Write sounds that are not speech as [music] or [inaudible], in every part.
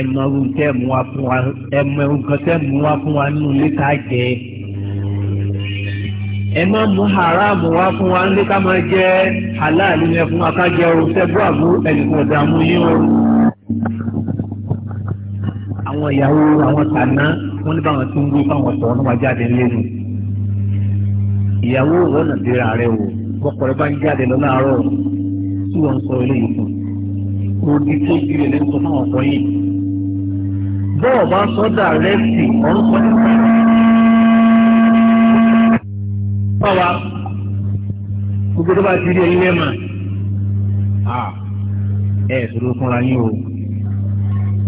ẹmọ ohun tẹ́ mú wá fún wa ẹmọ ohun kan tẹ́ mú wá fún wa nínú ilé ká jẹ ẹ má mú haram wá fún wa nílé ká máa jẹ halal yẹn fún wa ká jẹ o sẹgbọn àbú ẹnìkan ọdààmú yín o. àwọn ìyàwó àwọn tàná wọn ní báwọn tó ń gbé fáwọn sọ wọn wá jáde lẹ́nu ìyàwó wọn nà rẹ o bọkọrẹ bá ń jáde lọ láàárọ̀ tí wọn sọ eléyìí fún un. òdì tó ju ẹlẹ́sọ̀ fáwọn ọkọ yìí bọ́ọ̀ bá sọ́dà rẹ̀ sí ọ̀rùn pẹ̀lú. báwa gbogbo tó bá ti rí ẹyin lẹ́mà ẹ ṣòro fúnra yín o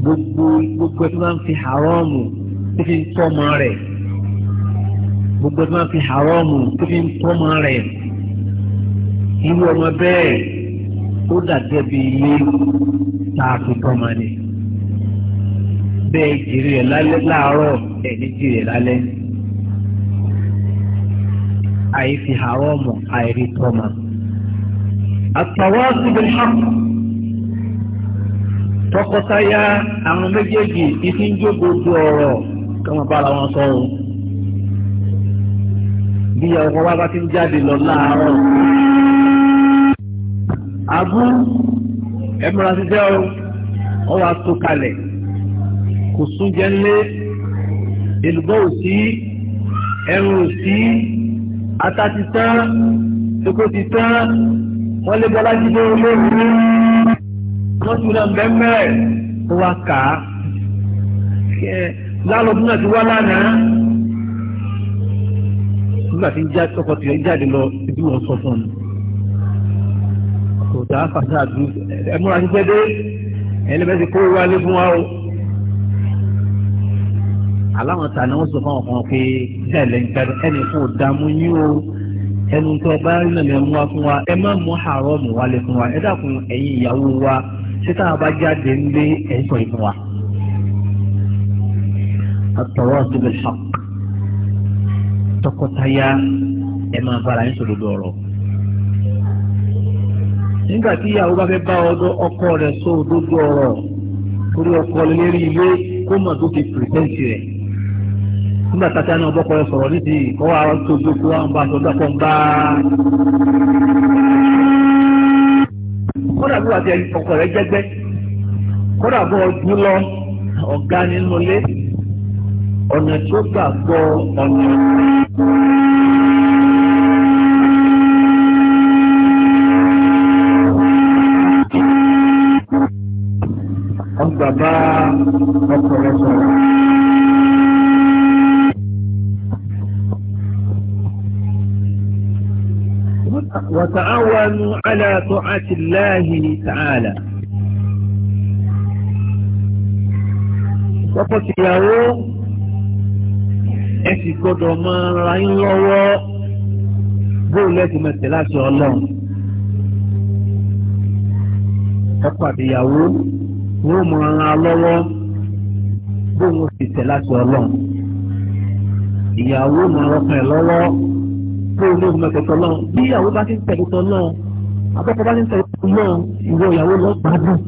gbogbo gbogbo tó máa ń fi haramu tó fi ń tọ́mọ rẹ̀ gbogbo tó máa ń fi haramu tó fi ń tọ́mọ rẹ̀ irú ọmọ bẹ́ẹ̀ ó dàgẹ́ bíi ilé tá a fi tọ́mọ ni bẹ́ẹ̀ jìrì rẹ̀ lálẹ́ láàárọ̀ ẹ̀ ní jìrì rẹ̀ lálẹ́. àìfi àrọ́ọ̀mù àìrí tọ́mà. àtàwọn síbi hàn tọkọtaya àwọn méjèèjì ìfi ń jó gbogbo ọ̀rọ̀ kí wọ́n bára wọn sọ̀rọ̀. bí ọkọ wa bá ti ń jáde lọ láàárọ̀. àbú ẹ múra sí jẹ́ o wá tó kalẹ̀ kò súnjẹ ńlé èlùbọ́ ò sí ẹ̀rùn ò sí ata ti tán oko ti tán wọ́n lé bọ́lá jíde olóòrùn wọ́n tún lọ bẹ́ẹ̀ ó wá kà á lálọ́dún náà ti wá lánàá nígbà tí ọkọ̀ tìrẹ jáde lọ ibi wọn sọ fún un kò dáa fàṣà àdúró ẹ múra ti tẹ́ dé ẹni bẹ́ẹ̀ ti kó wálé fún wa o aláwọn ta ni wọ́n sọ fún ọkàn pé tẹ̀lé nǹkan ẹnì fún òdààmú yín o ẹnu tó bá rí nàmẹ́ mú wa fún wa ẹ má mú àárọ̀ mú wa lé fún wa ẹ dákun ẹ̀yin ìyàwó wa ṣé táwa bá jáde ńlé ẹ̀ sọ ìfún wa. àtọ̀rọ̀ síbi ṣọ́k tọkọtaya ẹ máa bára yín sòdodo ọ̀rọ̀ nígbà tí ìyàwó bá fẹ́ bá ọkọ rẹ̀ sọ òdodo ọ̀rọ̀ torí ọkọ lè ilé kó mọ̀ tó ti pìrìtẹ́ǹtì rẹ̀ nígbà tàtí àná ọbọ̀ kọ̀ọ̀yọ̀ sọ̀rọ̀ níbi ìkọ́wà tó gbogbo àwọn bá sọ́dọ̀ kan bá. kódà bí wàá ti ọkọ̀ rẹ̀ jẹ́gbẹ́ kódà bọ́ ọdún lọ ọ̀gá nínú ilé ọ̀nà tí ó gbà gbọ́ ọ̀nà. ọgbà bá ọkọ̀ rẹ̀ sọ̀rọ̀. وتعاونوا على طاعة الله تعالى Sọ́pọ̀tìyàwó ẹ sì gbọ́dọ̀ máa ra yín lọ́wọ́ bóun lẹ́sì mẹ́tẹ̀ láti ọlọ́run. Ọkọ àtìyàwó wọ́n máa ra lọ́wọ́ bóun sì tẹ̀ láti ọlọ́run. Ìyàwó máa rọ́pẹ́ lọ́wọ́ tó o lóògùn ẹ̀kọ́tọ̀ náà bí ìyàwó bá ti ń tẹ̀kọ́tọ̀ náà àkọ́kọ́ bá ti ń tẹ̀kọ́tọ̀ náà ìwọ ìyàwó lọ gbádùn.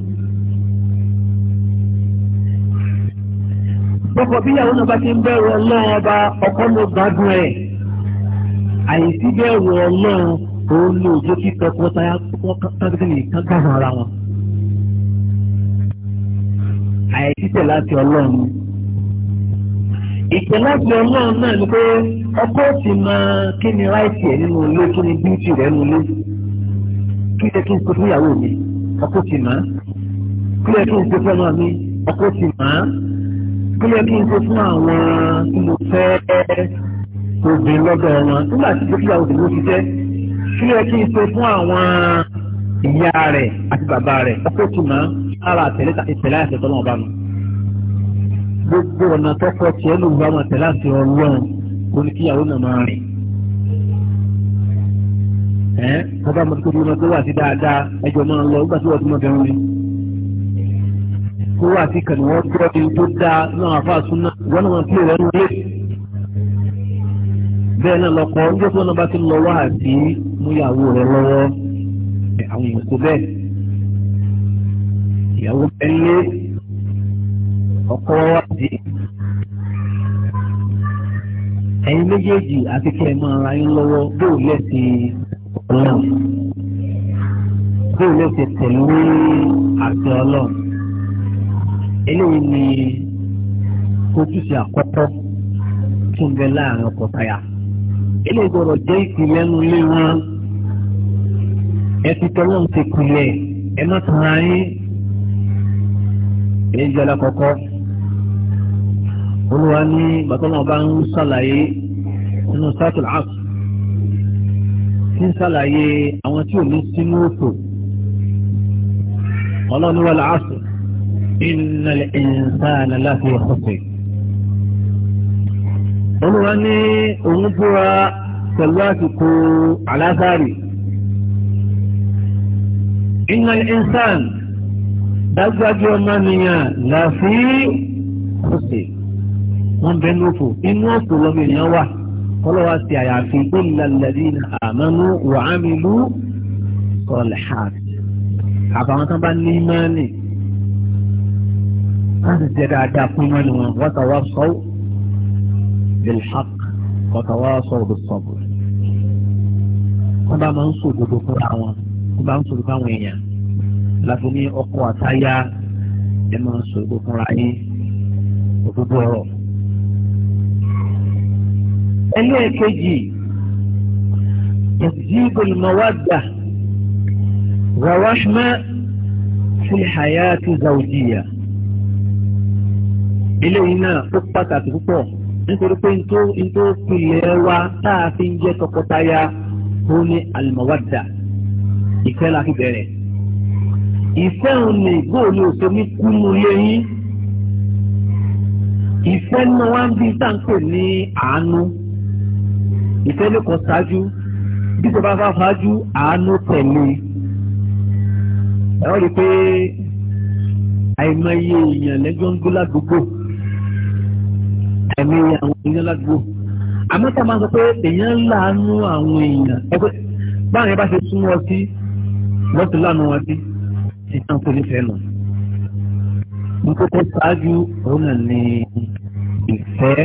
Bọ́kọ̀ bí ìyàwó náà bá ti ń bẹ̀rù ọlọ́run ọba ọkọ ló gbádùn ẹ̀. Àìsí bẹ̀rù ọlọ́run òun ni òjò kí tọkọtaya tọ́kítì nìkan gbàgbọ́n ara wọn. Àìsí tẹ̀ láti ọlọ́run ìpínlẹ̀sì ọlọ́run náà ni pé ọkọ ti máa kí ni ráìtì ẹ̀ nínú ilé kí ni bíútì rẹ̀ nínú ilé kí lè kí n ṣe fúnyàwó mi ọkọ ti máa kí lè kí n ṣe fún ọmọ mi ọkọ ti máa kí lè kí n ṣe fún àwọn tí mo fẹ́ obìnrin lọ́dọ̀ wọn nígbà tí ó fúnyàwó mi ló ti jẹ́ kí lè kí n ṣe fún àwọn ìyá rẹ̀ àti bàbá rẹ̀ ọkọ ti máa ara àtẹ̀lẹ́ta ìtẹ̀lẹ́ àṣẹ tọ́lọ́mọba mi gbogbo ọ̀nà tọ́kọ tiẹ̀ ló ń bá wọn tẹ̀lé àti ọlọ́run kó ní kíyàwó náà máa rìn. ẹ bàbá mi kúrò náà tó wà sí dáadáa ẹjọ́ máa ń lọ nígbà tí wọ́n ti mọ̀ bẹ́ẹ̀ rí. kó wà sí kàní wọ́n gbọ́ ní tó dáa náà àfa súná wọ́n náà fi rẹ̀ ń lé. bẹ́ẹ̀ náà lọ́kọ̀ ń gbọ́dọ̀ náà bá ti lọ wá àti múyàwó rẹ̀ lọ́wọ́ àwọn èèyàn kò bẹ́ẹ̀ ìyàwó bẹ́ẹ̀ ọkọ wáàdì ẹ̀yin méjèèjì àti kí ẹ máa ra yín lọ́wọ́ bóò lẹ́sẹ̀ ọlọ́run bóò lẹ́sẹ̀ tẹ̀lé àti ọlọ́run eléyìí ni ojúṣe àkọ́kọ́ tó ń bẹ láàrin ọkọ táyà eléyìí gbọ́dọ̀ jẹ́ ìpìlẹ̀ nu ilé wọn ẹ ti tọ́lọ́run ti pilẹ̀ ẹ má tàn án yín èyí jẹ́ ọlọ́kọ̀ọ́kọ́ olúwa ní bàtọ́lọ́ bá ń ṣàlàyé nínú sátìl áp tí ń ṣàlàyé àwọn tí ò ní sínú òfò ọlọ́run wà láàásù innal insana láti ọ̀sẹ̀. olúwa ní òun búra pẹ̀lú àsìkò àlásàrì innal insana dájúdájú ọmọ nìyàn láti ọ̀sẹ̀ wọ́n bẹ́ẹ̀ ní òfò inú òfò lọ́mọ ènìyàn wà kọ́lọ́wà sí àyàfi pé lálẹ́dí àmánú wàhámìlú sọ̀lẹ́hàt àbáwọn tó bá ní ìmánì wọ́n ti jẹ́ dáadáa fún ìmánì wọn wọ́n tàwa sọ bilhaq wọ́n tàwa sọ òdòsọ̀bù wọ́n bá máa ń sọ òdodo fúnra wọn wọ́n bá ń sọ òdodo fáwọn èèyàn láti ní ọkọ̀ àtayá ẹ̀ máa ń sọ òdodo fúnra yín òdodo ọ̀rọ̀ ẹlẹ́ẹ̀kejì tasjidul mawadda wa rahma fil hayati zawjiyya eléyìí náà ó pàtàkì púpọ̀ nítorí pé ntó ntó pilẹ̀ wa tá a fi ń jẹ́ tọkọtaya ó ní al-mawadda ìfẹ́ la fi bẹ̀rẹ̀ ìfẹ́ òun góòlù òsè ní kúnú lẹ́yìn ìfẹ́ náà wá ń bí sáǹpẹ̀ ní àánú ìfẹ́ ló kọ ṣáájú bí kò bá bá ṣáájú àánú tẹ̀lé ẹ wọ́n rí i pé àìmọye èèyàn lẹ́jọ́ ń gbé ládùúgbò àìmọye àwọn èèyàn ládùúgbò àmọ́ tá a máa sọ pé èèyàn ń láàánú àwọn èèyàn ẹgbẹ́ báwọn yẹn bá ṣe sún wọn sí lọ́sùn lánàá wọn sí ìtàn tó nífẹ̀ẹ́ nù. mo kọ́kọ́ ṣáájú òun náà ní ìfẹ́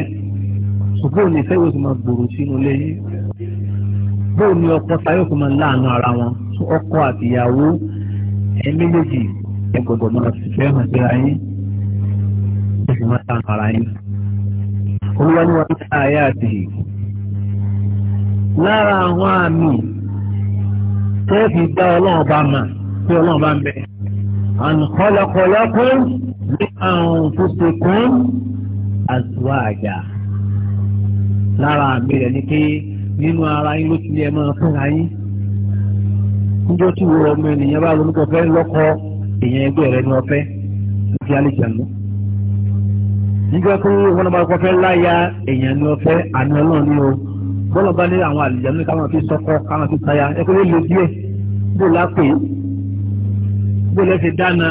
bóò ní ìfẹ́ yóò fi máa gbòòrò sínú ilé yìí bóò ní ọkọ ta yóò fi máa láàánú ara wọn ọkọ àtìyàwó ẹ méjèèjì ẹ gbọ́dọ̀ máa fẹ́ hàn síra yín ẹ sì máa láàánú ara yín. olúwa ni wọn ń ta ayé àti lára àwọn àmì tẹ́ẹ̀fì dá ọlọ́run bá mà tí ọlọ́run bá ń bẹ. ànkọ́lọ́kọ́lọ́kọ́ ní àwọn òfúnṣe kan àtúwájà lára àmì rẹ̀ ni pé nínú ara yín ló ti ní ẹ máa fúnra yín níjọ́ tí wo ọmọ ènìyàn bá ronú kọfẹ́ lọ́kọ èèyàn ẹgbẹ́ rẹ ní ọfẹ́ níbi àlejànú nígbà tó wọn bá kọfẹ́ láya èèyàn ní ọfẹ́ àmì ọlọ́run ní o bọ́lá bá ní àwọn àlejànú káwọn fi sọ́kọ káwọn fi táyà ẹ kó lo díẹ̀ bó lápè bó lẹ́sẹ̀ dáná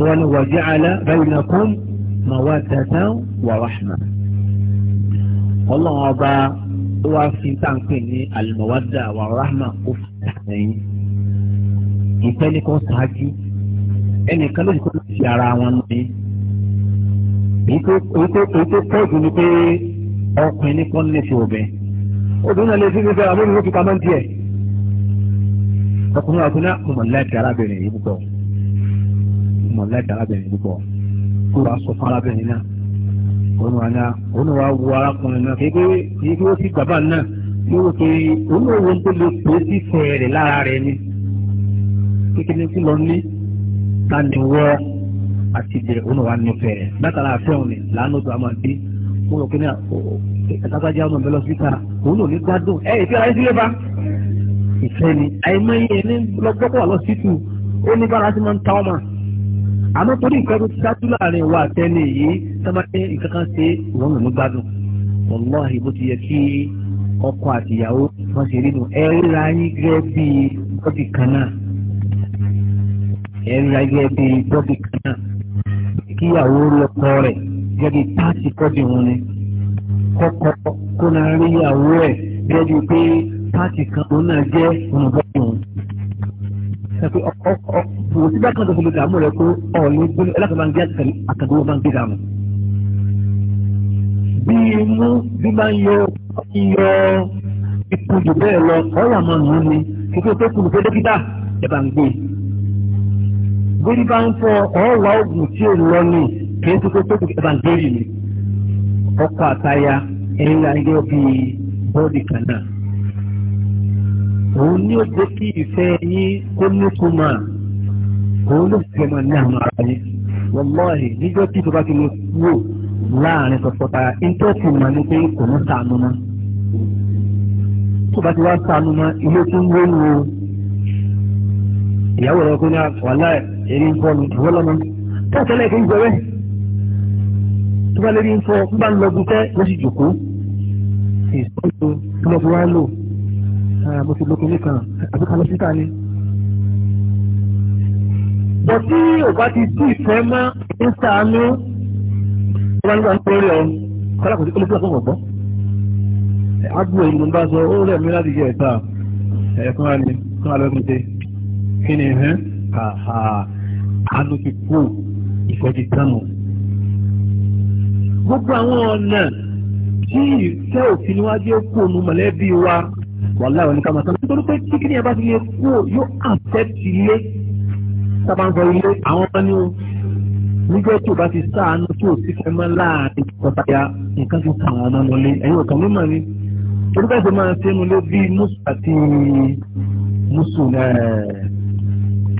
wọn ni wàjẹ́ alẹ́ báyìí nàkún màwá tàtàn wà wàhánà ọlọ́run ọba ó wá fi táǹpì ní alimọ̀wádà wà rahma ó fi tàyẹ̀yìn ìfẹ́ ní kan ṣáájú ẹnìkan ló ń kọ́ ti ara wọn ní. èyí tó pọ̀ jù ni pé ọkùnrin ní kan ní ti ọ̀bẹ. obìnrin náà lè fi fífẹ́ àwọn olùkọ́ fipamọ́ díẹ̀. ọkùnrin wa fúnná mọ̀lẹ́dì arábìnrin yìí púpọ̀ mọ̀lẹ́dì arábìnrin yìí púpọ̀ kó wàá sọ fún arábìnrin náà òun wà náà òun wà wo arákùnrin náà kéèké yìí kí ó sì bàbá náà yóò wò pé òun ò wo tó lè pè é sí fẹ́ rẹ̀ lára rẹ̀ ni kékeré tí lọ ní ta ni wọ́ àti ìbẹ̀rẹ̀ òun wà ní fẹ́ rẹ̀ látara àfẹ́hùn ni làánú tó a máa dé òun ò kí ní àtàkàjá ọmọ mi lọ sí ta òun ò ní gbádùn ẹ ìfẹ́ ayé sílé bá ìfẹ́ ni àìmọye ẹni lọ́gbọ́kọ̀ lọ sí tù ó ní bára ti máa ń ta ọmọ àmọ́ torí nǹkan tó ti dájú láàrin wa àtẹ́lẹ̀ yìí sábàtẹ́ nǹkan kan ṣe wọ́n mọ̀ mọ́ gbádùn wàláhì bó ti yẹ kí ọkọ àtìyàwó wọ́n ṣe rí nu ẹ ríra yín gẹ́gẹ́ bí bọ́dì kan náà ẹ ríra yín gẹ́gẹ́ bí bọ́dì kan náà kíyàwó lọ́kọ rẹ̀ gẹ́gẹ́ táàtì kọ́dì wọn ni kọ́kọ́ kó náà rí ìyàwó rẹ̀ gẹ́gẹ́ bí táàtì kan òun náà jẹ́ ọmọ wọn ẹ̀kọ́ ọ̀kọ̀ òsì bá kàn tó fún mi dààmú rẹ̀ pé ọ̀ọ́ni gbóni ẹlẹ́kọ̀ọ́ máa ń gé àkàndínwó máa ń gé dààmú. bí inú bí máa ń yọ yọ ìkùjù bẹ́ẹ̀ lọ ọ̀rọ̀ àmọ́ nù ni kíkó tó kùnú pé dókítà ẹ̀ bá ń gbé. bóyá bá ń fọ ọ̀ọ́wà oògùn tí ò lọ ni kì í kíkó tó kùnú ẹ̀ bá ń gbé rì ni. ọkọ̀ àtayà ẹ̀yìn la ń yọ bíi bọ́ọ̀dì kan náà òun ni ó jẹ́ kí ìfẹ́ yín kó nítumọ̀ òun ló fi ọmọ ní àwọn ara yín wọlọ́ọ̀hì níjọ́ tí ìjọba ti lè kúrò láàrin tọ̀tọ̀tara íńtẹ́ẹ̀tì mà ní pé kò ní sànú mọ́ tó bá ti wá sànú mọ́ ilé tó ń wéwu o ìyàwó rẹ̀ kó ní àwàlá ẹ̀rí ń fọ́ ni ìwọ́lọ́mọ tẹ́tẹ́lẹ̀ kí ń jẹrẹ́ tó bá lè rí ń fọ́ bá ń lọ gúnfẹ́ lọ́sì jòkó ìsọ́jú lọ́fọ́ wá lò Ah, mo ti lókun nìkan àbí kan lọ́sítà ni. bọ̀ tí ò bá ti tí ìfẹ́ mọ́ ń sàánú wọ́n nígbà ń pèrè ọ kọ́lá kò sí kọ́lá fún ọ̀gbọ́n. agbo ìlú ń bá sọ ó rẹ̀ mí láti jẹ ẹ̀ta ẹ̀fún wa ni fún alẹ́kùnjẹ kí ni ẹ̀hẹ́n àánú ti kú ìfọ́jú tánù. gbogbo àwọn ọ̀nà tí ìfẹ́ òfin wájú kò nu mọ̀lẹ́bí wa wàhálà òní ká máa sọ nítorí pé tí kìnìyàn bá ti lè kú yóò affect ilé sábàǹsọ ilé àwọn ọmọ ní o níjọ́ tí o bá ti sáànù tí o ti fẹ́ mọ́ láàrin tọ́taya nǹkan tó kà wọ́n mọ́ lé ẹ̀yin ọ̀kan ló mọ̀ ní torí bẹ́ẹ̀ tó máa ṣe mu lé bí musu àti musu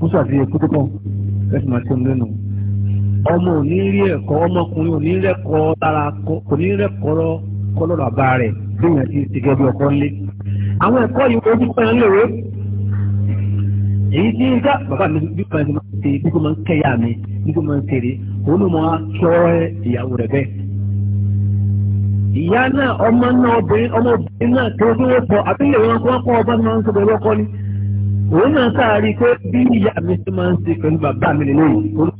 musu àti kútókàn bẹ́ẹ̀ tó máa ṣe mu lé nù ọmọ ò ní rí ẹ̀kọ́ ọmọkùnrin ò ní rẹ́kọ̀ọ́ lára kò ní rẹ́kọ̀ọ́ kọ́lọ́rọ̀ àbá rẹ̀ bí èèyàn ti ti gẹ́gẹ́ bí ọkọ ńlé. àwọn ẹ̀kọ́ yìí ojú pẹ́ ń lòrò èyí tí ń ká bàbá mi bí kan máa ń ṣe bí kò máa ń kẹ́yà mi bí kò máa ń ṣeré òun ló máa ìyàwó rẹ̀ bẹ́ẹ̀. ìyá náà ọmọ náà obìnrin ọmọ obìnrin náà tó wọ́n àbílẹ̀ wọn kó wọ́n kọ́ ọba ń sọ ọkọ ni. òun náà pé bí ìyá mi ti máa ń ṣe pẹ̀lú bàbá mi lélẹ́yìn òun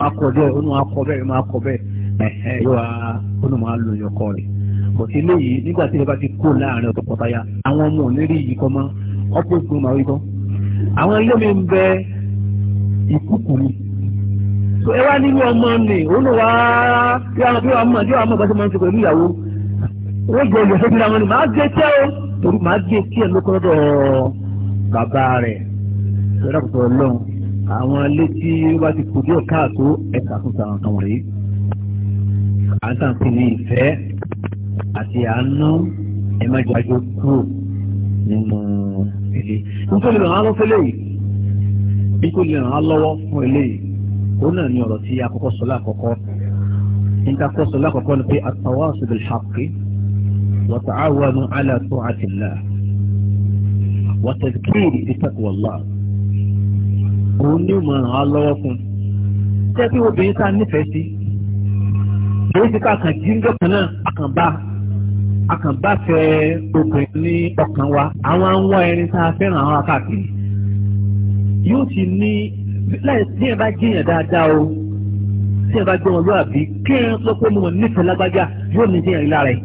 akọ bẹ́ẹ̀ pọ̀ sí léyìí nígbà tí ìjọba ti kó láàrin ọ̀pọ̀ pàtàyà àwọn ọmọ ò ní rí yìí kọ́ mọ́ ọ̀pọ̀ ìgbìmọ̀ màá rí kọ́. àwọn ilé mi ń bẹ ìkúkù mi. tó ẹ wá nínú ọmọ mi òun ló wá bí wọn bí wọn mọ bí wọn mọ bọ́sẹ̀ máa ń fi pẹ̀lú ìyàwó. wọ́n jẹ olùyẹ̀ sókè láwọn ni màá gé tẹ́ o torí màá gé kí ẹ̀ lókọ́dọ̀ bàbá rẹ̀ lọ́dọ̀ ọlọ́run àwọn ní ìfẹ́ àti àánú ẹ má jájọ kúrò nínú ilé. nítorí lè ràn án lọ́wọ́ fẹ́lẹ́ yìí nítorí lè ràn án lọ́wọ́ fún eléyìí òun náà ni ọ̀rọ̀ tí akọ́kọ́ sọ lákọ̀ọ́kọ́ níta kọ́ sọ lákọ̀ọ́kọ́ ni pé at-tawasul bil-haqqi wa ta'awanu ala ta'atillah wa tadhkiri bi òun ní mọ̀ ràn án lọ́wọ́ fún tẹ́ pé obìnrin tá a nífẹ̀ẹ́ sí èyí ti ká kàn jíńgọ́ kan náà a kàn bá a akànbáfẹ́ obìnrin ní ọkàn wa àwọn ń wá ẹni tá a fẹ́ràn àwọn akáàkiri yóò ti ní láì tí ẹ bá jiyàn dáadáa o tí ẹ bá jẹ́ wọn lóàbí kí ẹ sọ pé mo mọ̀ nífẹ̀ẹ́ lágbájá yóò ní jiyàn rí lára ẹ̀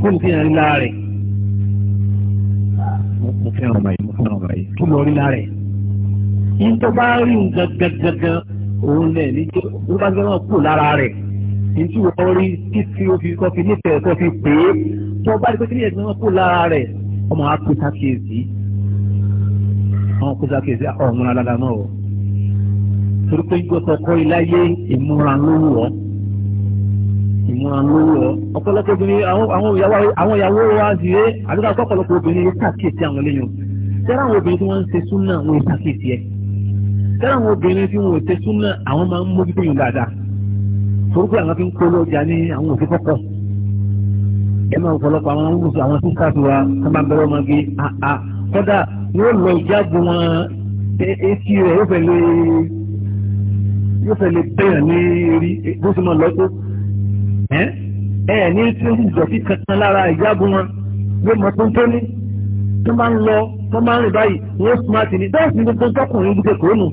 kó ní jiyàn rí lára rẹ̀ mo fẹ́ràn ọmọ yìí mo fẹ́ràn ọmọ yìí kí mo rí lára ẹ̀ yín tó bá rí nǹkan gangan òun lẹ̀ tó bá gbẹ́ wọn kú lára rẹ̀ èyí wọ́n rí títí ó fi kọ́ fi nífẹ̀ẹ́ tó fi pè é tó bá rí pé kí ni ẹ̀gbọ́n wọn kó lára rẹ̀ ọmọ akóta kéèzì àwọn kóta kéèzì ọ̀hún alága náà o torí pé gbọ́dọ̀ kọ́ iláyé ìmúra lówó ọ́ ìmúra lówó ọ́ ọ̀pọ̀lọpọ̀ obìnrin àwọn ìyàwó wa sì ré àdúrà ọ̀pọ̀lọpọ̀ obìnrin yóò ṣàkíyèsí àwọn eléyìí tẹ́lá àwọn obìnrin tí wọ́n ń ṣe súnà wọn ò ṣàkíyèsí tẹ́lá àwọn obìnrin tí wọ́n ò ṣe súnà àwọn máa ń mójútó yìí dáadáa torókè àwọn fi ń kó lójà ní àwọn òfin kọ́kọ́ ẹ máa ń fọlọ́pọ̀ àwọn ọmọọmọ àwọn sísàtì wa tó máa ń bẹ̀rẹ̀ ọmọge àà kọ́dà yóò lọ ìjáàbù wọn etí rẹ̀ yóò fẹ́ lè yóò fẹ́ lè bẹ̀rẹ̀ ní eré bó ṣe máa lọ́tọ́ ẹ ẹ ní tí ó ń dọ̀tí kankan lára ìjáàbù wọn yóò mọ tó ń tó tó máa ń lọ tó máa ń rìn báyìí wọ́n smart ní bẹ́ẹ̀ sì ni gbogbo ọkùnrin gbogbo kòrónù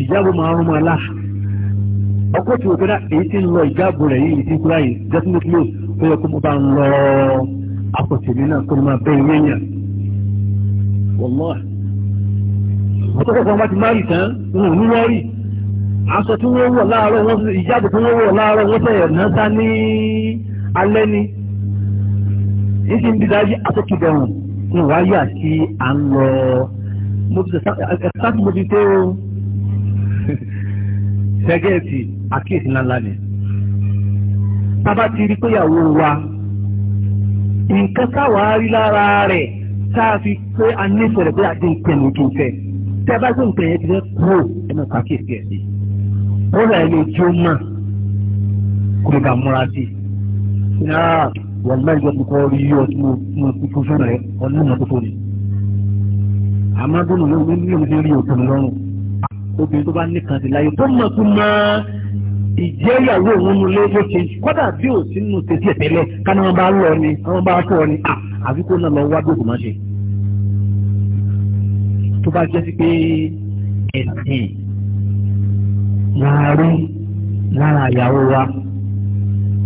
ìjábò máa rún máa lá ọkọ̀ tí o kẹ́dá èyí ti ń lọ ìjábò rẹ̀ yìí ti kúrá yìí definitely ó yẹ kó mo bá ń lọ àpòtìmí náà kó ní máa bẹ ìwé yẹn wọ́lọ́ ọ̀tọ́kọ̀ kan bá ti máa rì tán wọn ò ní wọ́n rì aṣọ tí wọ́n wọ̀ láàárọ̀ wọ́n ìjábò tí wọ́n wọ̀ láàárọ̀ wọ́n sẹ̀yẹ̀ náà sá ní alẹ́ ni ní ti ń bí dájú aṣọ́kìdẹ̀rùn ni wàá yà à ń lọ mo ti sá mo ti tẹ́ o tẹ́gẹ́ẹ̀tì àkíyèsí ńláńlá ni tábà ti rí péyàwó wa nǹkan táwa rí lára rẹ̀ tá a fi pé a nífẹ̀ẹ́ rẹ̀ pé àti nǹkan ní kí n fẹ́ tẹ́ bá gbé nǹkan yẹn ti rẹ̀ kúrò ẹ̀ máa pàkíyèsí ẹ̀ sí ó rẹ̀ lè jó mọ̀ kó lè bá múra sí i náà wọ́n náà yọ kókó rí yọ tí mo kú fún rẹ̀ ọ̀nà ìmọ̀ tó fò àmọ́ gbọ́dọ̀ ló ń bí omi ti rí òkè lọ́rùn obìnrin tó bá nìkan sí láyé tó mọ̀ tó mọ́ ìjẹ́ ìyàwó òun nu lé ló ṣe kọ́dà tí ò sí nù tẹ̀sí ẹ̀ tẹ́lẹ̀ káná wọn bá lọ ni wọn bá fọ ni àfi kó náà lọ wá bí òkú máa ṣe. tó bá jẹ́ sí pé ẹ̀sìn láàárín lára ìyàwó wa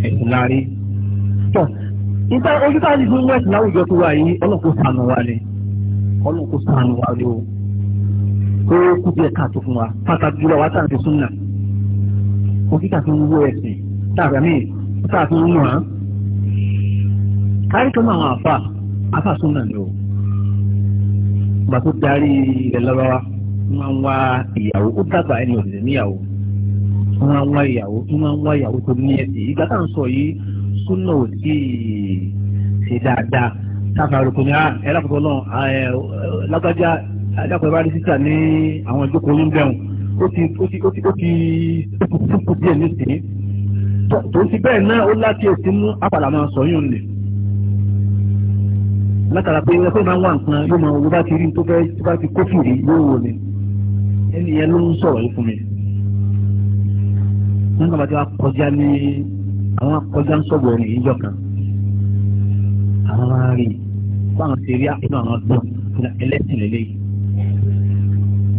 ẹ̀sìn láàárín. tọ́ nípa ojú táwọn ìlú west láwùjọ tó wà yìí ọlọ́kùnrin sànù wa ni ọlọ́kùnrin sànù wa ni o ó kú díẹ̀ káàtó fún wa pàtàkì jùlọ wa tàbí súnà òkìkà tó ń wó ẹ̀sìn tàbí àmì tàbí ń wọ̀n án. kárí tó máa wọn àfà àfà súnà ni o bàbá tó darí ilẹ̀ lọ́wọ́ máa o wá ìyàwó ó dàgbà ẹni òṣèlú níyàwó wọ́n máa ń wá ìyàwó wọ́n máa ń wá ìyàwó tó ní ẹ̀sìn ìgbà tá à ń sọ yìí súnà ò sí ṣe dáadáa tábà rògbòmí ẹ̀rọ àkọ́kọ́ náà lágbájá dákọ̀ ìbáraẹni sísà ní àwọn ìjókòó yín bẹ̀rùn ó ti ó ti ó ti ó ti kúkú díẹ̀ nísìnyí tó ti bẹ́ẹ̀ náà ó láti èsì mú apàdà máa sọ yún nì látara pé ẹgbẹ́ máa ń wà nǹkan yóò máa wo bá ti rí tó fẹ́ tó bá ti kófìrí yóò wò ni ẹni yẹn ló ń sọ̀rọ̀ yìí fún mi nígbà tí wọ́n kọjá ní àwọn akọjá ń sọ̀bù ẹ̀rìn yìí jọ̀kan àwọn arìnrìn báwọn ṣe rí àpò àwọn ọdún ẹlẹ́sìn lélẹ́yìí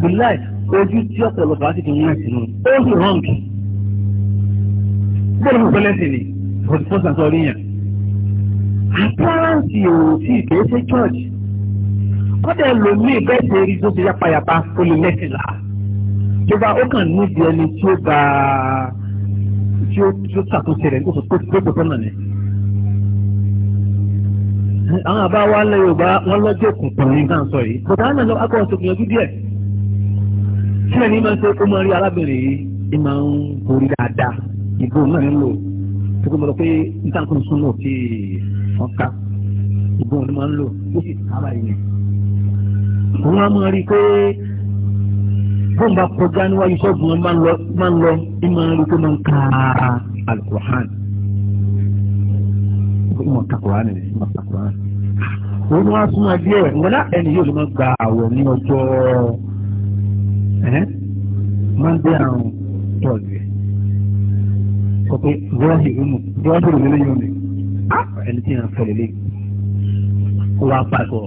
bíláì ojú tí ọ̀pọ̀lọpọ̀ àti kìí yẹn sínú ó sì hànk bọ́ọ̀lù fún pẹ́lẹ́sì ni for the first and third year. appearance yòó sí ìkéé ṣe church kọ́dà ẹlòmíì bẹ́ẹ̀ ṣe rí tó ṣe yápayàpá ó lè mẹ́sìn là tó bá ó kàn níbi ẹni tí ó bá tí ó tí ó ṣàtúnṣe rẹ̀ nígbà tó tó tó tọ́nà ni. àwọn àbá wa lẹ́yìn ọba wọn lọ́jọ́ òkùnkùn ní nǹkan sọ yìí bọ̀dá náà lọ akọ̀ ọ̀sọ̀kùn yẹn dúdú kí lẹ́ni máa ń ṣe kó máa rí arábìnrin yìí ní máa ń borí dáadáa ìbò náà nílò tó kó mọ̀ lọ pé níta kò sún náà tí wọ́n ká ìbò ni máa ń lò ó sì sábà yìí. òun á máa rí i pé bóun bá kọjá níwájú sọ́gun máa ń lọ máa ń lọ ní máa ń rí pé máa ń ka alukur'an. ìmọ̀ kakura nìyẹn ìmọ̀ kakura. òun wá súnmọ́ díẹ̀ ńgbọ́dá ẹni yóò lè máa gba àwọ̀ ní ọjọ́ monday and thursday sọ pé zọ́ọ̀hì ìmù zọ́ọ̀hì ẹni tí yàn fẹ̀lẹ̀ lé wà pàgọ́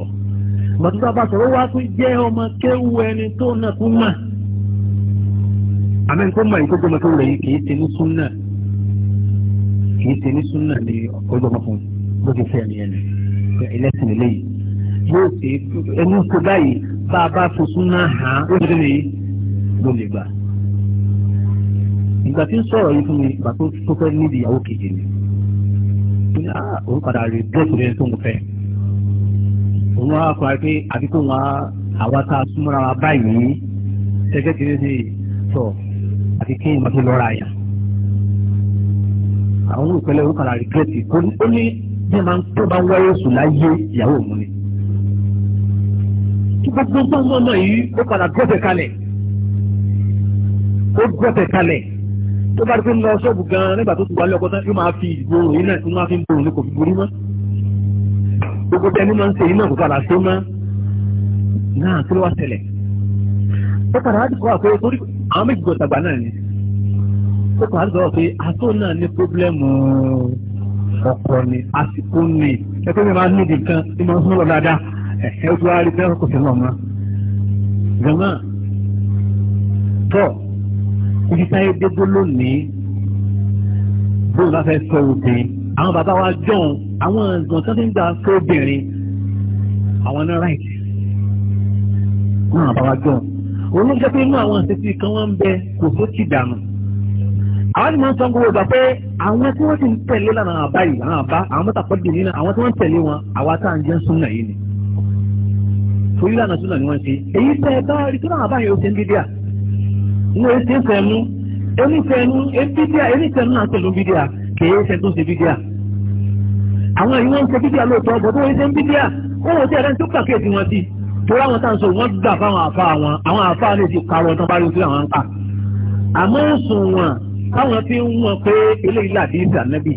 bàtúntà bá sọ̀rọ̀ wá tún jẹ́ ọmọ kéwu ẹni tó náà tún mà àmì nǹkan mọ̀ ìkókó ọmọ tó rẹ̀ yìí kì í ní súnà kì í ní súnà ní fún fẹ́ ẹni ẹlẹ́sìn ló lè gbà ìgbà tí ń sọ̀rọ̀ yìí fún mi ìgbà tó fẹ́ níbi ìyàwó kejì ni ní ah, òun padà rí bẹ́ẹ̀sì rẹ̀ tó ń fẹ́ òun wá kọ́ra pé àbí kó wọn àwa a súnmọ́ra wa báyìí gẹ́gẹ́ tí ní sọ àti kí ìmọ̀ tó lọ́ra yà àwọn olùpẹ̀lẹ̀ òun padà rí bẹ́ẹ̀sì kó ní bí ẹ máa ń tó bá ń wáyé sùn láyé ni. gbogbo gbogbo yìí ó padà ó gbọ́tẹ̀ kalẹ̀ tó bá rí pé ń lọ ṣọ́ọ̀bù gan-an nígbà tó ti wà lọ́kọ́ tán yóò máa fi ìgboro yìí náà tó máa fi ń borò ní kò fi borí mọ́ gbogbo bí ẹni máa ń ṣe yìí náà kò padà ṣe mọ́ náà kí ló wá ṣẹlẹ̀ ó padà wá dìbò àpé torí àwọn méjì gbọ́ tàgbà náà ni ó padà dìbò pé àtó náà ní pọ́blẹ́mù ọ̀pọ̀ ni àsìkò ni ẹgbẹ́ mi máa ń níbi nǹkan tí mo ń sún lọ dáadáa ẹ̀ẹ́ rí pé kò ibi táyé dégbó lónìí bóun bá fẹ́ sọ obìnrin àwọn bàbá wa jọ̀hún àwọn nǹkan tó ti ń gbà sọ obìnrin àwọn náà ráìtì náà bàbá wa jọ̀hún olóńgbé pé inú àwọn àṣetì kan wọ́n ń bẹ kò tó ti dànù àwọn ènìyàn sọ gbogbo ìgbà pé àwọn tí wọ́n ti ń tẹ̀lé lànà àbá yìí àwọn àbá àwọn mọ́tàkọ́ dì nínú àwọn tí wọ́n ń tẹ̀lé wọn àwa tá à ń jẹ́ súnà yìí ni torí lànà súnà ni wọ́n ṣe èyí tẹ́ ẹ bá rí tó náà àbá yẹn ó ṣe ń dídí à ní etí ìfẹ̀mú enífẹ̀mú ebídíà enífẹ̀mú náà pẹ̀lú bídíà kèé ṣe tó ṣe bídíà. àwọn èyí wọ́n ń ṣe bídíà lóòótọ́ ọ̀bọ̀ tó ń ṣe bídíà ó wò ó tẹ̀lé tó pàkíyèsí wọn sí torí àwọn táwọn sọ gbà fáwọn àfa àwọn àfa lè ti tán bá àwọn àmọ́ sùn wọn káwọn fi ń wọn pé eléyìí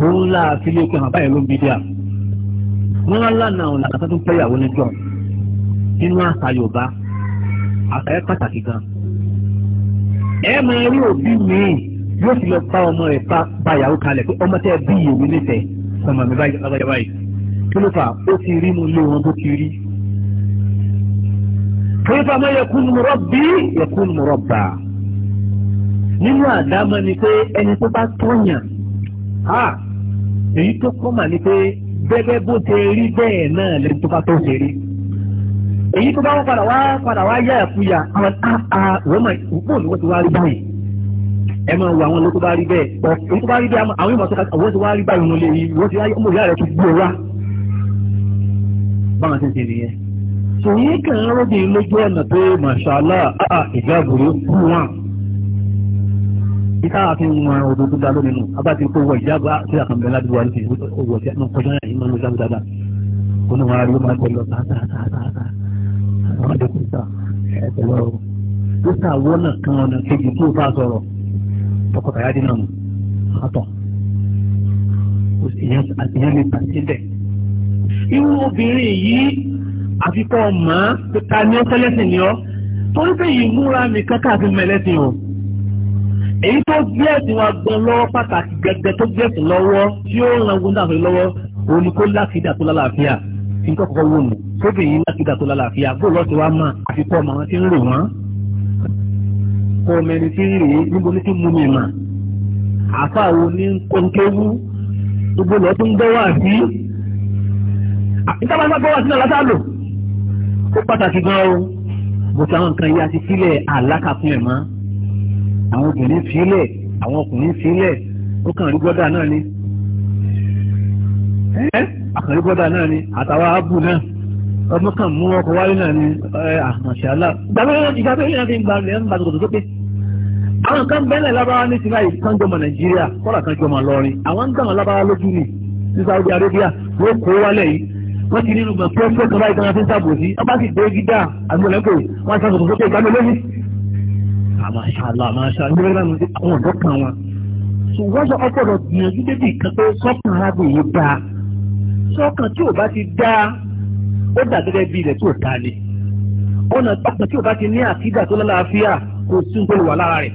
òun là á fi lé pé bàbá yẹn ló ń bí díà wọn wá lánà àwọn làkàtà tó ń pẹ́yàwó ní john nínú àṣà yorùbá àṣà yẹn pàtàkì gan ẹ máa rí òbí míì yóò fi lọ bá ọmọ rẹ̀ bá yàwó kalẹ̀ pé ọmọ tẹ́ bí ìyèwé nífẹ̀ẹ́ ọmọ mi báyìí lágbàjá báyìí kí ló fà ó ti rí mu lé wọn bó ti rí. kéèfà máa yẹkùn mu rọ́bì yẹkùn mu rọ́bà nínú àdámọ́ ni pé ẹni tó bá tọ́yàn èyí tó kọ́ mà ní pé gẹ́gẹ́ bó ṣe rí bẹ́ẹ̀ náà lẹ́nu tó bá tó ṣe rí èyí tó bá wọ́n padà wá padà wá yá ẹ̀kúyà àwọn àà wọ́n mà wọ́n ni wọ́n ti wá rí báyìí ẹ máa wo àwọn olóko bá rí bẹ́ẹ̀ èyí tó bá rí bẹ́ẹ̀ àwọn yóò máa tó ká àwọn ti wá rí báyìí wọn lè yí wọ́n ti ọmọ ìyá rẹ̀ ti gbó e wá báwọn ti ń ṣe nìyẹn. sòyìn kan rọ́bìn lójú ọ̀nà pé màṣálà àà ìjà ìta àfin wọn òdòdó dá lónìí nù abáti kó wọ ìjábá sí àkànbẹ ládùúgbò àti owó ọjà náà kọjá náà yìí máa ń lo jábá dáadáa ó ní wọn ariwo máa tẹlọ tààtààtààtà àwọn àdókò sá ẹtẹlọ o ó sá wọnà kan ọ̀nà kejì tí ó bá sọ̀rọ̀ tọkọtaya dín náà nù àtọ̀ ìyẹn lè bà síbẹ̀. irú obìnrin yìí àfikọ́ mọ́ ta ni tẹ́lẹ̀sìn ni ọ́ torí pé ìmúra nìkan káàfin mẹ́lẹ́sìn o èyí tó gbé ẹ̀sìn wa gan lọ́wọ́ pàtàkì gẹ́gẹ́ tó gbé ẹ̀sìn lọ́wọ́ tí ó ran ogun dàfẹ́ lọ́wọ́ òun ni kó lákìdá tó lálàáfíà kí n kọ́ kọ́kọ́ wò nù sóbì yìí lákìdá tó lálàáfíà bó lọ́ọ́ ti wá mà àfi kọ́ ọmọ wọn ti ń rò wọ́n kọ́ ọmọ ẹni tí ń rè é níbo ní ti mú mi mà àfa wo ni ń kọ́ ń kéwú gbogbo lọ́ọ́ tó ń gbọ́ wá sí ìtàbá gbọ́ wá sí náà látàlò ó pàtàkì gan o bùtà àwọn nǹkan àwọn obìnrin fílẹ̀ àwọn ọkùnrin fílẹ̀ ó kàn rí gbọ́dà náà ni àkàrí gbọ́dà náà ni àtàwọn ààbò náà ọmọ kan mú ọkọ̀ wáyé náà ni àmàṣàlá ìgbàgbé náà fi ń gba ẹ̀ ń ba tòkòtò sókè àwọn kan bẹ́ẹ̀ lábára ní ti báyìí kan jọmọ nàìjíríà kọ́là kan jọmọ lọ́rin àwọn ń dàn lábára lójú ni ní Saudi Arabia ló kó wálẹ̀ yìí wọ́n ti nínú gbọ̀n pẹ́ẹ́pẹ́ kan báyìí kan fi ń sàbòsí wọ́n bá sì dé gíga àgbẹ̀lẹ́kọ̀ọ́ wọ́n sàkóso sókè ìgbàgbé lónìí àmàṣàlà àmàṣàlà ní wọ́n àwọn ọ̀dọ́ kan wọn. so wọ́n sọ ọgbọ́dọ̀ gbìyànjú débi kan pé sọ́kàn arábìnrin yìí dáa sọ́kàn tí ò bá ti dáa ó dà gẹ́gẹ́ bí ilẹ̀ tí ta ni ọ̀nà ọ̀gbọ̀n tí ò bá ti ní àkídà tó lálàáfíà kò sí nítorí wà lára rẹ̀.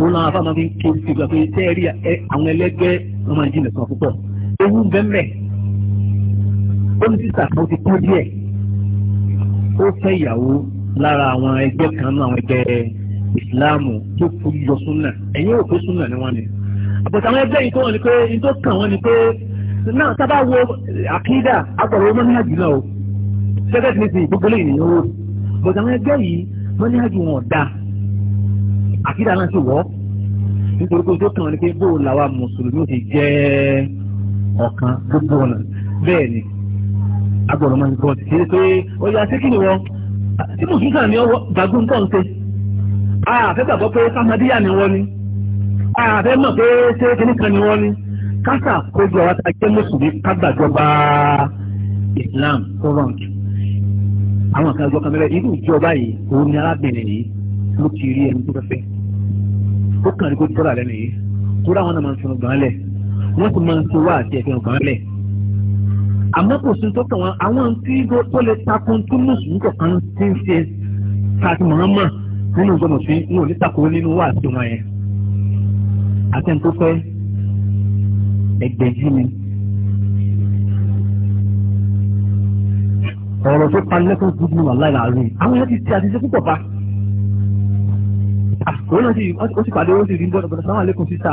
wọn náà fáwọn fi ń ké sí ìgbà pé tẹ́ ẹ rí àwọn ẹlẹ́gbẹ́ wọn máa jìnà kan púpọ̀ ewu bẹ́ẹ̀ ó ní sísà kan ti kú díẹ̀ ó fẹ́ ìyàwó lára àwọn ẹgbẹ́ kan náà àwọn ẹgbẹ́ ìsìláàmù tó kú yọ súnà ẹ̀yìn òkú súnà ni wọ́n ni àbọ̀tà àwọn ẹgbẹ́ yìí tó wọ́n ni pé ní tó kàn wọ́n ni pé náà sábà wo àkídà agbọ̀rọ̀ mọ́níhàjù náà o ṣẹ́gẹ́tì ní ti gbogbo lẹ́yìn ìyẹn o bọ̀tà àwọn ẹgbẹ́ yìí mọ́níhàjù wọn ọ̀dà àkídà náà ti wọ́ nítorí pé tó kàn wọ́n ni pé bó làwa mùsùlùmí ò ti jẹ́ ọ̀kan gbogbo ọ̀nà bẹ́ẹ̀ ni agbọ̀rọ̀ mọ́níhàjù tí mùsùlùmí kan ní ọwọ́ gbàgbọ́n tó ń ṣe àfẹ́ gbàgbọ́ pé sámadíyà ni wọ́n ni àfẹ́ mọ̀ pé ṣé kan ni wọ́n ni kásà kójú àwọn tá a jẹ́ mùsùlùmí kágbàjọba Islam kọ́rọ̀ǹt àwọn kan gbọ́kan mẹ́rẹ̀ irú ìjọba yìí òun ni arábìnrin yìí ló ti rí ẹni tó fẹ́fẹ́ ó kàn ní kó tọ́lá lẹ́nu yìí dáwọn náà máa ń sọ àmọ́ kò sí tó kàn wọ́n àwọn tí tó lè takun tí mùsùlùmí kọ̀ọ̀kan ti ń ṣe káàkiri mọ̀ọ́mọ̀ nínú ìjọba òfin ní onítàkùn nínú wà sí wọn yẹn. àtẹnudọ́fẹ́ ẹgbẹ̀jì ni. ọ̀rọ̀ tó panilẹ́kùn gidi wà láì láàrin àwọn yẹn ti ṣe àṣìṣe púpọ̀ bá. àkóyè náà ó sì pàdé ó sì rí bọ́dọ̀ bọ́dọ̀ sáwọn àlékún sísá.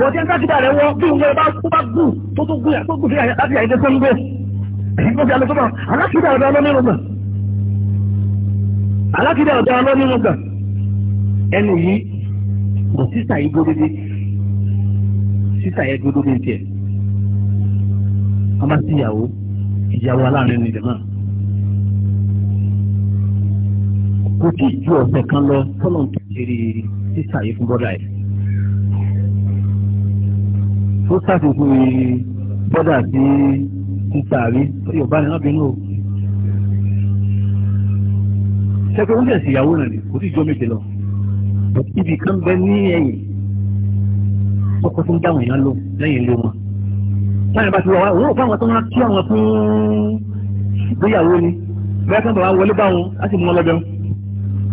bọ̀dé ń kájúbà rẹ̀ wọ bí òun bá kú bá gùn tó tó gùn tó gùn sí láti àyè tẹ́sán gbé èyí tó fi alẹ́ sọ́mọ́ alákìdá ọ̀dọ́ ọlọ́nìrún gbà alákìdá ọ̀dọ́ ọlọ́nìrún gbà ẹnu yìí kò sísà yìí gbódódé sísà yẹn gbódódé tiẹ̀ a máa síyàwó ìyàwó aláàrin ni jẹ̀mọ́ kò tí ì ju ọ̀sẹ̀ kan lọ tọ́lọ̀ tó ṣe rí sísà yìí fún bọ́dà yìí tó ṣàfikún bọ́dà sí títà rí yorùbá ni wọ́n bínú o. ṣẹ́kẹ́ oúnjẹ sí ìyàwó náà ni kò sí ìjọ méje lọ. ibi kan bẹ ní ẹ̀yìn ọkọ̀ tó ń dáhùn yẹn lọ lẹ́yìn ilé wọn. báyìí bá ti wà wá òun ò fáwọn tó máa kí àwọn fún ìgbéyàwó ni bẹ́ẹ̀ kan bàbá wọlé bá wọn á sì mú wọn lọ́dọ̀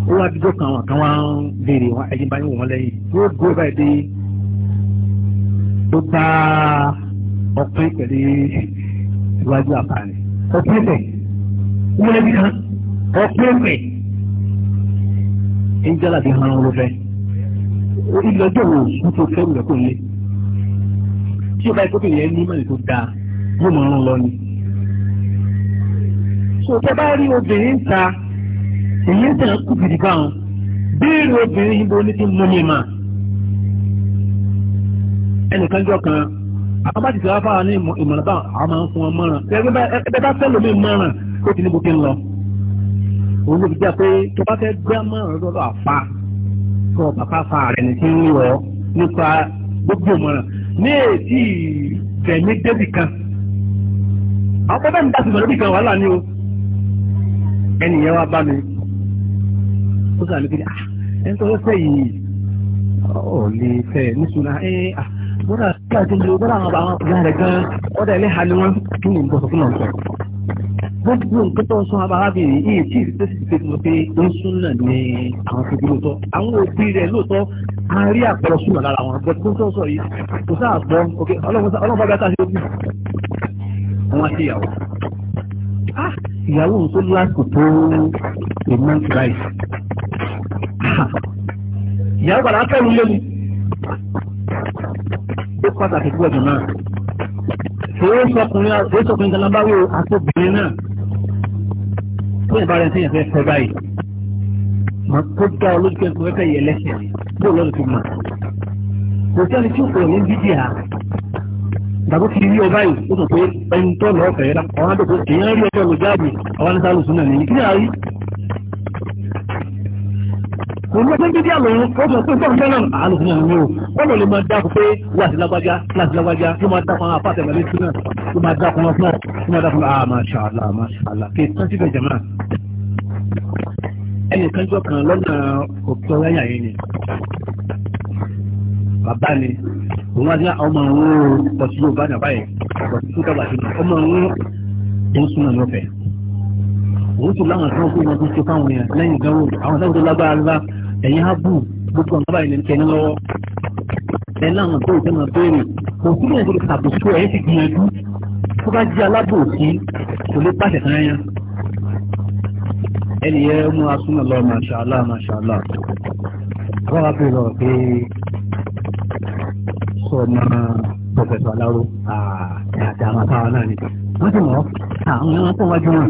ó wá dídó kan àwọn kan wá ń béèrè wọn ẹ̀yìn báyìí wọn lẹ́yìn yóò gbó báyìí ó bá ọpẹ́ pẹ̀lú iwájú àbáni ọpẹ́ pẹ̀ wọlé bí kan ọpẹ́ pẹ̀ ń jẹ́ làbí hàn ló fẹ́ ìlọ́jọ́ wo ló tó fẹ́ rẹ̀ kó lé tí o bá yẹ kó ní mọ̀lẹ́ tó dáa yóò mọ̀ ọ́n lọ ni. sọ̀tẹ́ bá rí obìnrin ń ta èyí ń tẹ̀ ń kú gidi gan-an bí obìnrin yìí bó ní ti mú mi máa ẹnìkan jọ kan àwọn bá ti sọ afárá ní ìmọ̀ràn bá àwọn máa ń fún wọn mọ́ràn ẹgbẹ́ bá fẹ́ lómi mọ́ràn ó ti níbo kí ń lọ. òun ló fi jẹ́ pé tó bá fẹ́ gbá mọ́ràn lọ́dọ̀ àfa kọ́ bàbá fa rẹ̀ ní kí ń lọ nípa gbogbo mọ́ràn ní èsì ìfẹ̀mí débì kan. àwọn bàbá mi bá ti sọ lórí kan wàhálà ni o ẹnìyẹn wá bá mi ó sàlùkì ní ah, ẹni tó fẹ́ yìí ọ̀ lè fẹ́ nísùnà bọ́dà káàtì ló bọ́dà àwọn àwọn àpòjá rẹ̀ gan ọ̀dà ilé ha ni wọ́n kí ni nǹkan fún ọ̀sán. wọ́n ti gbé nǹkan tó ń sọ abarábìnrin ni tí ìfẹ́ sì fi mọ̀ pé ó ń sún náà ní àwọn fìdí lóòótọ́. àwọn òbí rẹ̀ lóòótọ́ a rí àpẹẹrẹ sùn lára wọn bọ́dà tó ń sọ̀rọ̀ yìí kò sáà gbọ́ ok ọlọ́run bá bá tà sí ojú. wọ́n á sí ìyàwó. Ah, ìyàwó tó lásìkò tó a month life. Ah, ìyàwó padà fẹ́ràn lé mi ó pàtàkì púpọ̀ jù náà ṣòro sọkùnrin ó sọkùnrin gan lábáwò àtòbìnrin náà fún ìbára ẹni tí yẹn fẹ́ fẹ́ báyìí mà tó dá ọ lójú pé nǹkan fẹ́ yẹ lẹ́sẹ̀ bó lọ́dún tó mà kò sẹ́ni tí ó pè ní dídì à dàbó ti rí ọ báyìí ó sọ pé ẹni tó lọ́ọ́ fẹ́ ọ̀hán tó kò èèyàn rí ọjọ́ lójáàbì ọ̀hán ní sálùsùn náà ni kò ní ọdún dídí àlòyún ó sọ pé sọ́ọ̀tì náà àlùfíà ni o bọ́ọ̀lù lè máa dákun pé wà sí lágbájá láti lágbájá tó máa dákun àwọn apáta ìgbàlẹ̀ sí tó máa dákun wọn fún ọ tó máa dákun ah masha allah masha allah kí tán síbẹ̀ jẹ̀ ẹnì kan jọ kan lọ́nà òkè ọ̀ráyà yìí ni bàbá ni òun wájú ọmọ òun bọ̀sí yóò bá nà báyìí bọ̀sí tó dàgbà sínú ọmọ òun òun súnmọ́ ní ọ̀fẹ́ òun tún láwọn àtúnwò tó ṣe fáwọn èèyàn lẹ́yìn ìdánwò àwọn sábà tó lágbára ẹ̀yin á bù gbogbo ọ̀nà báyìí lè ń tẹ̀lé lọ́wọ́ ẹ̀ láwọn tó ìfẹ́ máa béèrè kò sí lóun kò sàbòsó ẹ̀ sì gbìyànjú tó bá jí alábòsí kò lè pàṣẹ kan yẹn ẹnì yẹn mú asúnà lọ màṣàlá màṣàlá wọ́n wá pè lọ pé sọ ma pọfẹsọ aláró àdáadáa máa káwa náà ni wọ́n ti mọ̀ àwọn ẹran tó wájú náà.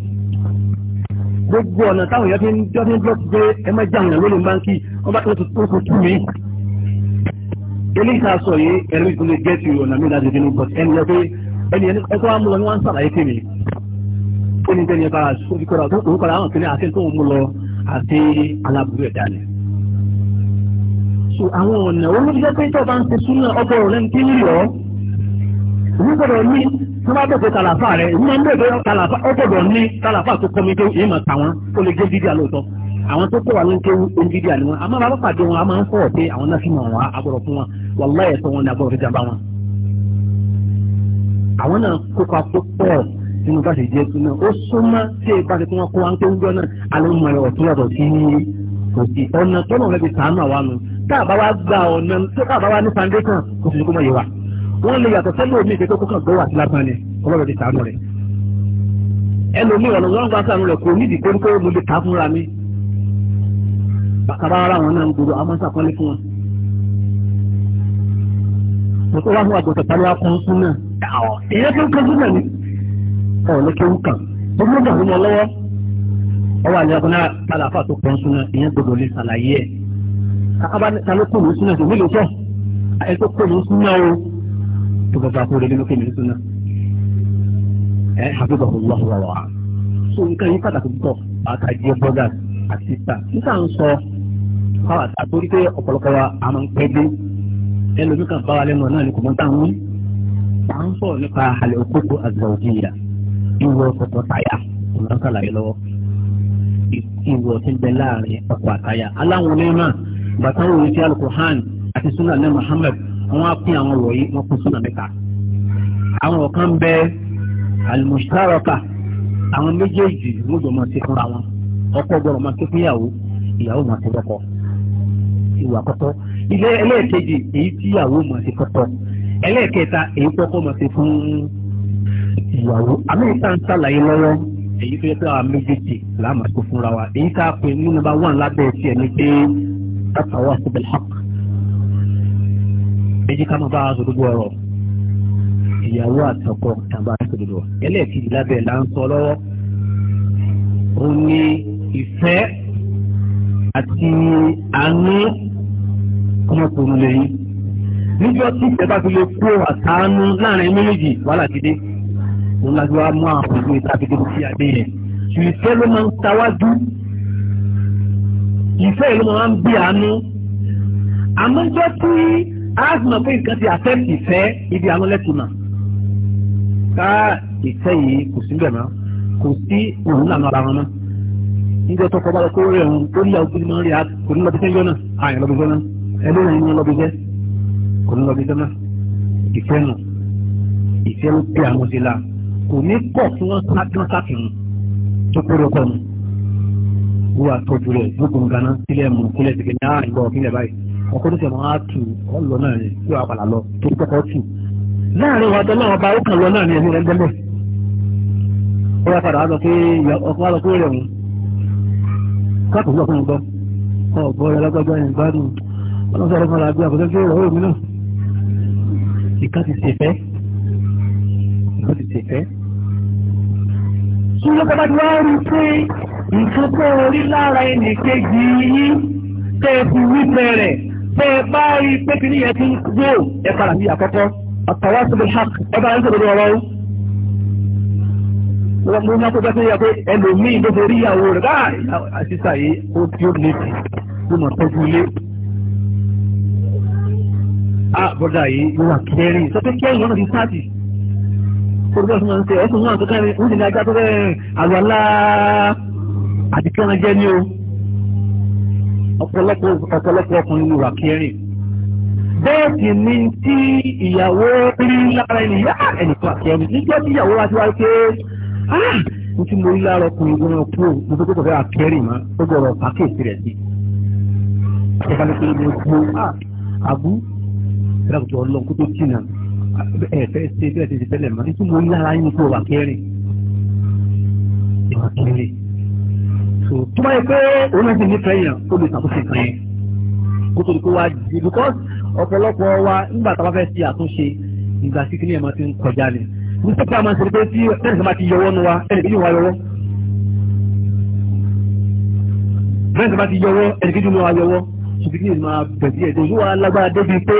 gbogbo ọ̀nà táwọn èèyàn fi ń jọ́ fi ń blọ́ọ̀kì pé ẹ má jáwọn èèyàn báńkì wọ́n bá tó tó tú mi. eléyìí tá a sọ yìí ẹ̀rí mi tún lè gẹ́ẹ̀tì ọ̀nà mi láti dínú bọ̀ ẹni yẹn pé ẹni yẹn ẹkọ wa mú lọ ni wọ́n ń sàlàyé fún mi. ó ní bẹ́ẹ̀ ni bá a sọ fi kọ́ra òun kọ́ra àwọn kìnìún àti tó ń mú lọ àti aláburú ẹ̀dá ni. àwọn ọ̀nà olóògbé pé tó bá ń ṣe súnà ọgbọ̀rún lẹ́nu kí wọ́n bá bèèrè kàlàfà rẹ̀ èyí máa ń bèèrè kàlàfà ó gbọ́dọ̀ ní kàlàfà tó kọ́ mi tó èyí máa tàwọn tó lè gé dídí àlóòtọ́ àwọn tó kọ́ wa ló ń kéwu onídìdí àná wọn àmọ́ bàbá pàdé wọn a máa ń fọ̀rọ̀ pé àwọn náà fi mọ̀ wọn agbọ̀rọ̀ fún wọn wàlá ẹ̀tọ́ wọn ni agbọ̀rọ̀ fi jàmbá wọn. àwọn náà kópa tó pọ̀ nínú bá ṣe jẹ́ fún náà ó súnmọ́ tí ipa ṣe kí wọ́n kó wa ń kéwu jọ náà alẹ́ mọ̀ ẹ̀rọ tó yàtọ̀ sí òsì ọ̀nà tọ́nà rẹ̀ fi sàánù àwa nu tá a bá wá gba ọ̀nà tó tá a bá wá ní foundation kò sì ní kó mọ̀ yẹ wa. wọ́n lè yàtọ̀ sẹ́lẹ̀ omi ìpẹ́tọ́ kó kàn gbọ́ wà sí lásán ni ọlọ́run ti rẹ̀ ẹlòmíì ọ̀nà wọn gba sàánú rẹ̀ kò nídìí pé kó mo lè ta fúnra mi ara wọn náà ń gbòòrò àwọn sàkọ́lé fún wọn. fún tàbí náà tó ń náà ni ìgbà fún wọn lọ́wọ́ ọwọ́ àlẹ́ ọkùnrin tó tó bá bá kúrò nínú kéde sunna ẹ àbúrò wọ́n wọ́n wà. so nǹkan yìí pàtàkì púpọ̀ àtàjẹ bọ́dà àti sísà nígbà ń sọ fáwọn àtàkùn pé ọ̀pọ̀lọpọ̀ wa a máa ń pẹ́ dé ẹlòmí kan bá wa lẹ́nu náà ni kò mọ táwọn ń bá ń sọ̀rọ̀ nípa àlẹ́ òkókó àgbàwòjìyà ìwọ ọ̀pọ̀ táyà ìwọ sàlàyé lọ́wọ́ ìwọ tí ń bẹ láàrin ọkọ̀ àtàyà aláwọn onímọ̀ bàtà òun ti alukuhan àti sunnah ní Muhammad wọ́n á pín àwọn ọ̀rọ̀ yìí wọ́n kún sọ́nà mẹ́ta. àwọn ọ̀kan ń bẹ alimusaraka àwọn méjèèjì wọ́n jọ máa ṣe fúnra wọn ọkọ gbọ́dọ̀ máa ṣe fúnyàwó ìyàwó máa ṣe lọ́kọ ìwà kọ́tọ́ ilé ẹlẹ́ẹ̀kejì èyí tí ìyàwó máa ṣe kọ́tọ́ ẹlẹ́ẹ̀kẹta èyí tọ́kọ máa ṣe fún ìyàwó àmì ìta ń ṣàlàyé lọ́wọ́ èyí tó yẹ pé àwọn méjèèjì láàmà tó fúnra wa èyí tá pè ní nọ́mbà wán lábẹ́ tiẹ̀ ní pé tàtàwá síbẹ̀ hàp ẹjí ká máa bá a sòdodo ọ̀rọ̀ ìyàwó àtọkọ tàbá sòdodo ẹlẹ́ẹ̀kejì lábẹ́ là ń sọ lọ́wọ́ ó ní ìfẹ́ àti àánú ọmọkùnrin lẹ́yìn níjọ́ tí ìfẹ́ bá fi lè kó àtàánú láàrin méjèèjì wàhálà ti dé òun lájú wa mú àwọn òṣèlú ìta fi débi sí adé yẹn ìfẹ́ ló máa ń tawájú ìfẹ́ ló máa ń bí àánú àmọ́jọ́ tí a sì mọ̀ pé nǹkan ti affect ìfẹ́ ibi àwọn lẹ́tùmọ̀ ká ìfẹ́ yìí kò sí bẹ̀rẹ̀ kò sí òun lànà ara wọn mọ́ nígbà tó kọ́ bá lọ kó rẹ̀ òun ó ní àwọn ìgbìmọ̀ rẹ̀ kò ní lọ́bíṣẹ́ jọ́nà àyàn lọ́bíṣẹ́ náà ẹlẹ́rìn ní lọ́bíṣẹ́ kò ní lọ́bíṣẹ́ náà ìfẹ́ nù ìfẹ́ ló pé àwọn sí la kò ní kọ̀ kí wọ́n sákìrán sákìrán tó kéré kọ́ ni wọ́n àtọ́jú rẹ̀ gbogbo nǹkan náà sílẹ̀ mú sílẹ̀ tìkẹ́ ní àárín kílẹ̀ báyìí ọkọ tó tẹ̀wọ́n á tù ọ́ lọ náà ni tí wàá padà lọ tó ń kọ́kọ́ tù láàrin wa tọ́lá ọba ó kàn lọ náà ni ẹ̀mí rẹ̀ ń bẹ́lẹ̀ ó wá padà wá sọ pé ọkọ wá sọ pé rẹ̀ wọ́n káàkiri lọ́kùn ń gbọ́ ọ̀bọ ẹlẹ́gbẹ́gbẹ́ yẹn gbádùn ọlọ́sọ̀ ọ̀rọ̀ fúnra bí àbúrò gbé ìrọ̀wọ́ mi náà ìka ti ṣèfẹ́ ìka ti ṣèfẹ́ tí lọ́kọ́ bá ti wá rí pé nǹkan tó rí lára ẹnì kejì yín tẹ́ ẹ fi wí bẹ̀rẹ̀ tẹ bá rí pé kí nìyẹn ti ń gbó ẹ padà sí àkọ́kọ́ àtàwá síbi hàk ẹ bá ń sọ̀rọ̀ ọ̀rọ̀ o mo ní akókò tó yẹ pé ẹlòmíì ló fi rí ìyàwó rẹ̀ báà àṣìṣà yìí ó tí ó lè tó mọ̀ tọ́jú ilé. a ah, bọ́dà yìí ló wà kẹrin sọ pé kẹrin lọ́nà ti sáàtì orúkọ sọ ma ń ẹ̀sùn náà tó kẹrin ó sì ní ajá tó kẹrin ọ̀pọ̀lọpọ̀ ọkùnrin ìwà kẹrin bẹ́ẹ̀ sì ni tí ìyàwó rí lára ènìyàn ẹnìkan àkẹrin nígbà tí ìyàwó wá sí wá pé n ah, tí mo rí lára ọkùnrin ìgbọ́n kú mo tó kọ́kọ́ àkẹrin mọ́ ó gbọ́dọ̀ pàkíyèsí rẹ̀ sí àtẹ̀kálẹ̀ pé mo kú ah, àbú ìdàkùtù ọlọ́run kó tó jìnnà ẹ̀fẹ́ ṣe bẹ́ẹ̀ ṣe tẹ́lẹ̀ mọ́ nítorí mo rí lára yín kó wà kẹrin ìwà kẹrin tó bá yẹ pé òun náà ti ní fẹ́ yàn ó lè ṣàtúnṣe kan yẹn kó tó di kó wá di because ọ̀pọ̀lọpọ̀ wa nígbà tá a bá fẹ́ ṣe àtúnṣe ìgbà sí kíní ẹ̀ máa ti ń kọjá ni ní sọ́kà máa ń ṣe pé tí ẹnì kan bá ti yọwọ́ nu wa ẹnì kejì wa yọwọ́ ẹnì kan bá ti yọwọ́ ẹnì kejì wa yọwọ́ ṣùgbọ́n kíní máa bẹ̀rẹ̀ ẹ̀dọ̀ yóò wá lágbára débi pé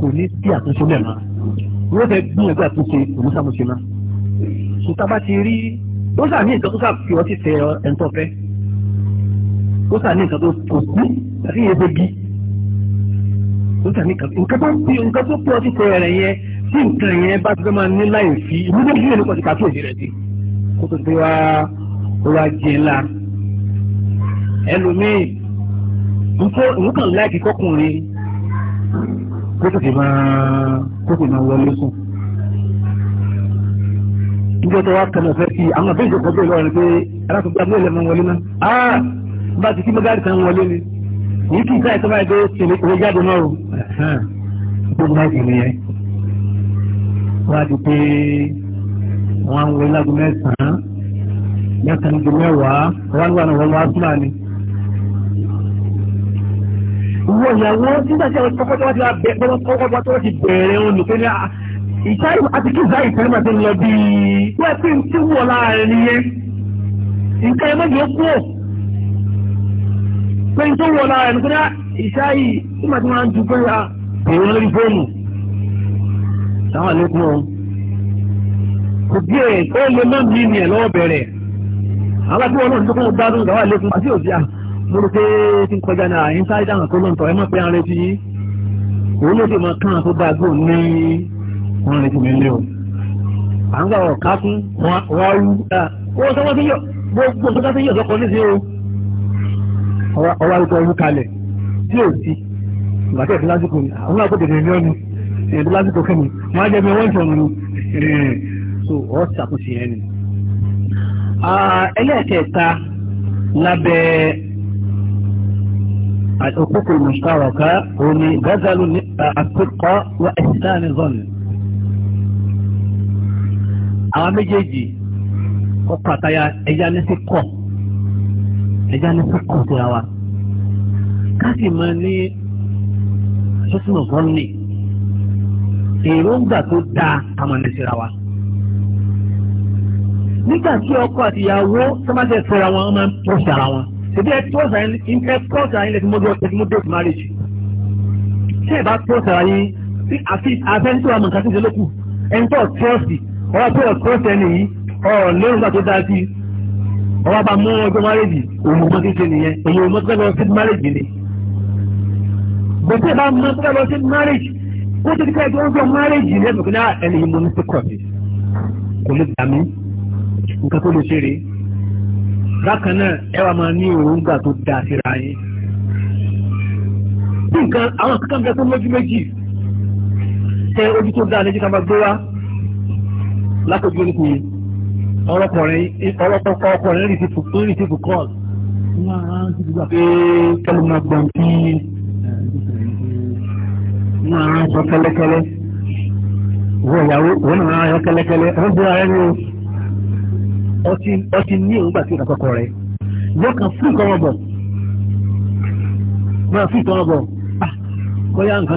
kò ní sí àtúnṣe mẹ́ma wọ́n fẹ́ gbìyànjú àtúnṣe òun sàmúṣe náà sùtàbá ti rí ó sàmì ìtọ́kùsà fi ọtí tẹ ẹ̀ńtọ́fẹ́ ó sà ní nǹkan tó kò sí àti ìyẹn tó bí ó sà ní nǹkan tó bí nǹkan tó pọ̀ sí tẹ̀ rẹ̀ yẹn tí nǹkan yẹn bá ti fẹ́ máa ní láì fi ìlú tó bí ènìyàn kọ̀ọ̀tì kàkíyèsí rẹ̀ sí kó tó ti wá ó wá jẹ ńlá ẹlòmíì nǹkan nǹkan láìkí kọkùnrin kó tó ti máa kó tó máa wọlé sùn nígbà tó wá kàn fẹ́ fi àwọn àbẹ́jọ́ kọ́ bẹ́ẹ̀ lọ́rùn pé alákùnrin gbàgbé ìlẹ̀ máa wọlé náà bá ti kí mọ́gàrí kan wọlé ni yìí kì í sáyẹ̀ tó báyìí tó tèlé owó jáde náà o gbogbo náà kì í nìyẹn wọ́n á di pé wọ́n á ń wọlé lágbo mẹ́sàn-án mẹ́sàn-án ju mẹ́wàá wọ́n á wà náà wọ́n wá fúlàní. ìwọ ìyàwó nígbà tí àwọn kọ́kọ́ tí wọ́n ti wá kọ́kọ́ tí wọ́n ti bẹ̀rẹ̀ òun nìkan ní ìta àti kí ìzáyìí tẹ́lẹ̀ máa ti lọ bíi wọ́n ti ń tí wọ́n láàrin yẹn nǹkan ẹ̀ pé n tó wọ lára ẹni kódà ìṣáyì tí màá ti máa ń ju pé a ah, èrò lórí fóònù sáwọn àlékún ọ kò bí ẹ ó lè má mi ni ẹ lọ́wọ́ bẹ̀rẹ̀ alábí wọn náà ní kókó gbádùn ìdáwọ́ àlékún àti òbí à ah, mo rò pé tí n kọjá náà ìṣáyì dáhùn tó lóǹtọ̀ ẹ má pé ara ti yí òun ló dé máa kán àtó dáa gbóòn ní wọn rìn jùmí lé o à ń gbà ọ̀ ká fún wọn rú dáa ah, ó sọ wọn fi yọ gbogbo nǹkan tó yọ sọkọ ọwọ́ arúgbó ọdún kalẹ̀ tí o sí ìgbàtẹ́ ìdí lásìkò ni àwọn àgbẹ̀dẹ̀dẹ̀ ní ọ́nù ìdí lásìkò kẹ́mi wọ́n á jẹ́ mi wọ́n ń tọ̀nù so ọ́ ṣàkóso yẹn ni. ẹlẹ́ẹ̀kẹta lábẹ́ àkókò mùsàwàká òní gázàlú ní àkókò wa ẹ̀sìtáàní zọ́ọ̀nù. àwọn méjèèjì ọkọ̀ àtayà ẹja ní sí kọ̀ ẹja ní sọ́kàn síra wa káàsì máa ní sọ́sùnà sọ́ọ̀nì èròǹgbà tó dáa àmọ́ ní síra wa nígbà tí ọkọ àti ìyàwó sọmáṣẹ fẹ́ra wọn máa ń tọ́sí ara wọn ṣèbí ẹ tọ́sí ara yín ẹ tọ́sí ara yín lẹ́tí mọ́tò ẹtí mọ́tò ẹtí marriage ṣé ẹ bá tọ́sí ara yín sí àfi àfẹ́ntò àmọ̀ nǹkan tó ṣe lókù ẹni tó tọ́sí ọ̀rọ̀ tó tọ́sí ẹni yìí ọ̀rọ̀ lérò ọba bá mú ọjọ́ márèjì òun ò mọ kéṣe nìyẹn èyí ò mọ tó lọ sí márèjì ni bẹ́tẹ̀ bá mọ tó lọ sí márèjì ó ti dìkẹ́ tó ń jọ márèjì ní ẹ̀mí ah, kíná ẹni yìí mo ní síkọ̀ sí kò lè gbà mí nǹkan tó lè ṣe rè bákan náà ẹ wà máa ní òrùngbà tó dáa síra yín bí nǹkan àwọn kankan bẹ tó lójú méjì tẹ ojú tó dáa lójú ká máa gbé wá lápòjú oníkùnrin ọlọ́kùnrin ọkùnrin rí sí fún kọ́ọ̀lù pé kẹ́lù ee gbọ̀n kí wọ́n ara sọ kẹ́lẹ́kẹ́lẹ́ wọ́n ìyàwó wọ́n náà yọ kẹ́lẹ́kẹ́lẹ́ wọ́n ọtí ní yọ fún fún ah, nǹkan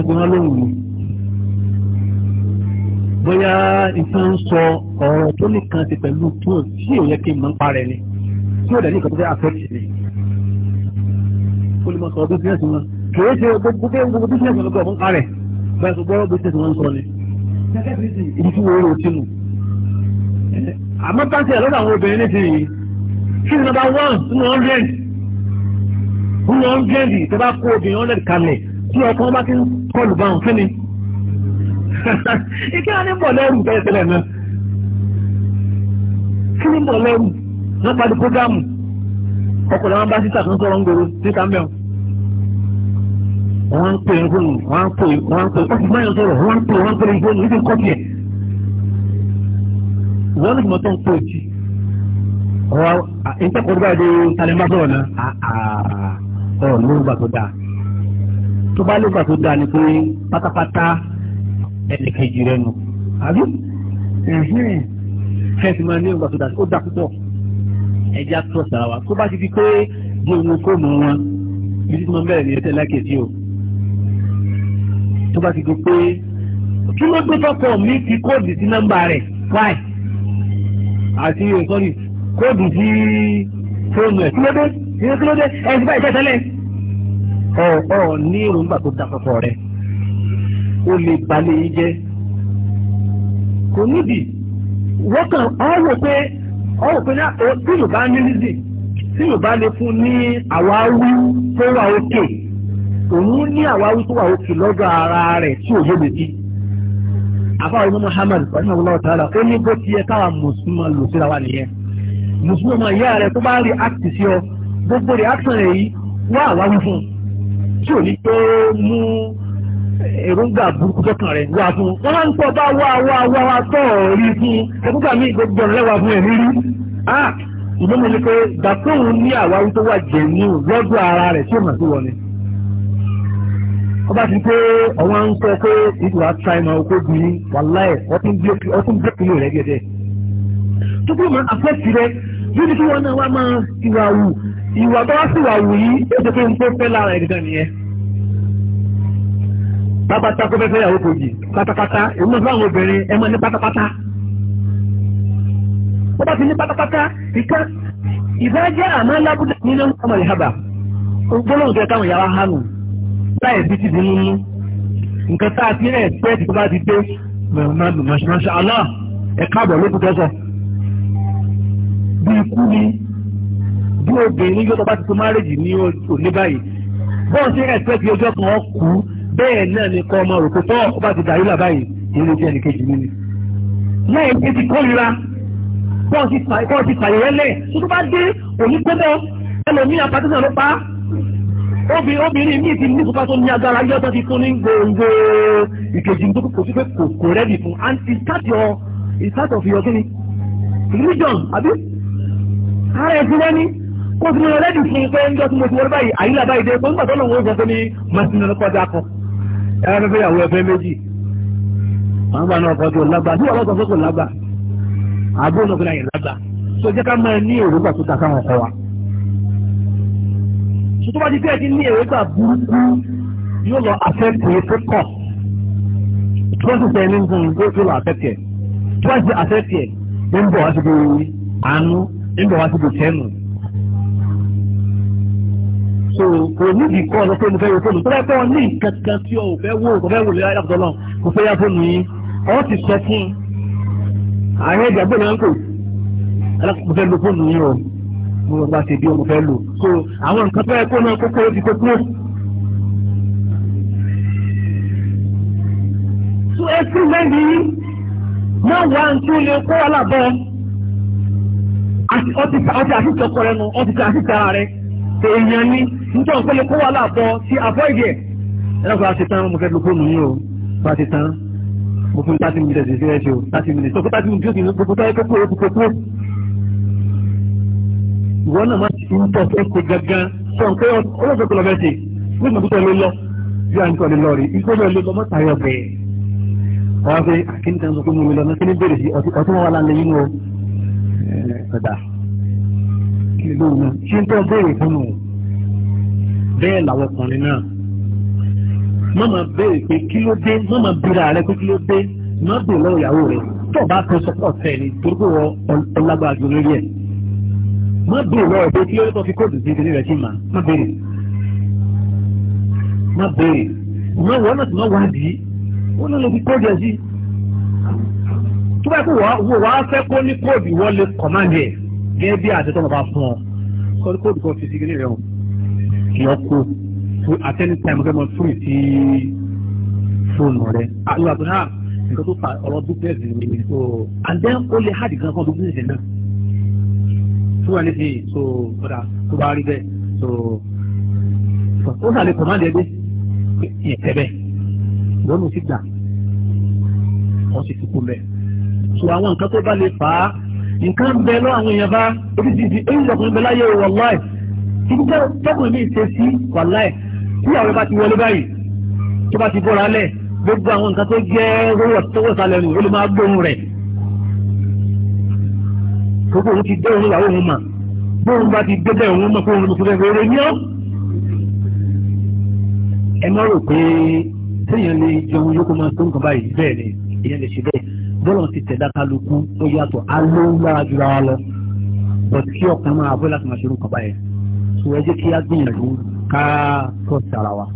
tí lóhùn bóyá nǹkan ń sọ ọ̀rọ̀ tó nìkan ti pẹ̀lú tó tí ò yẹ kí n máa ń parẹ́ ni tí ò dẹ̀ ní nǹkan tó fẹ́ affect ni. ó lè máa sọ ọdún bíẹ́sì wọn kì í ṣe gbogbo gbogbo bíṣẹ́ ìṣẹ̀lẹ̀ gbọ̀ngàn parẹ́ bẹ́ẹ̀ sọ gbọ́dọ̀ bíṣẹ́ ìṣẹ̀lẹ̀ wọn sọ ni. ibi tí wọ́n rò sí mu. àmọ́ táǹtì ẹ̀ lọ́dọ̀ àwọn obìnrin nísìnyí kí ni number one nínú hundred nínú hundred tó bá kó obìnrin hundred kalẹ̀ tí ọkọ bá ti ń kọlù bá wọn fún ni ìkí [laughs] wọn ní bọ̀ lẹ́rù tẹ́lẹ̀tẹ́lẹ̀ náà kí ní bọ̀ lẹ́rù wọ́n parí prógámù ọkùnrin wọn bá sísà tó ń sọ̀rọ̀ ń gbòòrò síta mẹ́ọ̀ wọ́n ń pè é fóònù wọ́n ń pè é wọ́n ń pè é wọ́n ti máa ń sọ̀rọ̀ wọ́n ń pè é wọ́n ń pè é fóònù ìdí kọ́ọ̀tì ẹ̀ wọ́n ní mọ́tò ń pè é jì ọ̀rọ̀ ìtẹ́kọ̀ọ́dúgba ìdè talẹ́mbà náà ọ̀rọ̀ ló tó dáa tó bá ló tó dáa ni pé pátápátá ẹnìkejì rẹ nù àbí fẹ́ẹ̀sì máa ní ìgbà tó dàtí ó dà púpọ̀ ẹja tó sàrà wa tó bá ti di pé bí ohun fóònù wọn bí tí wọn bẹ̀rẹ̀ ní ẹsẹ̀ lákèjì o tó bá ti di pé kí ló gbé fọ́pọ̀ mi ti kóòdù sí nọ́mbà rẹ̀ wáì àti ìsọ́rí eh, kóòdù sí fóònù ẹ̀ kí ló dé kí ló dé ẹ̀ ń bá ìṣẹ́ tẹ́lẹ̀ ọ̀ ọ̀ ní èròǹgbà tó dà púpọ̀ rẹ̀ ó lè balẹ̀ yìí jẹ́ kò níbi wọ́n kàn ọ́ wò pé ọ́ wò pé tí yóò bá ní lísì tí yóò bá lè fún ní àwáwí tó wà òkè òun ní àwáwí tó wà òkè lọ́dọ̀ ara rẹ̀ tí ò yóò lè fi àfáwọn ọmọ Muhammad ọ̀nà ọ̀la ọ̀tàlá ó ní bó ti yẹ káwa mùsùlùmọ́ lò síra wa nìyẹn mùsùlùmọ́ ọmọ ìyá rẹ̀ tó bá rí àkìtì sí ọ gbogbo rẹ̀ àkìtì rẹ̀ yìí wá àwáwí fún un tí ò ní pé mú èròǹgbà burúkú tọkàn rẹ̀ wà fún wọn máa ń tọ́ bá wá wá wá wá tọ́ rí fún ẹgbẹ́gbà mi gbogbo ọ̀rẹ́ wà fún ẹ̀mí rí ìlú mi ni pé gbàtóhùn ní àwárí tó wà jẹ̀ ní lọ́dọ̀ ara rẹ̀ tí ó mà sí wọn ni ọba ti pé ọwọ́ ń sọ pé ìdùnnú àtàìmọ̀ okó bí wàláì ọtún bí kìlọ̀ rẹ̀ gẹ̀dẹ̀. tó kúrò máa àfẹ́sì rẹ níbi tí wọ́n náà wá máa ìwà wù ìwà tó wá sí ìwà wù yìí ó ti pé ń pé fẹ́ lára ẹ̀gẹ́dẹ̀ bàbá tako fẹ́ fẹ́ yàwó kò jì pátápátá èmi náà fún àwọn obìnrin ẹ máa ní pátápátá. wọ́n bá ti ní pátápátá ìka ìdájá àmọ́ lábúdá nínú ọmọ ìhábà gbólóhùn tó yẹ káwọn yàrá hánù láì fi tìbí nínú nǹkan tá a ti rẹ̀ pẹ́ tí bá ti dé mọ̀ọ́mọ́dù mọ̀ṣáṣá aláà ẹ káàbọ̀ ló kúkẹ́ sọ. bí ikú ni bí obìnrin yóò tó bá ti tó márèjì ní òní báyìí bọ́ọ̀ sí rẹ̀ pẹ́ tí ọjọ́ kan ọ bẹ́ẹ̀ náà ni kọ́ ọmọ òkú tọ́ ọ bá ti dàrú là báyìí ìlú jẹ́ ẹnìkejì mi ni. láì ṣe ti kórira bọ́ọ̀ ti fàyè rẹ́lẹ̀ tó bá dé òní gbọ́dọ̀ ẹlòmí àpàtẹ́sẹ̀ ló pa obìnrin míì ti ní ìfúnpá tó ní agbára yọ́tọ́ ti fún ní gbòǹgbò ìkejì tó kò sí pé kò kò fún and it's part of it's part of your kini religion àbí ara ẹ̀sìn wọ́n ní kó fi rẹ́dì fún pé ń jọ́ tí mo ti wọ́n báyìí àyílà báyìí dé tó ń tó lòun ó sọ pé ní màsínà ló kọjá kan ẹ fẹ́ fẹ́ yàwó ẹfẹ́ méjì àwọn bá náà fọdún lágbà bí ọlọ́sọ fẹ́ kò lágbà àbúrò náà fẹ́ràn yẹn lágbà tó jẹ́ ká máa ní èrògbà tó ta káwọn ọkọ wa. tó bá ti fẹ́ ti ní èrògbà burúkú yóò lọ àfẹ́kẹ̀ẹ́ tó kọ̀ tó bá ti fẹ́ ní nǹkan yóò lọ àfẹ́kẹ̀ẹ́ tó bá ti àfẹ́kẹ̀ẹ́ ń bọ̀ wá síbi àánú ń bọ̀ wá síbi tẹ́nu so kò nídìí kọ́ ọ̀dọ́ pé mo fẹ́ wo fóònù tó bá tọ́ ní nǹkan kan tí o fẹ́ wò kò fẹ́ wò lórí ayélujára náà kò fẹ́ yá fóònù yìí ọ̀rọ̀ ti sọ fún ààrẹ ìjàgbé náà ń kò mo fẹ́ lo fóònù yìí o mo lọ bá ṣe bí mo fẹ́ lò so àwọn nǹkan tó yẹ kó náà kókó ti kó kúrò. so ẹtí lẹ́yìn yìí máa wá ntú lè kó alábọ̀ ọtí àti ìtọ́kọ rẹ nu ọtí àti ìtara rẹ èèyàn ní níjọ́ nǹkan lè kó wà láàbọ̀ sí àbọ̀ ìdí ẹ̀ ẹlẹ́gbẹ̀ẹ́ a ti tán mo fẹ́ lo fóònù yín o bá ti tán mo fún thirty minutes sí ẹ̀ṣẹ̀ o thirty minutes tó kó thirty minutes yóò ti ní gbogbo táyé kókó èkó kókó. ìwọ náà máa ń tọ́ fẹ́ kó gangan sọ pé olóògbé kò lọ bẹ́ẹ̀ sí bí mo tọ́ lé lọ bí a ń tọ́ lé lọ rí ikú lọ lé lọ mọ́ tayọ bẹ́ẹ̀. wọ́n fẹ́ akíní kan sọ pé mo lọ náà kíní bèrè sí ọtún wọn wà lálẹ́ yín o. ọ̀dà kí ló ń bèrè fún mi bẹ́ẹ̀ làwọn ọkùnrin náà má máa béèrè pé kí ló dé má máa bira rẹ pé kí ló dé má bèrè lọ́wọ́ ìyàwó rẹ tó o bá fẹ́ sọ pọ̀ tẹ̀ ní torípò wọ ọlágbára ju lórí ẹ̀ má bèrè lọ́wọ́ pé kí ló dé tó fi kóòdù sí ìdílé rẹ̀ sí mà má bèrè má bèrè má wọ́n náà ti má wádìí wọ́n náà lè fi kóòdù ẹ̀ sí tó bá kó wọ́n wá fẹ́ kó ní kóòdù wọ́n lè kọ̀máǹdì ẹ̀ gẹ́gẹ́ bí àtẹ̀tọ́ bàbá fún ọ yọ kó at any time kẹ́ mọ fún ìtì fóònù rẹ̀ àlọ́ àbúrò náà nǹkan tó fa ọ̀rọ̀ mi so and then ó lè hard gan kan tó bíbélì náà tó wà nísìnyí so kódà tó bá rí bẹ́ẹ̀ so ó sàlẹ̀ command ẹgbẹ́ ìtẹ̀bẹ̀ lọ́nà sí gbà wọ́n sì ti kú mẹ́ so àwọn nǹkan tó bá lè fà á nǹkan bẹ lọ́ àwọn èèyàn bá oríṣiríṣi èyí lọ́kùnrin láyé láì. ibi tẹ́ tẹ́kùn mi ṣe sí wàláì tí àwọn bá ti wọlé báyìí tó bá ti bọ́ra lẹ̀ gbogbo àwọn nǹkan tó jẹ́ owó tọwọ́ sálẹ̀ nù ó lè máa gbóhùn rẹ̀ gbogbo òun ti dé òun ìyàwó òun mà gbóhùn bá ti dé bẹ́ẹ̀ òun mọ̀ pé òun ló fi fẹ́ rẹ̀ ní ọ́. ẹ má rò pé téèyàn lè jẹun yókù máa tó nǹkan báyìí bẹ́ẹ̀ ni èèyàn lè ṣe bẹ́ẹ̀ bọ́lá ti tẹ̀dá kálukú ó yàtọ̀ alóńgbára jura wa lọ bọ̀ tí ọkùnrin máa bọ́ láti máa ṣe nǹkan báyìí sùn ẹ jẹ́ kí á gbìyànjú ká trust ara wa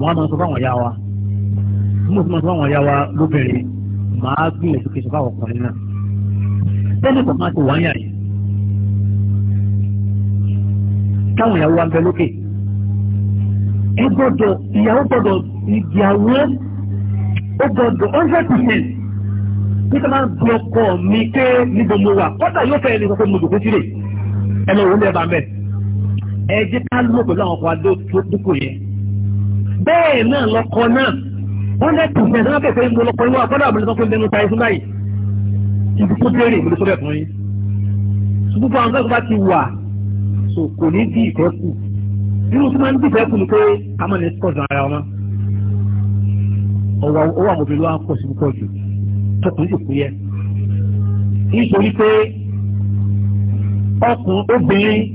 wọ́n á máa sọ fáwọn ìyá wa mo sì máa sọ fáwọn ìyá wa lóbìnrin màá gbìyànjú kí n sọ fáwọn ọkùnrin náà bẹ́ẹ̀ni kò máa ti wà ń yà yìí táwọn ìyàwó wa ń bẹ lókè ẹ gbọ́dọ̀ ìyàwó gbọ́dọ̀ ìyàwó ó gbọ́dọ̀ hundred percent ní ká máa ń gbọ́ ọkọ mi pé níbo mo wà kọ́dà yóò fẹ́ ẹni sọ pé mo dòkó sílẹ̀ ẹ lọ wọlé ẹ bá ń bẹ̀ ẹ jẹ́ ká lò pẹ̀lú àwọn ọkọ̀ adó tó dúkù yẹn. bẹ́ẹ̀ náà lọ́kọ náà wọ́n lẹ́ tùfẹ́ náà bẹ̀ pé mo lọ́kọ ìwọ àkọ́dọ̀ àbúlé sọ́kùn bẹnu ta ẹ̀sùn báyìí. ibi tó dérè mo lè sọ́bẹ̀ fún yín. ṣùgbọ́n àwọn akẹ́kọ̀ọ́ bá ti wà kò ní di ìfẹ́ kù. nínú tí wọ́n ń di ìfẹ́ kù ni pé a máa ní sọ́ọ̀dù ara wọn. ọwọ́ àmọ̀bìnrin wa pọ̀ sí púpọ̀ jù tọkùnrin sì kú yẹ. nítorí pé ọkùnrin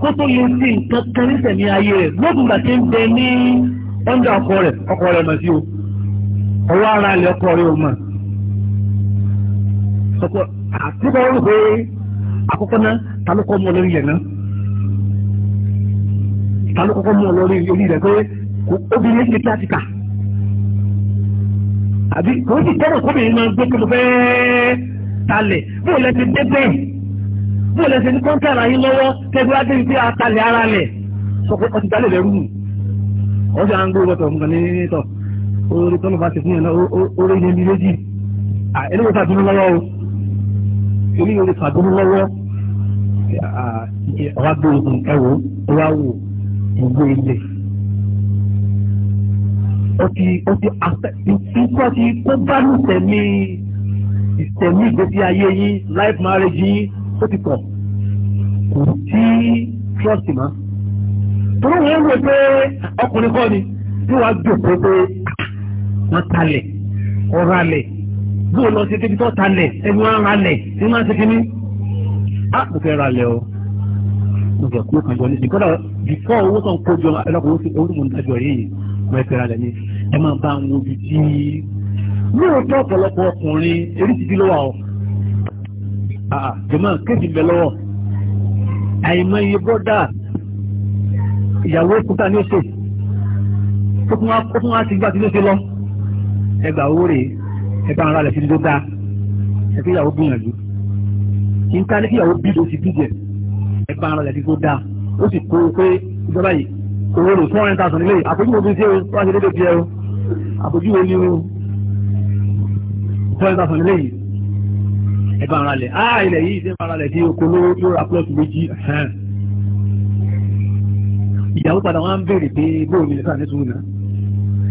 obìnrin kó tó lè sí nǹkan kan ní tẹ̀mí ayé rẹ̀ lóògùn gbà tí ń bẹ ní ọ́ndà ọkọ rẹ̀ ọkọ rẹ̀ mọ̀ sí o ọwọ́ ara ilẹ̀ ọkọ rẹ̀ o mọ̀ ọkọ àtúkọ̀ wọn pé àkọ́kọ́ náà ta ló kọ́ mọ́ lórí yẹn náà ta ló kọ́kọ́ mọ́ lórí orí rẹ̀ pé obìnrin ti tà ti tà àbí kò sì tẹ́lẹ̀ kóbìnrin máa gbé kí mo fẹ́ talẹ̀ bó lẹ́ ti dé bẹ́ẹ̀ bó lè ṣe ní kọ́ńtà ara yín lọ́wọ́ tẹ́gbẹ́ wá débi pé atalẹ̀ ara lẹ̀ sọ pé ọtí gbálẹ̀ lẹ́rú mi wọ́n ṣe à ń gbé wọ́tọ̀ nǹkan ní tọ̀ orí tọ́lọ̀ bá ti fún yẹn náà ó rí yẹn bí méjì eléyìí fàdúró lọ́wọ́ o eléyìí fàdúró lọ́wọ́ ọ̀wá gbé ogun ẹ̀wò ọ̀wá wò ìgbé ilé ọtí ọtí ikú ọtí kó bá ní tẹ̀mí ìtẹ̀mí ìgbésí ayé yín life marriage yín tó ti pọ̀ kò sí trust mọ́ torí wọ́n ń wò pé ọkùnrin kọ́ ni tí wàá jòkó pé wọ́n talẹ̀ ọ̀rọ̀ alẹ̀ bó lọ sí kébi tó talẹ̀ ẹni wọ́n ra lẹ̀ ẹni wọ́n ti fi ní. a mo fẹ́ ra lẹ̀ o mo fẹ́ kó kan jọ ní ìkọ́dà bífọ́ owó kan kó jọ ẹlọ́kùnrin owó tí mo ń dájọ yìí mo fẹ́ ra lẹ̀ ni ẹ máa bá wọn ojú tí. lóòótọ́ ọ̀pọ̀lọpọ̀ ọkùnrin eréjìdí Ah, jẹ́mọ́ kéèkì bẹ̀ lọ́wọ́ àìmọ́ iye bọ́dà ìyàwó kúta ní oṣù ó tún wá ti gbá ti ní oṣù lọ ẹgbà owó rèé ẹgbà ara rẹ̀ sí ló dáa ẹgbẹ́ ìyàwó gbìyànjú kí n ká ní kí ìyàwó bí ló ti bíjẹ ẹgbà ara rẹ̀ sí ló dáa ó sì kó pé ìjọba yìí owó rè fún ọ̀rẹ́ta sàn nílé àpèjúwe bí ṣé o wá ṣe déédéé bí ẹ o àpèjúwe ni o fún ọ̀rẹ́ta sàn nílé yìí ẹ bá ara lẹ̀ áà ah, ilẹ̀ yìí ṣe bá ara lẹ̀ tí oko ló ra plọ́ọ̀tù méjì ìyàwó padà wọn á ń béèrè pé bóun ni ìfà nísùn náà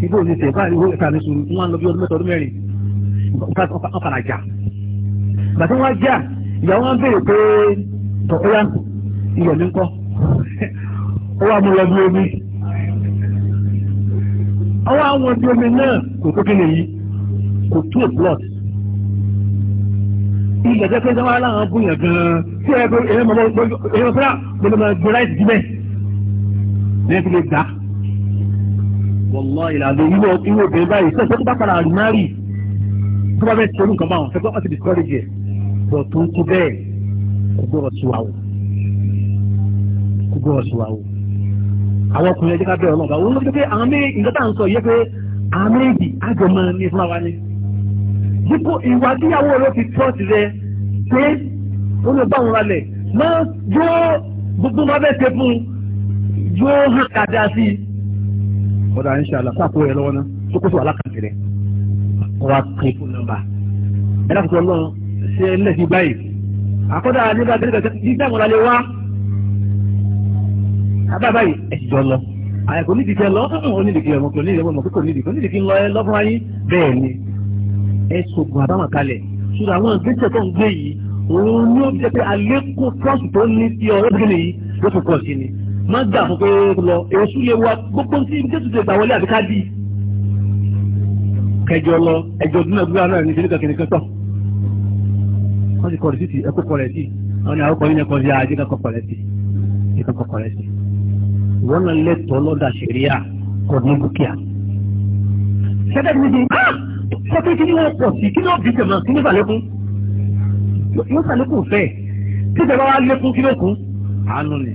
ibò ní ṣe ìfà ìwé ìfà nísùn wọn lọ bí ọdún mẹ́ta ọdún mẹ́rin wọn padà jà bàtí wọn jà ìyàwó wọn béèrè pé tọkọyà iyọ̀ ní kọ́ ó wà mú lọ bí omi ọwọ́ àwọn bí omi náà kò tó kí nìyí kò tó plọ́ọ̀tù bí ilẹ̀ jẹ́ pé sábà láwọn búyàn gan-an tí ẹ ẹ mọ̀ ẹ mọ̀ fúnra mo lè máa gbé láìsí síbẹ̀ lẹ́yìn tó lè gbà. wọ́lọ́ ìlànà ìwọ ìwọ òbí báyìí sọ́ọ́ tó bá padà rí márì tó bá fẹ́ ṣe olú nǹkan bá wọn fẹ́ pé wọ́n ti discourage ẹ̀ bọ̀ tó ń tó bẹ́ẹ̀ kò gbọ́dọ̀ sí wa o kò gbọ́dọ̀ sí wa o àwọn ọkùnrin ẹ̀jẹ̀ ká bẹ̀rẹ̀ ọlọ́ọ̀bá òun ló fi pé àwọn méjì nǹkan tá à ń sọ yẹ pé àwọn méjì dípò ìwà tíyàwó rẹ fi trọ́ọ̀tì rẹ pé ó lè bá òun ralẹ̀ máa yóò gbogbo máa bẹ́ẹ̀ ṣe fún yóò hàn kàdá sí i. ọ̀dà ń ṣe àlàkà kó yẹ lọ́wọ́ náà tó kó sọ alákàtì rẹ̀ wá pé fún nọ́mbà. ẹ dákun tó lọ́n ṣe lẹ́sìn báyìí àkọ́dà nígbà tí nígbà tí wọ́n lè wá abábá yìí ẹ̀ jọ lọ àyẹ̀kọ́ nídìí kẹ lọ́ ọ́n onídìí ẹ̀sùn ògùn àbámọ̀ kalẹ̀ ṣùgbọ́n àwọn ìgbésẹ̀ tó ń gbé yìí òun ni ó jẹ́ pé àlékún pọ́ọ̀sì tó ní sí ọ̀rẹ́ bí nìyí ló tún pọ̀ sí ni má gbà fún pé lọ èṣù lè wa gbogbo tí ibi tẹ́tù ti gbà wọlé àbíká dì í kẹjọ lọ ẹjọ dúnàdúrà náà ní ìdílé kankan tọ wọ́n ti kọ́ rẹ̀ sí ti sí àwọn ni àwòkọ́ yín ẹkọ́ sí ajé kankan kọ́ rẹ̀ sí kankan kọ́ rẹ̀ sí wọ́n náà lẹ́tọ̀ọ́ lọ́dà ṣẹ̀ríà kọ́ ní dúkìá. ṣẹ́dá ti ní sọ́kẹ́ kí ni wọ́n pọ̀ sí kí ló bí tẹ̀mọ̀ kí ló sàlékún yóò sàlékún fẹ́ tí tẹ̀mọ̀ wá lékún kí ló kún àánú ni.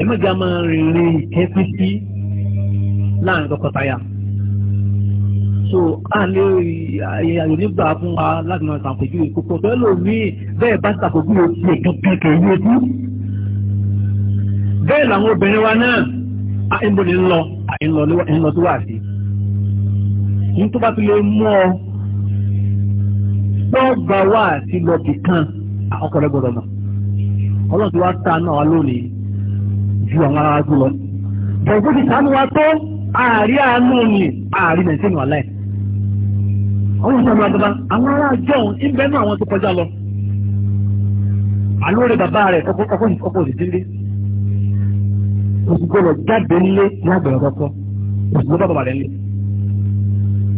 ẹ má jẹ́ a máa rìnrìn ìkẹ́sí sí láàrin tọkọtaya so a lè àyè nígbà fún wa láti máa ṣàpèjúwe púpọ̀ bẹ́ẹ̀ ló ní bẹ́ẹ̀ bá ṣàpèjúwe tiẹ̀ kankan kẹ̀ yé ojú bẹ́ẹ̀ làwọn obìnrin wa náà à ń bọ̀ ní lọ à ń lọ tó wà sí ní tó bá fi lè mú ọ gbọ́gbà wá àti lọ́ọ̀kì kan ọkọ̀ rẹ gbọ́dọ̀ mọ̀ ọlọ́run ti wá ta náà wá lónìí ju àwọn ará wa jù lọ. bọ̀dọ̀ ti sànú wa tó ààrí àánú ni ààrí nàìjíríà wà láì. àwọn ìṣòro àgbàbà àwọn ará àjọ ìbẹ́ náà àwọn tó kọjá lọ. àlóore bàbá rẹ̀ ọkọ̀ ọkọ̀ òṣìṣẹ́ lé. lọ jáde nílé lágbẹ̀rẹ̀ kọ́kọ́ òṣìṣẹ́ bàbá rẹ̀ nílé.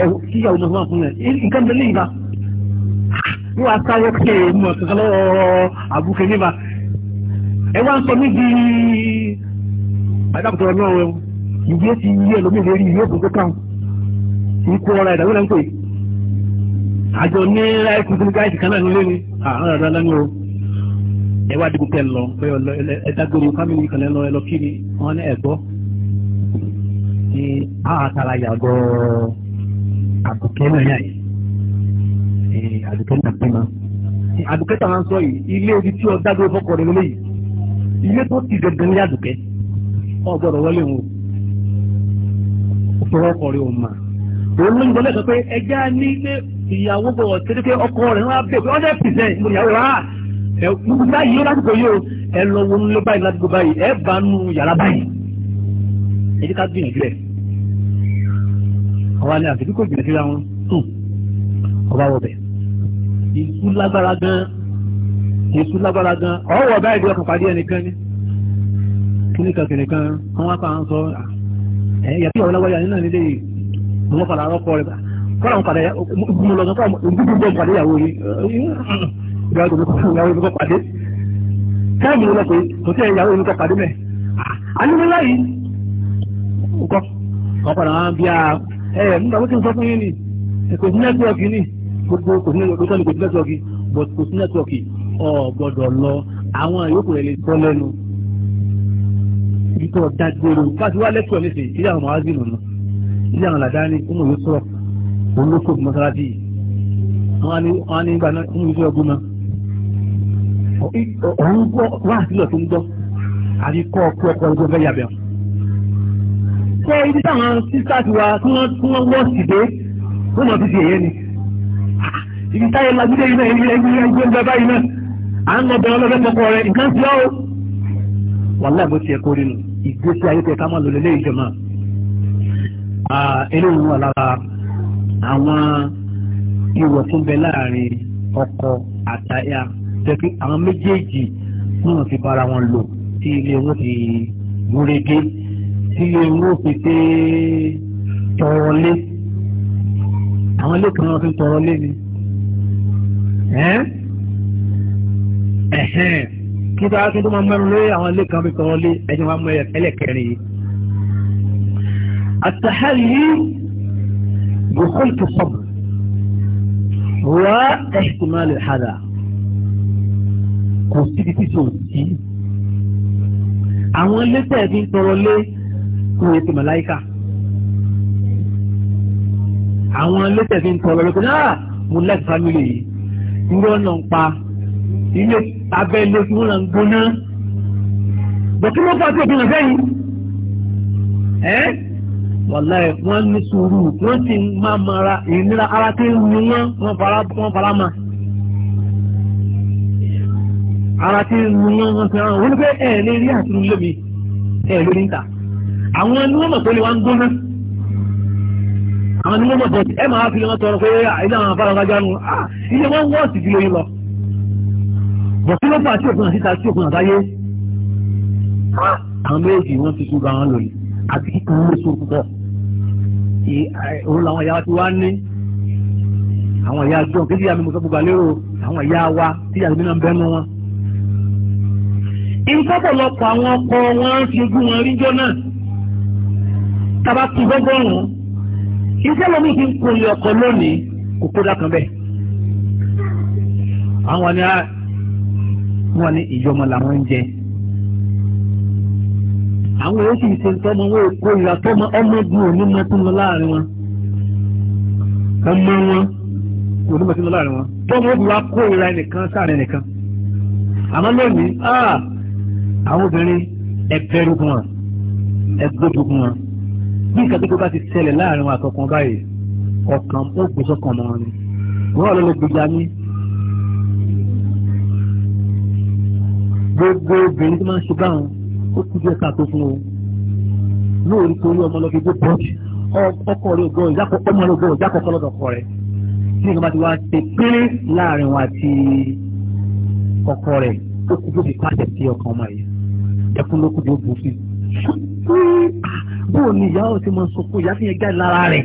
ẹ̀wọ̀ kíyà ọmọ fún àkúnlẹ̀ nǹkan bẹ̀lẹ̀ ìbá wọ́n wá sáré pé mọ̀ kankan lọ́wọ́ àbúkẹ́ níbà ẹ wá ń sọ mí di adábùtọ̀ náà wẹ̀ ìdí èsì yí ẹlòmíì lórí ìlú òkú kọ́kàn ikú ọ̀rọ̀ ìdàgbé náà ń pè àjọ ní láì tuntun gáàsì kan náà nílé ni àwọn ọ̀rọ̀ lẹ́nu o ẹ wá dìbò tẹ̀ lọ pé ẹ dágbére fámìlì kan lẹ́nu ẹ lọ kí ni wọ́n ní ẹ̀gbọ́ ní àtàlàyà gan-an àbùkẹ́ náà yà yìí àbùkẹ́ náà bí ma àbùkẹ́ tàwọn ń sọ yìí ilé ibi tí ọjà gbé fọkọ rẹ lélẹ́yìí ilé tó ti dẹ̀dẹ̀ ní àbùkẹ́ ọ̀ gbọ́dọ̀ wọlé wọn fọwọ́ ọkọ rẹ òun mà òun ló ń gbọ́dọ̀ sọ pé ẹja ní ilé ìyàwó bọ̀wọ̀ tẹ́lẹ̀ pé ọkọ rẹ̀ wọ́n á bẹ̀ pé hundred percent mo ìyàwó rà ẹ̀ gbogbo ah, báyìí ó lásìkò yìí o ẹ lọ wọnú lé báyìí ládùúgbò báyìí ẹ bá nu yàrá báyìí ẹ jẹ́ ká gbìyànjú ẹ̀ àwa ni àti kíkò jìnnà síra wọn sùn ọba wọbẹ̀ èṣù lágbára gan èṣù lágbára gan ọwọ́ ọba ìdí ọkàn pàdé ẹnìkan ni kíníkan kíníkan wọn wá pa àwọn sọ ẹ yàtí ọ̀rọ̀ lágbára nínú nílé yìí wọn padà rọ́pò rẹ̀ kọ́ra wọn padà mú lọ sọ́kọ́ ìdúgbò pàdé ìyàwó yìí ìyàwó ìdúgbò pàdé táìmù ló lọ pé kò tẹ́ ìyàwó ìdúgbò pàdé mẹ́ àníwọ̀n láyìí nǹkan ọ̀pọ̀ náà bí a ẹ̀ nígbà wọ́n ti sọ fún yín ni kò sí nẹ́tíwọ̀kì ni gbogbo kò sí nẹ́tíwọ̀kì kò sí nẹ́tíwọ̀kì but kò sí nẹ́tíwọ̀kì ọ̀ gbọ́dọ̀ lọ àwọn yòókù rẹ̀ lè sọ lẹ́nu ìtọ́ dágbére fásitì wá lẹ́tọ̀ nísìnyí ilé àwọn mọ̀hásí nù ilé àwọn làdáni ọmọ yóò sọ̀rọ̀ òun ló kó mọ́sálásí yìí wọ́n ní ìgbà náà ọmọ yóò sọ̀rọ̀ gómà òun gbọ́ wá sílẹ̀ tó ń gbọ́ àbí kọ́ ọkọ ọkọ pé ibi táwọn sisters wa tí wọ́n tí wọ́n wọ́ sí dé wọ́n mọ̀ fi fi èyẹ ni. ibi táyé lajúdé yìí náà ibi ẹgbẹ́ ẹgbẹ́ ẹgbẹ́ báyìí náà à ń lọ bẹ̀rẹ̀ ọlọ́fẹ́ kọkọ rẹ̀ nǹkan ti ọ́ wàhálà bó ti ẹ̀ kórè nù ìgbésí ayé tẹ̀ ká má lò lélẹ́ ìjọba. eléyìí wà lára àwọn ìwọ̀ tó ń bẹ láàrin ọkọ àtaya jẹ́ pé àwọn méjèèjì náà ti bára wọn lò tí ilé wọn ti múrégé tí owó fi ṣe tọrọ lé àwọn ilé kan fi tọrọ lé ni kí bá tó máa mẹ́rin lórí àwọn ilé kan fi tọrọ lé ẹjọ́ máa mú ẹlẹ́kẹrin yìí àtàhálì bùkúlùkù sọ̀bù wá ẹ̀ṣìmáàlì hàdà kò síbi tí sòtì àwọn ilé tẹ̀ fún ètò màláìkà àwọn lẹ́tẹ̀ fi ń tọrọ lọ́pẹ́ náà ah, mo láti fámìlì yìí irú ọ̀nà ń pa ilé abẹ́ ilé tí wọ́n là ń gbóná bọ̀tí wọ́n fà sí òfin ọ̀fẹ́ yìí ẹ́ wàlá ẹ̀ wọ́n ní sùúrù wọ́n ti máa mara ìnira ara tí ń ni wọ́n wọ́n fara wọ́n fara mà ara tí ń ni wọ́n wọ́n fara wọ́n ní pé ẹ̀ lè rí àtúntò lómi ẹ̀ lórí ń ta. àwọn ẹni wọ́n mọ̀ lè wọ́n ń gbóná àwọn ẹni wọ́n mọ̀ pé ẹ máa fi tọrọ pé ah, ilé àwọn afárangajá ah, ilé wọn wọ́ sí ìdílé yín lọ bọ̀ kí ló fà sí òkun àtìta sí òkun àtayé àwọn méjì ti kú wọn lòlì àti púpọ̀ eh, òun làwọn ìyá wa ti wá ní àwọn ìyá jọ kí ìyá mi mo gbogbo àlérò àwọn ìyá wa tí ìyá mi náà wọn. tàbá tu gbọ́gbọ́rùn iṣẹ́ lomi fi ń kó iye ọkọ̀ lónìí kò kó dákan bẹ́ẹ̀. àwọn ni wọn ní ìjọmọ làwọn ń jẹ àwọn èyí sì ṣe ń tọ́mọ wọn kó ìyá tọ́mọ ọmọ ogun òní mọ tó ń lọ láàrin wọn ọmọ wọn òní mọ tó ń lọ láàrin wọn tọ́mọ ogun wa kó ìra ẹnìkan sáàrin ẹnìkan àmọ́ lónìí ah, àwọn obìnrin ẹ̀bẹ̀rù gan bí nǹkan tó bá ti ṣẹlẹ̀ láàrin wa àtọkàn báyìí ọkàn ó gbé sọ́kàn mọ́ ni wọ́n wà lọ́lọ́ gbèjà ní. gbogbo obìnrin tó máa ń ṣe báwọn ó kú díẹ̀ káàtó fún o lóòrí torí ọmọ lọ́ọ́ fi gbé bọ́ọ̀dì ọkọ rẹ̀ gbọ́ ìjákọ̀ ọmọ rẹ̀ gbọ́ ìjákọ̀ kọ́lọ́dọ̀ kọ rẹ̀ tí nǹkan bá ti wá ṣe péré láàrin wa àti ọkọ rẹ̀ ó kú díẹ̀ káàtó sí ọkàn ọmọ yìí ẹkún ló kú díẹ̀ bóò ni ìyá ò ti mọ sọkún ìyá fi yẹn jáde lára rẹ̀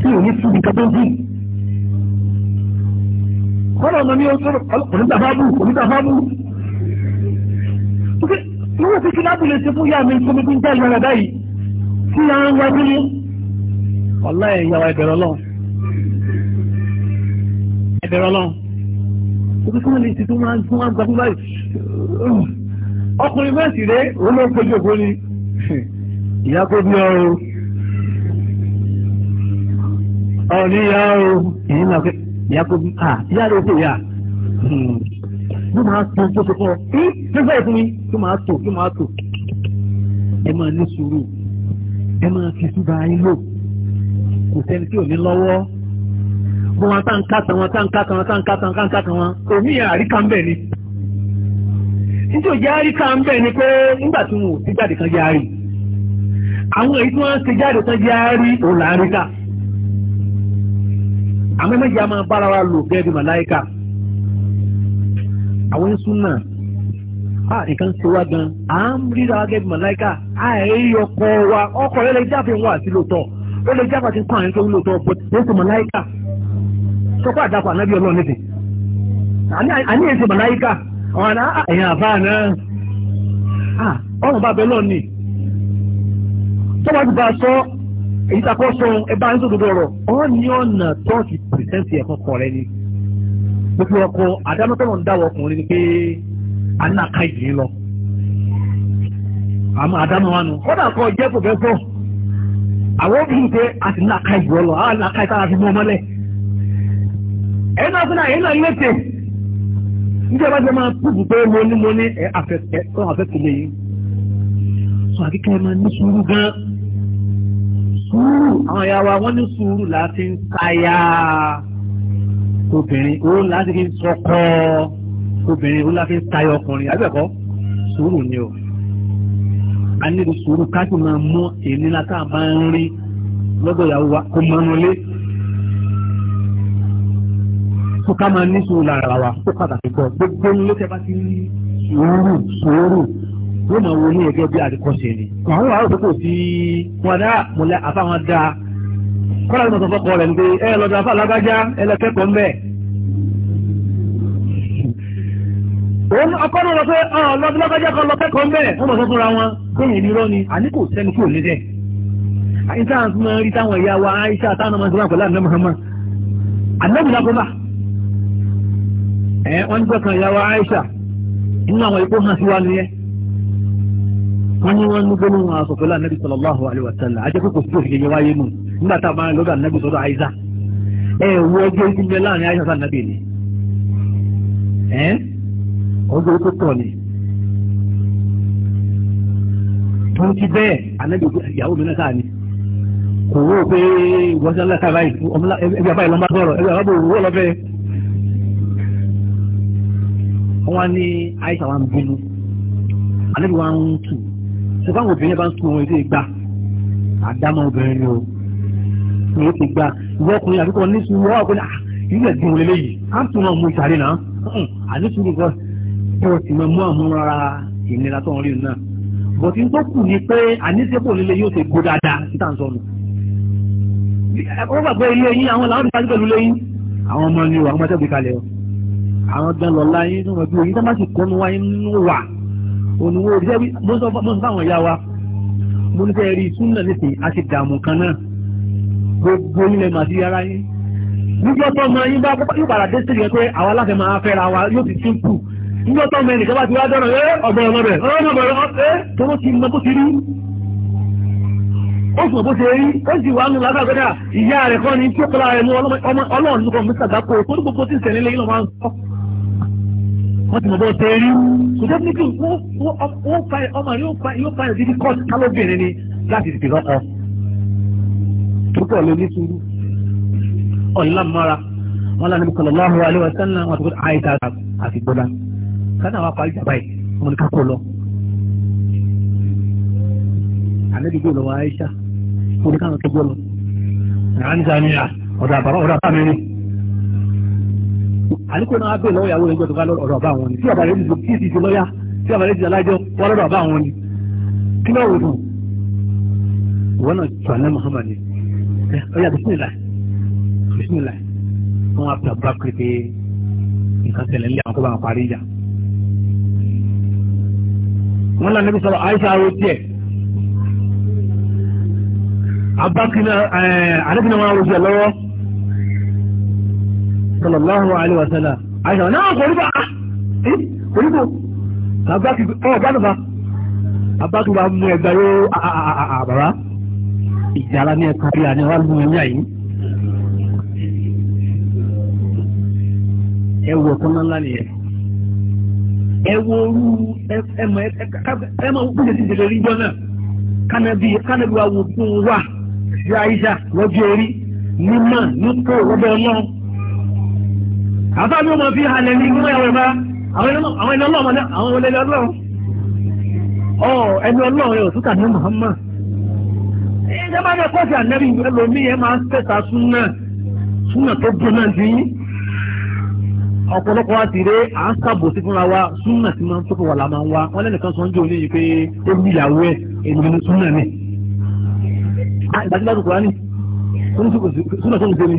tí ò ní fún nǹkan tó dùn. kọ́nà ọmọ mi ò sọ̀rọ̀ onígbà fábù onígbà fábù. wọ́n ti kí lábùlé ṣe fún ìyá mi tó mi fi ń jáde lára báyìí tí a ń wá sí ọ̀la ẹ̀ ìyàwó ẹ̀bẹ̀rẹ̀ ọlọ́run ẹ̀bẹ̀rẹ̀ ọlọ́run. ó fi kí wọ́n lè ṣe tó máa ń gbà báyìí ọkùnrin mẹ́sì rẹ̀ òun ló ń kojú ògbó ni ìyá kó bí ọrùn ọ̀ní ìyá ọrùn èyí náà fẹ́ ìyá kó bí à ìyá rẹ̀ kò yá ló máa tó tó tó kọ́ ẹ́ nígbà ìfún mi ló máa tó ló máa tó ẹ máa ní sùúrù ẹ máa fi súba ayé lò kò sẹ́ni tí ò ní lọ́wọ́ wọn tá ń ká tán wọn tá ń ká tán wọn tá ń ká tán wọn tá ń tán wọn òmíyàn àríkà ń bẹ̀ ni. nítorí òjì àárí ká ń bẹ̀ ni pé nígbà tí wọn ò sí jáde kan jẹ́ àwọn èyí tí wọ́n ṣe jáde kan jẹ́ òun là ń rí ká méjì a máa bára wa lò gẹ́gẹ́ bí màláìka àwọn a nǹkan ṣe wá gan à ń a èyí ọkọ wa ọkọ rẹ lè jáfe wọn àti lóòótọ́ ó lè jáfe àti kọ́ lóòótọ́ bó ti ṣe màláìka àdàpọ̀ ànábì àní àwọn ará ẹ̀yìn àbá náà bá sọ èyí sọ ẹ ń sọ òdodo ọ̀rọ̀ ọ̀nà tọ́ọ̀tì pìrìsẹ́ǹtì ẹ̀kọ́ kọ̀ rẹ ni gbogbo ọkọ àdámọ́tọ́nà ń dáwọ́ ọkùnrin ni pé lọ àmọ́ nù kọ́dà kọ́ jẹ́ àwọn obìnrin pé a ti lọ àwọn ìtara fi mú náà fún náà náà níjẹ́ bá jẹ́ máa púpù pé mo ní mo ní ẹ àfẹ́kẹ́ ọ àfẹ́kẹ́ mi yìí sọ àkíkẹ́ máa ní sùúrù gan sùúrù àwọn ìyá wa wọ́n ní sùúrù láti ń káyà obìnrin òun láti fi sọkọ obìnrin òun láti ń tayọ ọkùnrin àbẹ̀kọ́ sùúrù ni o a nílò sùúrù ká sì máa mú èmi látà máa ń rí lọ́dọ̀ ìyàwó wa kó máa kó ká máa ní sùúrù lára wa kó pàtàkì gbọ́ gbogbo ló tẹ́ bá ti rí sùúrù sùúrù yóò máa wo ní ẹgbẹ́ bí àdìkọ́ṣe ni. àwọn àwọn òṣèkò tí wọn dá mọ̀lẹ́ àfáwọn dá kọ́lá ní ọ̀sán fọ́kọ rẹ̀ ní pé ẹ lọ́dọ̀ afá lágbájá ẹ lọ kẹ́kọ̀ọ́ mbẹ́. òun ọkọ náà lọ pé ọlọ́dún lágbájá kan lọ kẹ́kọ̀ọ́ mbẹ́ wọ́n mọ̀ sọ fúnra wọn kéèyàn ní irọ́ ni àní kò sẹ́ni kúrò níbẹ̀. àyíká àti máa ń táwọn ìyá wa àyíká táwọn ọmọ ìṣẹ́wà ẹ̀ eh, wọ́n ń gbẹ̀kan ìyàwó Aisha inú àwọn ikú hàn sí wa nìyẹn wọ́n ní wọ́n ń wọn aṣọ kókò sí òṣèlú wáyé nígbà tá a máa ń lọ́dọ̀ anabi sọ́dọ̀ Aisha ẹ̀ wọ ọjọ́ ikú mẹ́ láàrin Aisha sá anabi ni ẹ̀ ọjọ́ ikú tọ̀ ni tó ti bẹ́ẹ̀ anabi ìyàwó mi náà sáà ni kò wó pé wọ́n ní àìsàn wa ń bínú àlejò wa ń tù ṣùgbọ́n àwọn obìnrin bá ń sun ohun èdè gbà àdámọ́ obìnrin ni o ni ó ti gbà ìwọ ọkùnrin àbíkọ ní sùn wọ́n àgbẹ̀ ìlú ẹ̀dín wọn lélẹ́yìí á ń tún wọn mú ìsàlẹ̀ náà àní sùn nìkan bí wọ́n ti máa mú àwọn rárá ìnira tó ń rí náà bọ̀tí tó kù ni pé àníṣepò líle yóò ṣe gbó dáadáa níta ń sọnù ó gbàgbé ilé yín àwọn làwọn ti pàṣẹ pẹ̀lú lẹ́yìn àwọn ọmọ ni o àwọn ọmọ tẹ́gbẹ̀kalẹ̀ o àwọn gan lọ́la yín nínú ọdún yìí tó má sì kọ́nu wáyé nínú wà òníwó òbí sẹ́wí mo sọ fáwọn ìyá wa mo ní fẹ́ rí súnà nísìnyí a ti dààmú kan náà gbogbo ilẹ̀ màdí ara yín níjọ́ tó mọ yín bá yóò padà dé sí ìgbẹ́ pé àwọn aláfẹ́ máa fẹ́ ra wa yóò ti tún kù níjọ́ tó mọ ẹnìkan bá ti wá dọ́rọ̀ ẹ ọ̀bọ̀n ọmọ rẹ̀ ọ̀bọ̀n ọmọ rẹ̀ tó ló ti mọ bó ti rí ó sùn bó ṣe rí ó sì wà nù lágbàgbẹ́dà ìyá rẹ̀ kọ́ ni tí ó kọ́ra rẹ̀ mú ọlọ́run nípa mr gbapò tó ní gbogbo tí ìṣẹ̀lẹ̀ lẹ́yìn lọ́ máa ń sọ wọ́n ti mọ̀ bọ́ ṣe rí kò jẹ́ pé kí ọmọ rẹ̀ yóò fa ìdíjí kọ́ kálóbìnrin ni láti tètè lọ́kọ. púpọ̀ ló ní sùúrù ọ̀làmọ́ra wọn lànà mi kọ̀lọ̀ lọ́hùn alẹ́ wọn sẹ́nà wọn tó kọ́ àìsà àti gbọ́dá sẹ́nà wa parí jàmbá yìí ọmọ ní kákó lọ. àlejò lọ́wọ́ àìsà oníkàwọn tó gbọ́ lọ. àǹsà àníkò náà bẹ́ẹ̀ lọ́wọ́ ìyàwó rẹ̀ jọ tó bá lọ́dọ̀ bá wọn ni tí ọ̀bàrẹ̀ ti kí ti ti lọ́yà tí ọ̀bàrẹ̀ ti alájọ wọ́n lọ́dọ̀ bá wọn ni kí náà wò wọn náà tún alẹ́ Muhammad ni ọ̀yà bisimilá bisimilá wọn á bá kiri pé nǹkan tẹ̀lé ńlẹ̀ àwọn kó bá wọn parí ìjà wọn náà níbi sọ̀rọ̀ Aisha aro tiẹ̀ abakina ẹ̀ẹ́d sallallahu alaihi wa sallam eh, àìsàn oh, ah, ah, ah, náà ṣe ti ṣẹlẹ̀ rí jọ náà wa àwọn tó àbúrò máa fi halẹ̀ ní ìgbìmọ̀ ìyàwó ìbá àwọn ẹni ọlọ́run àwọn olè ọlọ́run ọ ẹni ọlọ́run yóò tún tàbí Muhammad ẹ máa ní ẹkọ́sì ànẹ́bí ẹlòmíì ẹ máa ń tẹ̀sà súnà súnà tó dùn náà sí ọ̀pọ̀lọpọ̀ wa ti à ń sàbòsí fúnra wa súnà tí máa ń tó wà láma wa wọn lẹ́nìkan sọ ń jẹ́ òní pé ó ní ìyàwó ẹ̀ èmi ni súnà mi ìdájọ́ bá dùn kúránì súnà tó ń ṣe mi.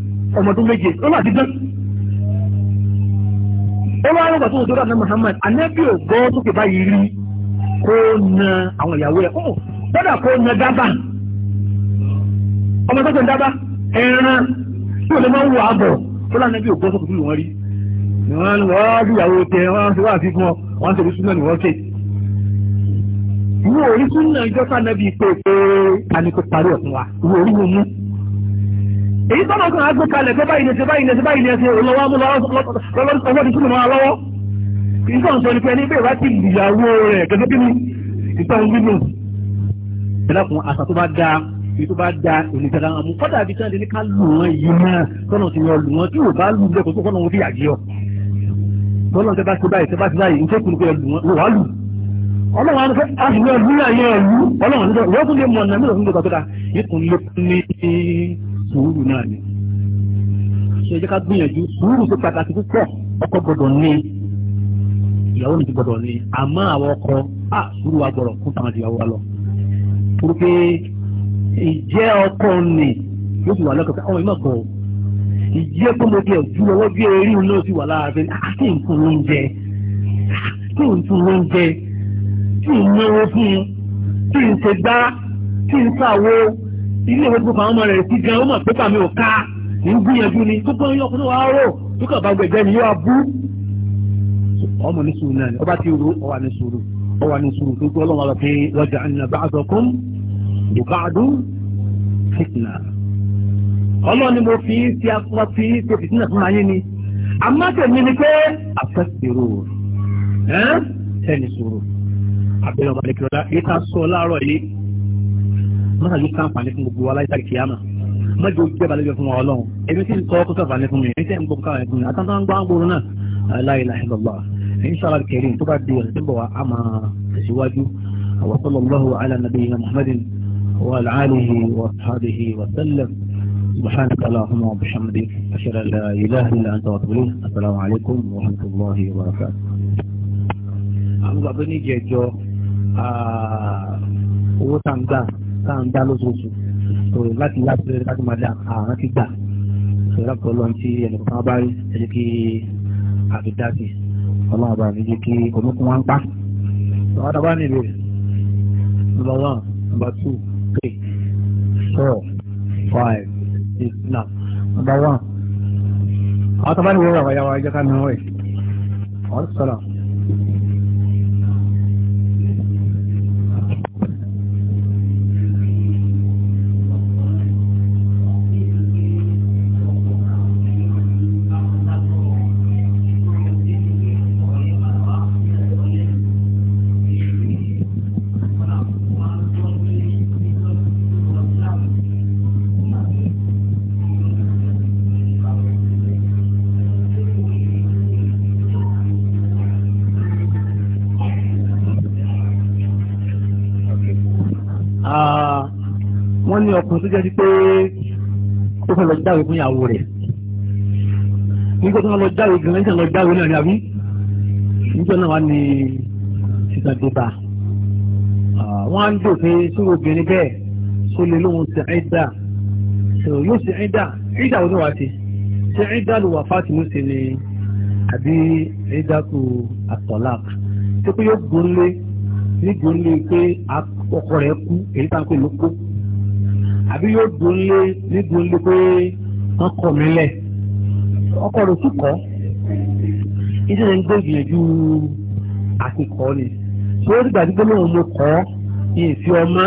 ọmọdún méje ó wà dídán ó wá rọ̀gbà tó dọ́dọ̀ náà Muhammad anẹ́bí ò gbọ́ sókè báyìí rí kó na àwọn ìyàwó ẹ̀ ó dọ́dà kó na dábà ọmọ tó kàn dábà ẹran tí òun máa ń wọ àbọ̀ ó lànà bí ò gbọ́ sókè fún wọn rí wọ́n wọ́n bí ìyàwó tẹ wọ́n ti wá àfikún ọ wọ́n ti rí súnmọ́ ni wọ́n ṣe ìwọ orí súnmọ́ ìjọ́sà náà bí pé pé a ní kó parí ọ̀tún èyí tọ́nà kan á gbé kalẹ̀ pé báyìí lẹ́sẹ̀ báyìí lẹ́sẹ̀ báyìí lẹ́sẹ̀ olówó amúlọ ọwọ́ ti súnmọ́ lọ́wọ́ kì sọ ni pé ẹni bẹ́ẹ̀ bá ti ìyàwó rẹ̀ gẹ́gẹ́ bí mi ìtọ́ ń gbínú. ìlàkùn àṣà tó bá da èyí tó bá da onígbàdá àmú kọ́dà àbí sáà ní ká lù wọ́n yìí náà tọ́nà ti yan lù wọ́n tí ò bá lù bẹ́ẹ̀ kó tó kọ́nà wọn fi yàgé ọ. tọ́nà tẹ bá ti báyìí tẹ bá ti báyìí ní sẹ́kùn kó lù wọ́n wà lù. ọlọ́run sùúrù náà ni ṣe jẹ́ ká gbìyànjú sùúrù tó pàtàkì púpọ̀ ọkọ gbọdọ̀ ní ìyàwó mi ti gbọdọ̀ ní àmọ́ àwọn ọkọ á sùúrù wa gbọdọ̀ kún tàwọn ìyàwó wa lọ. torí pé ìjẹ́ ọkọ ni yóò ti wà lọ́kọ̀ọ́kọ́ ọmọ ìmọ̀ kan ìjẹ́ pé mo jẹ ojú ọwọ́ bí erí náà ti wà lára pé ah, kí n fún oúnjẹ ah, kí n fún oúnjẹ kí n náwó fún un kí n ṣe gbá kí n ṣàwo ilé ìwé gbogbo àwọn ọmọ rẹ̀ ti gan ó mọ̀ pépà mi ò ká ní gbìyànjú ni tó gbọ́n yọ ọkùnrin wa rò tó kàn bá gbẹ̀gbẹ́ ni yóò abú. ọmọ ní sùúrù náà ni ọba ti rò ọwà ní sùúrù ọwà ní sùúrù tó gbọ́ ọlọ́wọ́ pé lọ́jà ànínà bá aṣọ kún bùkà àdún fìtìnà. ọlọ́ni mo fi ti afọ́ fi tó fìtìnà fún ayé ni àmọ́ ni pé àfẹ́sìrò ẹ̀ tẹ́ni sùúrù àbẹ̀rẹ̀ ọ̀bàdìkìrọ̀lá yìí ká sọ láàárọ̀ yìí máa yóò ká àǹfààní fún gbogbo aláìsàn kìámà mọ́jọ jẹ́ balẹ̀jọ fún wa ọlọ́run èmi tí ń kọ́ kó sàǹfààní fún mi èmi tí ń gbọ́ káwọn ẹ̀gbọ́n àtàntà ń gbọ́ àgbòrò náà la ilaha illallah inṣàlá kẹrin tó bá di ọ̀sẹ̀ tó bọ̀ wá a máa tẹ̀síwájú wa sallallahu ala nabiyyina muhammadin wa ala alihi wa sahbihi wa sallam subhanaka allahumma wa bihamdik ashhadu an la ilaha illa anta astaghfiruka wa atubu ilayk assalamu alaykum wa rahmatullahi wa barakatuh àwọn bàbá oníjẹ̀jọ ah, owó tàǹgbà tá à ń dá lóṣooṣù sọ̀rọ̀ láti láti rẹ̀ láti máa dá àrùn ti gbà sọ̀rọ̀ láti ọlọ́run tí ẹnìkan kan bá rí ẹ̀jẹ̀ kí àfidá sí ọlọ́run bá mi jẹ́ kí olókun wá ń pa. àwọn àdàbà ní ìbéèrè number one number two three four five six now number one àwọn àdàbà ní ìwé ọ̀rọ̀ àwọn ayáwá ẹ̀jẹ̀ ní wọ́n rẹ̀ ọ̀rọ̀ sọ̀rọ̀. ọkùnrin tó jẹ́ sí pé ó fẹ́ lọ jáwé fún ìyàwó rẹ̀ nígbà tó lọ jáwé gan lẹ́sẹ̀ lọ jáwé náà ni àbí níjọ́ náà wá ní ìgbàdébà wọ́n á ń dò pé sóò obìnrin bẹ́ẹ̀ só lè lóhun sí ẹ̀dà yóò sí ẹ̀dà ẹ̀dà ò ní wá sí ṣé ẹ̀dà ló wà fáàtì ló ṣe ni àbí ẹ̀dà kù àtọ̀lá tó pé yóò gbónlé ní gbónlé pé ọkọ rẹ̀ kú èyí tá à pè ló kó àbí yóò dùn lé nídùn lé pé wọ́n kọ̀ mí lẹ̀ ọkọ̀ rẹ̀ tún kọ́ iṣẹ́ rẹ̀ ń gbé ìgbìyànjú àkìkọ́ ni ṣé ó dìgbà dígbó lóun mo kọ́ ìyẹ̀sí ọmọ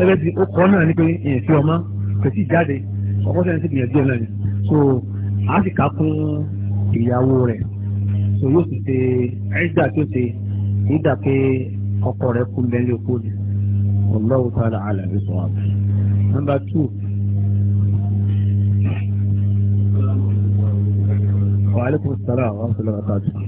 ẹgbẹ́ ti ó kọ́ náà ní pé ìyẹ̀sí ọmọ kò sí jáde ọkọ̀ sẹ́yìn sí gbìyànjú ẹ̀ náà ni so a sì ká fún ìyàwó rẹ̀ so yóò sì ṣe ẹ̀dà tó ṣe ìdà ọkọ rẹ̀ kú lẹ́lẹ́ òkú ni ọlọ́wọ́ tó ara àlàyé sọ̀rọ̀ number two. وعليكم السلام ورحمة الله وبركاته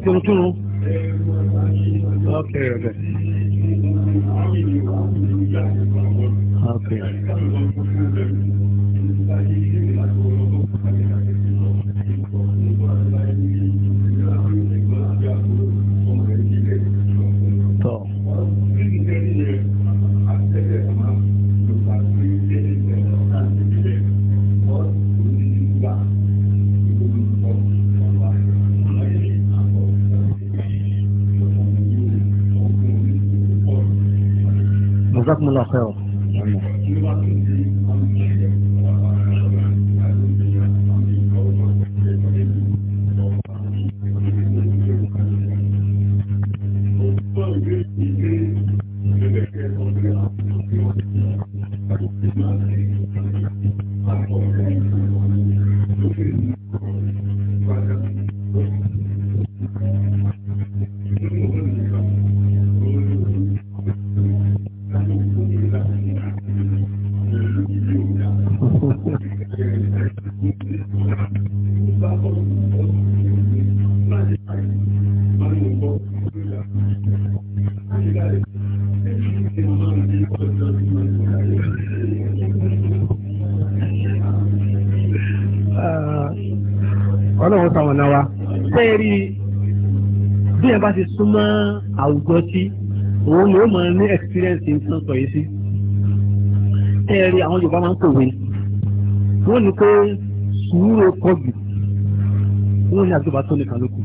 tí ó ń kírun Ah, ọlọ́run táwọn náà wá fẹ́ rí bí ẹ bá ti súnmọ́ àwùjọ tí òun ni ó mọ ní experience nǹkan sọ yìí sí fẹ́ rí àwọn Yorùbá máa ń kòwé wọ́n ní pé sùúrù pọ̀ jù wọ́n ní àjọba tó nìkan lókù.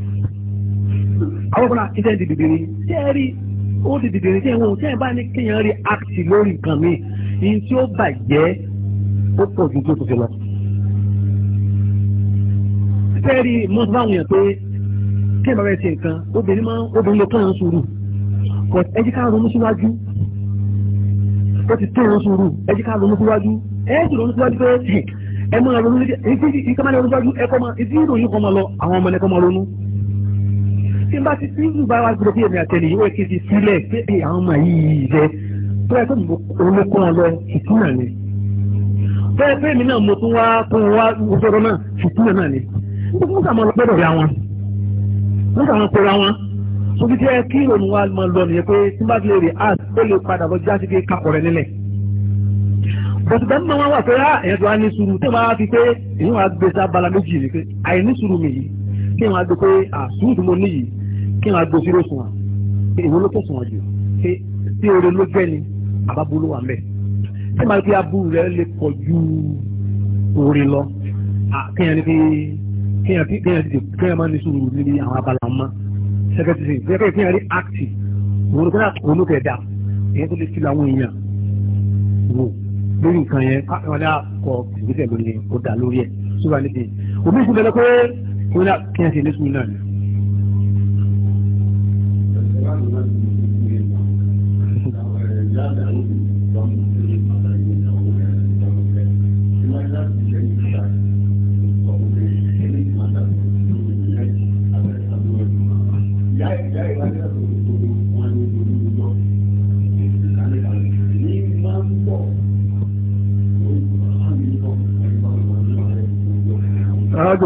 àwọn fúnra iṣẹ́ ti dìde ní tẹ́ ẹ rí ó ti dìde ní tẹ́ ẹ wọ́n tẹ́ ẹ bá ní kéèyàn rí àkìtì lórí nǹkan mi ìyẹn tí ó bàjẹ́ ó pọ̀ ju tó tó fi lọ. tẹ́ ẹ rí mọ́tò báwọn yẹn pé kí ẹ bá bẹ̀rẹ̀ ṣe nǹkan obìnrin máa obìnrin lè kọ́yàn sùúrù kò ẹ jí ká ronú síwájú ó ti tó ronú sùúrù ẹ jí ká ronú síwájú ẹ ẹ máa ronú ní kí máa ronú gbájú ẹkọ máa ìdí ìròyìn kan máa lọ àwọn ọmọ ẹkọ máa ronú. tí n bá ti tí n bá wá gbọdọ̀ bí èmi àtẹnì yìí wọ́n ti fi sílẹ̀ pé bí àwọn ọmọ yìí jẹ bẹ́ẹ̀ tó mo kó wọn lọ fìtúnà ni. bẹ́ẹ̀ pé èmi náà mo tún wá kó wọn wá gbọdọ̀ náà fìtúnà náà ni. mo sàmọ́ lọ gbọ́dọ̀ ya wọn mo sàmọ́ pera wọn sobi tí ẹ kí ìròyìn wa máa lọ nìyẹn pé bọ̀sùgbọ́n nínú wọn wà pé á ah, èyàn tó wá ní sùúrù tí wọ́n á fi pé èyí wọn á gbé sí abala méjì ni pé àìní sùúrù mi yìí kí wọn á gbé pé àsùúrù tí mo ní yìí kí wọn á gbé sírò sùn wọn èwo ló tẹ̀sùn wọn jù pé tí oore ló jẹ́ ni àbábó ló wà mẹ́ tí màá fi aburú rẹ lè pọ̀ ju oore lọ kéèyàn ní pé kéèyàn ti kéèyàn máa ní sùúrù níbi àwọn abala ọmọ sẹkẹtìrì kéèyàn rí active òun ló kẹ́ òun ló kẹ́ dà èyí tó lè fi làwọn èèyàn wò lórí nǹkan yẹn ọ̀dà kọ ìgbésẹ̀ lórí yẹn kò dà lórí ẹ̀ ṣùgbọ́n níbi òbí ìfúnbẹ lọ pé kí wọ́n dà kí wọ́n ṣe lẹ́sùn náà ni.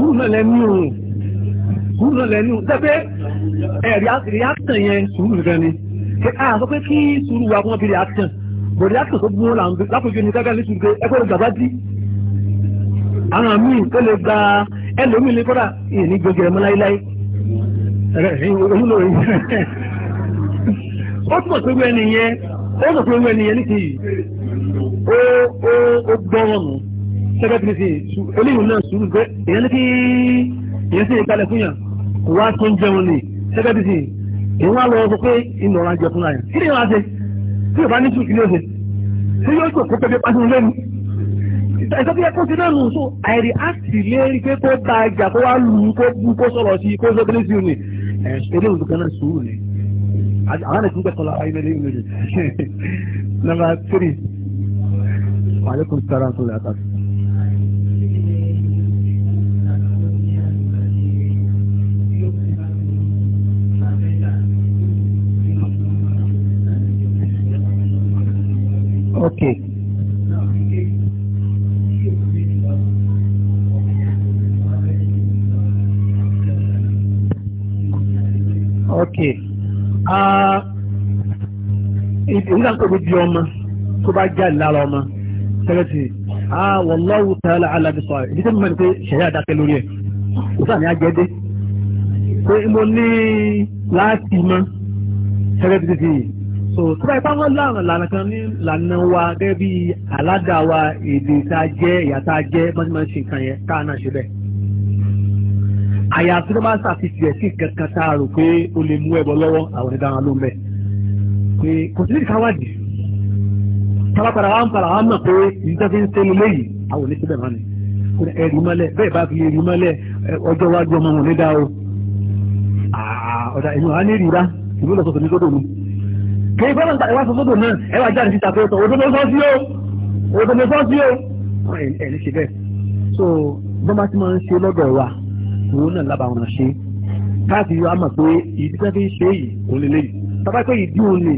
sùúrù náà lẹ́nu òun sùúrù náà lẹ́nu tẹ́pẹ́ ẹ̀rí àtàn yẹn sùúrù nìkan ni a sọ pé kí sùúrù wa kún ọ̀bìnrin àtàn bọ̀dé àtàn tó gbọ́n là ń gbé lápòjú ní kákàlí sùúrù pé ẹgbẹ́ ìgbàgbá dí àwọn míì tó lè gba ẹlòmíì lè kọ́dà ìní gbogbo ẹ̀mọ́ láíláí ó túnbọ̀ pé wẹ́n nìyẹn ó sọ pé wẹ́n nìyẹn ní ti ó gbọ́rọ̀ nù sẹ́gẹ́ tí sì eléyìí náà sùúrù pé èyàn ní kí èyàn sì kalẹ̀ fún yàn kò wá tó ń jẹun ni sẹ́gẹ́ tí sì èyàn wá lọ sọ pé ìnọ̀rọ̀ àjẹ fúnra yàn kí ni wọ́n á ṣe tí yóò bá ní sùúrù kí ni ó ṣe tí yóò tó kó pépé pàṣẹ lẹ́nu ẹ̀sọ́ tó yẹ kó ti náà nù so àìrí àti lérí pé kó ta ìjà kó wá lù kó bú kó sọ̀rọ̀ sí kó sọ bílẹ̀ sí òní eléyìí nǹkan náà sùúrù ni àwọn ẹ̀sìn gbẹ̀kọ́ la ayé lẹ́yìn [laughs] Number three. Wa alaikum salaam wa rahmatullahi ok. ok nígbà tó bí ọmọ tó bá jáde lára ọmọ sẹ́rẹ́tì ah, wallahu ta'ala alábìsọ̀ rẹ̀ ìdí tó mọ̀ ní pé ṣẹ̀yà dákẹ́ lórí ẹ̀ òsà ní ajẹ́dé pé mo ní láti mọ́ sẹ́rẹ́tì ti fi yìí so tí báyìí bá wọ́n láàrín lànà kan ní lànà wa gẹ́gẹ́ bí aládà èdè tá a jẹ́ ìyá tá a jẹ́ bọ́n ti máa ń ṣe nǹkan yẹn káà náà ṣe bẹ́ẹ̀. àyàfi tó bá ṣàfihàn sí kankan tá a rò pé o lè mú ẹbọ lọ́wọ́ àwọn ìdáhùn ló ń bẹ̀. pé kò sí nídìí káwádìí tábàpadà wa ń padà wa mọ̀ pé ìjọ fi ń ṣe ní léyìí àwọn oníṣẹ́ bẹ̀ máa ní. ẹ̀rù mọ́lẹ̀ bẹ́ẹ̀ bá fi ẹ̀rù mọ́lẹ̀ ọjọ́ wájú ọmọ wọn ní dá o. ọ̀dà ìmọ̀ á ní ìrírá ìlú lọ́sọ̀tún ní gbọ́dọ̀ mi kìí fẹ́ràn tàbí wá sọ́sọ́dọ̀ náà ẹ wá jáde síta pé òtò mo sọ́ sí o òtò mo sọ́ sí o ẹ ní ṣe bẹ́ẹ̀ so bọ́mà tí máa ń ṣe lọ́dọ̀ wa òun náà lábàá wọn ṣe káàkiri wa mọ̀ pé ìdí tí wọ́n fi ń ṣe yìí òun lè léyìí tọ́ba pé ìdí òun lè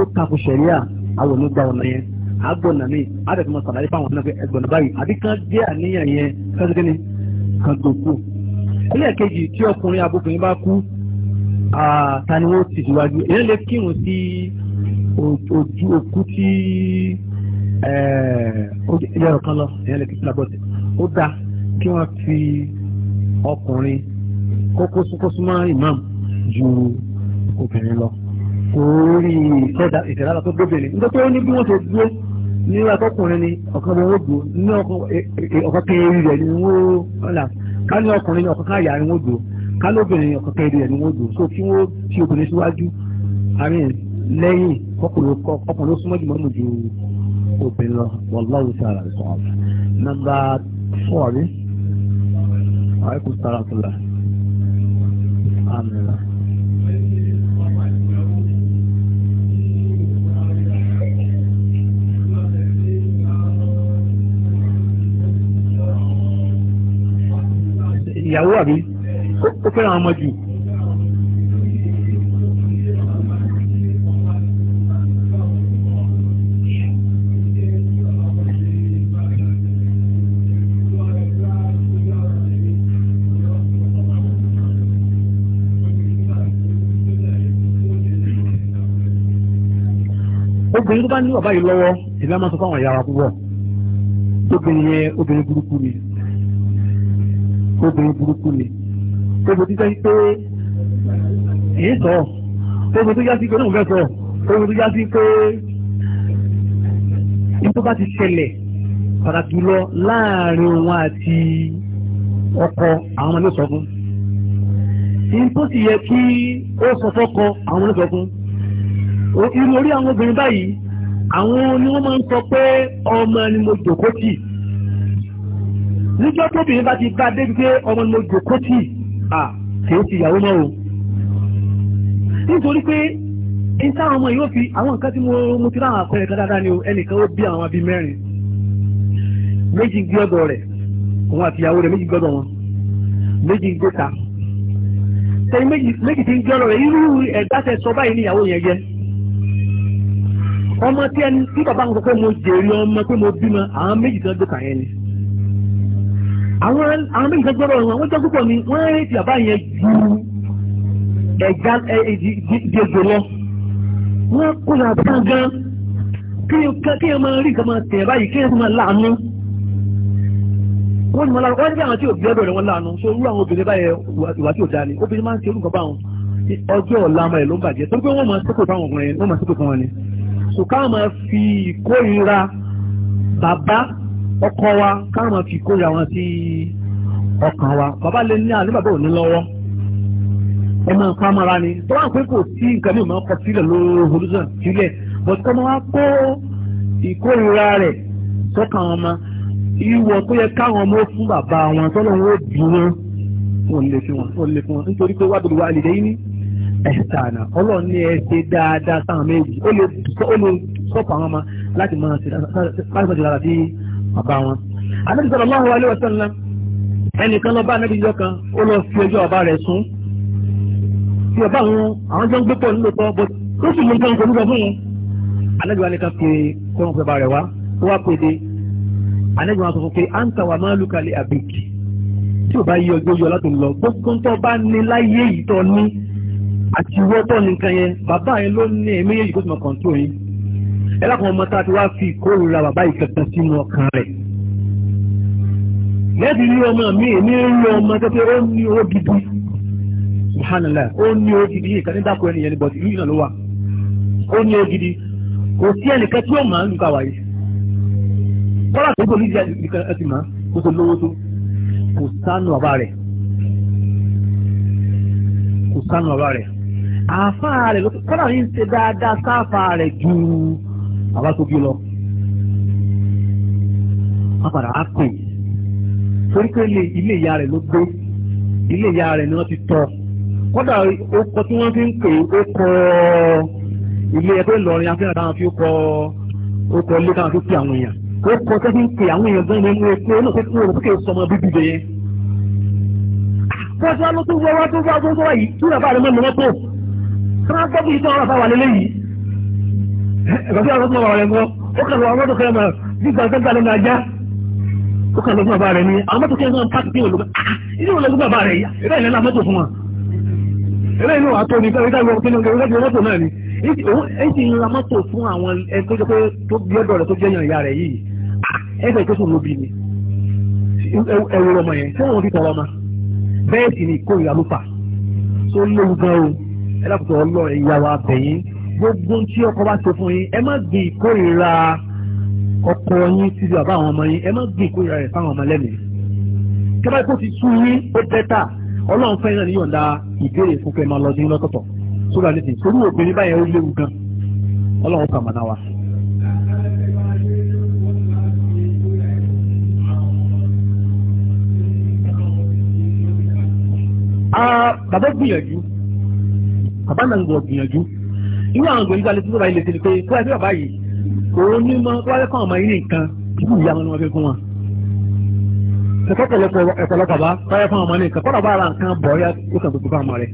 ó takò ṣẹ̀ríà àwọn onígbà ọ̀nà yẹn agbọ̀nà mi àdàtí mo sàlàyé fáwọn ọ̀nà ẹgbọ̀nà báyìí àbí kan jẹ́ àníyàn yẹn kásìkínní kan gbòkú. ẹlẹ́ẹ̀kejì tí ọkùnrin abókùnrin bá kú ta ni wọ́n ti síwájú èyàn lè kírun sí ojú òkú tí yọ̀rọ̀ eh, kan lọ èyàn lè kí sílá bọ́ọ̀tì ó dá kí wọ́n fi ọkùnrin kókó súnkósúnmọ́ imam ju obìnrin lọ torí ìkọ́dà ìtẹ̀lára tó gbóbìnrin nígbà tó ní bí wọ́n ṣe dúró ní akọ́kùnrin ni ọ̀kan bí wọ́n dúró ní e, e, ọ̀kan kéré rẹ̀ ni wọ́n là ká ní ọkùnrin ni ọ̀kan káyà ni wọ́n dúró kálóbìnrin ọ̀kan kẹ́rin ẹ̀ ni wọ́n dùn so kí wọ́n fi obìnrin síwájú àárín lẹ́yìn ọkùnrin ó súnmọ́ jù mọ́mù ju obìnrin lọ wàláwù sí ara rẹ̀ sọ̀rọ̀ nọ́mbà fọ́ rí àìkú sára tó la àmì ìyàwó àbí ó fẹ́ràn àwọn ọmọ jù. obìnrin tó bá ní bàbá yìí lọ́wọ́ ìlú àmọ́ sọ fáwọn ìyá wa púpọ̀ obìnrin yẹn obìnrin burúkú ni obìnrin burúkú ni tóbi tó jẹ́ pé èyí sọ tóbi tó jásí pé náà fẹ́ sọ tóbi tó jásí pé nítorí bá ti ṣẹlẹ̀ pàtàkì lọ láàrin wọn àti ọkọ àwọn ọmọ ní sọ fún nítorí sì yẹ kí ó sọ fọ́kọ àwọn ọmọ ní sọ fún irú orí àwọn obìnrin báyìí àwọn ni wọ́n máa ń sọ pé ọmọ ni mo jòkó tì níjọ́ tóbi bá ti bá débi pé ọmọ ni mo jòkó tì. à kìí ti ìyàwó mọ́ o nítorí pé ní táwọn ọmọ yìí ó fi àwọn nǹkan tí mo ti ráwọn àpẹẹrẹ dáadáa ni o ẹnìkan ó bí àwọn abí mẹ́rin méjì gbé rẹ̀ òun àti ìyàwó rẹ̀ méjì gbé wọn méjì méjì ti ń gbé rẹ̀ irú ẹ̀dá tẹ sọ báyìí ìyàwó yẹn jẹ́ ọmọ tí ẹni bàbá ń sọ pé mo jèrè ọmọ pé mo bímọ àwọn méjì àwọn àwọn méjì gbọ́dọ̀ wọn wọ́n jẹ́ púpọ̀ ni wọ́n rí ti àbá yẹn ju ẹ̀gá ẹ̀dìgbò lọ wọ́n kó yà bá gan kí ẹ máa rí nǹkan máa tẹ̀ báyìí kí ẹ máa láàánú wọ́n ti máa láàánú wọ́n ti bí àwọn tí òbí ọ̀dọ̀ rẹ̀ wọ́n láàánú so irú àwọn obìnrin báyẹn ìwà tí ò dáa ni obìnrin máa ń ṣe olùkọ́ báwọn ọjọ́ ọ̀la ọmọ ẹ̀ ló ń bàjẹ́ tó pé wọ́n máa sẹ́kọ̀ọ́ fáwọn ọkùnrin wọ́n máa sẹ́kọ̀ọ́ fún wọn ni kò ká máa fi ìkórira bàbá ọkọ wa káwọn fi kóra wọn sí ọkàn wa bàbá lè ní àní bàbá ò ní lọ́wọ́ ẹ máa pa mọ́ra ni tó wà pé kò sí nǹkan mi ò máa kọ sílẹ̀ lóòrùn sílẹ̀ bọ́tí kọ́ máa kó ìkórira rẹ̀ sọ́kàn ọmọ ìwọ tó yẹ káwọn ọmọ fún bàbá wọn tọ́lọ́wọ́ bí wọn wọn lè fi wọn wọn lè fi wọn nítorí pé wàá bẹ̀rẹ̀ wà lè dẹ́yìn ní ẹ̀sánà ọlọ́run ní ẹ ṣe dáadáa sáwọn méjì ó lè sọ́pọ̀ àwọn ọmọ láti máa ṣe láti máa ṣe dáadáa sí bàbá wọn. anábì sallallahu alaihi wasallam ẹnìkan lọ bá anábì yọ kan ó lọ fi ẹjọ́ bàbá rẹ̀ sùn. tí bàbá wọn àwọn jọ ń gbé pọ̀ nílò tọ́ bó tó sì mú nǹkan kò nígbà fún wọn. anábì wa nìkan pé kọ́ńtà bàbá rẹ̀ wá ó wá pè dé anábì wa sọ fún pé anta wa maluka li abiki tí o bá yí ọjọ́ yọ láti lọ gbogbo tó bá ní láyé yìí tó ní àti wọ́pọ̀ nìkan yẹn bàbá yẹn ló ní ẹ̀mí yẹn yìí tó ti mọ̀ kọ̀ǹtó yìí. ẹlẹ́kùn ọmọ tá a ti wá fi ìkórìíra bàbá baba sínú ọkàn rẹ̀ lẹ́ẹ̀dì rí ọmọ mi èmi rí ọmọ tẹ́tẹ́ ó ní owó gidi subhanallah ó ní owó gidi yìí kàní dàpọ̀ ẹnìyẹn ní bọ̀dì ìlú ìnà ló ó ní owó gidi kò sí ẹnìkan tí ó máa ń kọ́lá tó kò sánú kọ́lá yìí ń ṣe dáadáa àbá tó gbé lọ a padà á pè torí pé ilé ìyá rẹ̀ ló gbé ilé ìyá rẹ̀ ni wọ́n ti tọ́ kódà okọ tí wọ́n fi ń pè ó kọ́ ilé ẹgbẹ́ Ìlọrin afẹ́ràn táwọn fi kọ́ ó kọ́ ilé táwọn fi pè àwọn èèyàn ó kọ́ tó fi ń pè àwọn èèyàn gan-an nínú epo ó náà fi kúrò lókè sọmọ bíbí bẹ́ẹ̀ yẹn. bọ́sẹ̀ ló tún wọ́wọ́ tó wá tó wá yìí túnra bá rẹ̀ mọ́ mi mọ́tò tí wọ́n gbọ́ bí ìtọ́ ọ̀rọ̀ fáwọn lélẹ́yìí ìgbàgbé àwọn ọmọ rẹ̀ wọn ó kàn lọ àwọn mọ́tò kẹrẹ mọ̀ nígbà tó ń gbà lẹ́nu ajá ó kàn lọ fún bàbá rẹ̀ ní àwọn mọ́tò kẹrẹ náà pàtó olùgbà ilé wọn lọ fún bàbá rẹ̀ yá ìrẹ́ ìlẹ́la mọ́tò fún wọn. ìrẹ́ ìlú àtọ́ ni kẹrẹ ìdájọ́ kí ni kẹrẹ ìdájọ́ mọ́tò náà ni èyí ti ra mọ́tò fún àwọn ẹgbẹ́ tó bí ọ̀dọ̀ rẹ̀ tó jẹ́yàn ìyá rẹ̀ yìí ẹgbẹ́ tó sùn lóbi ni ẹwọ ọmọ yẹn tí wọn fi tọrọ ọmọ bẹ́ẹ̀ sì ni ìkórìíra ló fà tó léwu gan o ẹ lákòótọ́ ọlọ́ ẹ̀yà wa bẹ̀yìn gbogbo tí ọkọ bá ṣe fún yín ẹ má gbin ìkórìíra ọkọ yín síbi bàbá àwọn ọmọ yín ẹ má gbin ìkórìíra rẹ̀ fáwọn ọmọ lẹ́mìí kẹ́bá kó ti tú yín ó tẹ́ta ọlọ́run fẹ́ náà ní yọ̀ǹda ìbéèrè fún kẹ́ máa lọ sí lọ́tọ̀tọ̀ sódà ní ti torí obìnrin báyẹn ó léwu gan ọlọ́run kà mọ̀nà wa. Ah, bàbá gbìyànjú bàbá náà ń gbọ̀ gbìyànjú irú àwọn gbòógì balẹ̀ tó bá ilé ti di pé tó bá ti bàbá yìí òun ní mọ tó bá fẹ́ kọ́ ọmọ yìí nìkan ìlú ìyá wọn ni wọ́n fi fún wọn. ẹ̀kọ́kọ̀lọpọ̀ ẹ̀kọ́lọpọ̀ bá báyẹ̀ fún ọmọ nìkan kọ́dọ̀ bá ara nǹkan bọ̀ ọ́yá ó kàn gbogbo fáwọn rẹ̀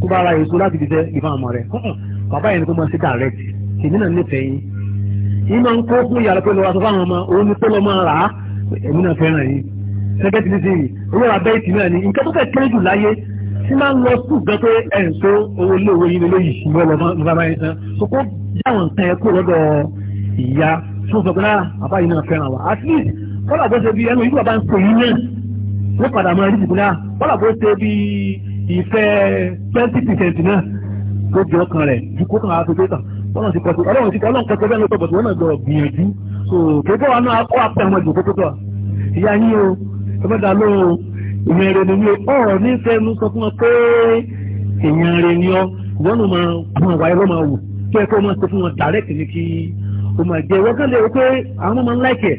kó bá ara èso láti dìde ìfáwọn rẹ̀ bàbá yẹn ni kó máa ṣe direct èmi náà nífẹ̀ẹ́ yín yín máa ń kó fún ìyàrá pé lọ́wọ́ aṣọ fáwọn ọmọ òun ni pé lọ́ máa rà á èmi náà fẹ́ràn yín sẹ́kẹ́tì ní sèyí olóra bẹ́ẹ̀tì náà ni nǹkan tó fẹ́ kéré jù láyé tí máa ń lọ sùn gan pé ẹ̀ ń tó owó léwo yín lóyè ìṣúná lọ bá tán so kó dáhùn nǹkan yẹn kó lọ́dọ̀ ìyá tó sọ pé náà ah, bàbá yìí náà fẹ́ràn wa at least kọ́lá bó ṣe bí ẹnu ìlú bàbá ń pè yín náà wọ́n padà máa rí ìdìbò náà kọ́lá bó ṣe bí ìfẹ́ twenty percent náà tó jẹ́ ọkàn rẹ̀ ju kó kàn á tó dé tàn wọ́n ti kọ́tù ọlọ́run ti ọlọ́run kọ́tù bẹ́ẹ̀ ló tọ́ bọ̀tù wọ́n náà gbọ́dọ̀ gbìyànjú so kéèké wa náà kó àpẹ́ àwọn ìdòkó tó tọ̀ ìyá yín o ẹ bá dá lóhùn ìyẹn rẹ ni ọ̀rọ̀ ní fẹnu sọ fún ọ pé èèyàn rẹ ni ọ wọn ò máa gun àwa ẹ̀rọ máa wù kí ẹ kó máa ṣe fún wọn direct ni kí o máa jẹ wọn kàn lè rò pé àwọn máa ń láìkẹ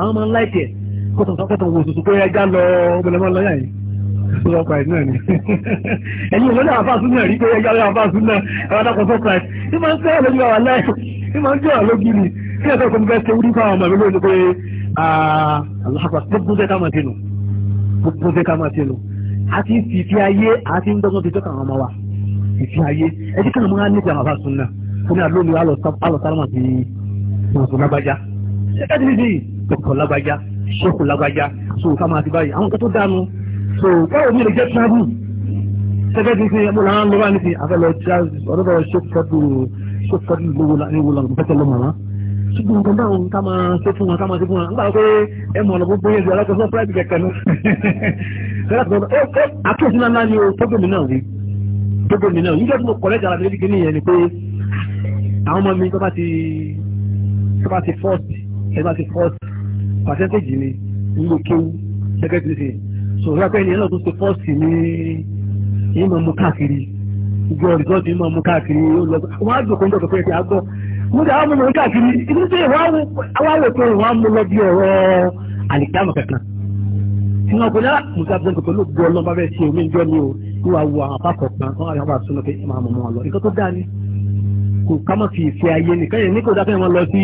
àwọn máa ń láìkẹ kọtàn kọtàn wò tuntun pé ẹja lọ ọbẹlẹ máa lọ yà yìí tó lọ pa ẹ náà ni [laughs] ẹ̀yin ìwé náà àfáàsù náà rí pé ẹja lọ àfáàsù náà ẹwà dàpọ̀ surprise ní máa ń fẹ́ ẹ lójú àwọn láì ní máa ń jẹ́ àlógún ni kí ẹ fẹ́ kó mo fẹ́ ṣe wúdí fún àwọn ọmọ mi lónìí pé aláàbà tó gún gbogbo fẹ́ ká máa ṣe lò àti fìfì ayé àti ń dọ́gbọ́n fi tọ́ka àwọn ọmọ wa fìfì ayé ẹjí káwọn máa ní ìjàmbá bá sunna fún mi àlómi alọ́sálàmà ti mọ̀tò lágbájá ẹ̀ẹ́dì bíbí dọ̀kọ̀ lágbájá ṣẹ́kù lágbájá so ká máa ti báyìí àwọn nǹkan tó dánu so báwo mi lè jẹ́ travel gẹ́gẹ́ bí ṣe mo lọ́wọ́ ní ti àfẹ́lẹ́ ọ̀dọ́dọ̀ ṣẹ́kù ṣùgbọ́n nǹkan bá wọn ká máa ṣe fún wọn ká máa ṣe fún wọn nígbà pé ẹ mọ̀ ọ̀nà gbogbo yẹn ju alákòóso fúláìtì kẹ̀kẹ́ nu. [laughs] àkíyèsí náà náà ni o tó gómìnà rí tó gómìnà yíyá tí mo kọ̀ lẹ́jà alábẹ́lẹ́ dìgbì nìyẹn ni pé àwọn ọmọ mi tó bá ti tó bá ti fọ́ọ̀tì ẹ bá ti fọ́ọ̀tì pàṣẹ́ntéèjì ni nílò kéwú gẹ́gẹ́ bí ṣe sọ̀rọ̀ pé ènìyàn náà ṣe fọ́ọ̀tì ní ìmọ̀ mú káàkiri gbọ́ rìsọ́ọ̀tì ìmọ̀ mú káàkiri ó lọ wọ́n á dùn kó ń dọ̀kọ̀ pé ẹ mo dà wọ́n mú mi káàkiri ibi tí wọ́n wò pé wọ́n á mú lọ bí ọ̀rọ̀ àlìkámọ̀ kankan tí wọ́n kò ní musa bí nǹkan pẹ̀lú gbọ́ ọlọ́mọ bẹ́ẹ̀ ṣe omi ìjọ ni o wíwá wo àwọn apá kọ̀ọ̀kan wọn àwọn àti sọ́nà pé ẹ mọ̀ wọn lọ nǹkan tó dáa ni kò ká mọ̀ fi ìfẹ́ ayé nìkan yẹn ní kò dáa fẹ́ lọ sí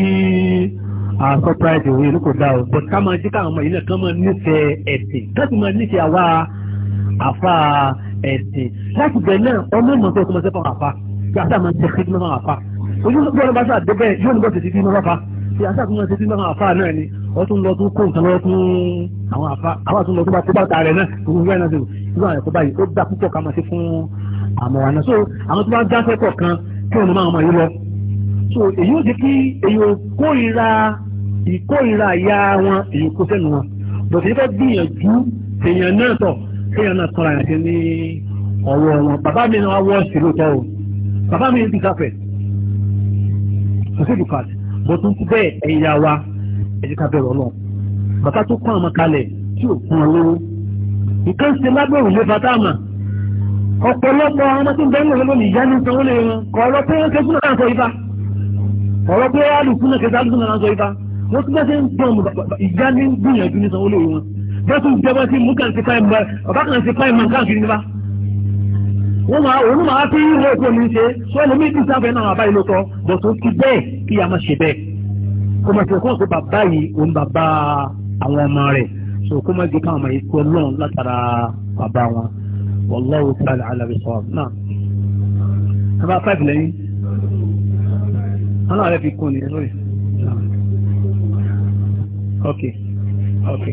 surprise òwe ní kò dáa o but ká máa jẹ́ káwọn ọmọ yìí náà kán máa nífẹ̀ẹ́ ẹ̀sìn kán sì máa nífẹ̀ẹ́ àwa àfa ẹ̀sìn láti bẹ̀ náà ọmọ ìmọ̀ tó ọmọ sẹ́fọ̀ àfa gbàtà máa ń tẹ ojú tó gbọ́dọ̀ bá sà débẹ̀ yóò ní bọ́sẹ̀ títí náà fa ṣe àṣàkùnrin ṣe títí náà àfa náà ni wọ́n tún lọ tún kó nǹkan lọ́wọ́ fún àwọn àfa àwọn àtúntò tó bá kó bàtà rẹ̀ náà òun fẹ́ náà sèwò irú àwọn ẹ̀kọ́ báyìí ó dá púpọ̀ ká máa ṣe fún àmọ̀ wa náà so àwọn tó bá ń dáṣẹ́ kọ̀ọ̀kan kí wọn máa mọ yìí lọ so èyí ò jẹ́ kí èyí ò kórìíra ìkórìíra ìyá wọn èyí kó sẹ́nu wọn bọ̀dé fẹ́ gbìyànjú èèyàn náà tọ̀ kéèyàn náà tọ́ra yàtí ní ọwọ́ wọn bàbá mi náà wọ́ sí lóòótọ́ o bàbá mi ń bí káfẹ́ sí bùkátà bó tún kú bẹ́ẹ̀ ẹ̀yin ya wa ẹ̀jẹ̀ ká bẹ̀rù ọlọ́run bàtà tó kún àwọn kalẹ̀ tí ò fún ọ lówó nǹkan ṣe lágbèrò lé bàtà àmà ọ̀pọ̀lọpọ̀ àwọn tó ń bẹ́ẹ̀ lọ́wọ́ lónìí ìyá ní sanwó lè wọn kọ̀ ọ̀rọ̀ pé wọ́n kẹ́sùn náà sọ ibà ọ̀rọ̀ pé alùpùpù náà kẹ́sùn náà sọ ibà wọ́n tún bẹ́ẹ̀ ń dán ìyá ní gbìyànjú ní sanwó lè wọn bẹ́ẹ̀ tún jẹ́ bọ́ sí mú kàn sí fáìmù bàbá kàn sí fáìmù káàkiri níbà wọ́n máa òun máa tí ìwé òkú mi ṣe ṣé ẹni méjì sáfẹ́ náà àbá ìlú kan bọ̀ tó ti bẹ́ẹ̀ kí a máa ṣe bẹ́ẹ̀ kó máa ṣe kó máa ṣe bàbá yìí òun bàbá àwọn ọmọ rẹ̀ so kó máa gbé káwọn ọmọ yìí kó lọ́n látara bàbá wọn wallahu ta'ala alábi sọ̀rọ̀ náà. nàbà fáìfì lẹ́yìn wọn náà rẹ̀ fi kún ni lórí. ok ok.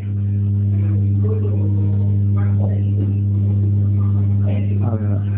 All right.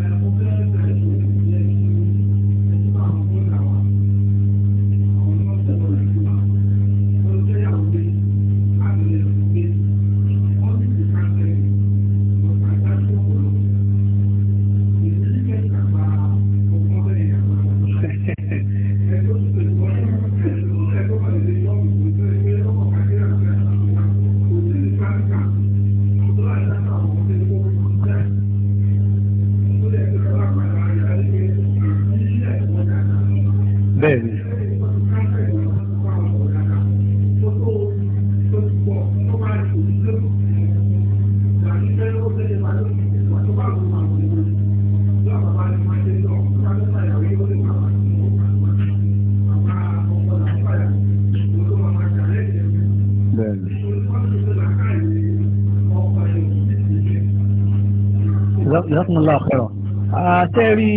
rí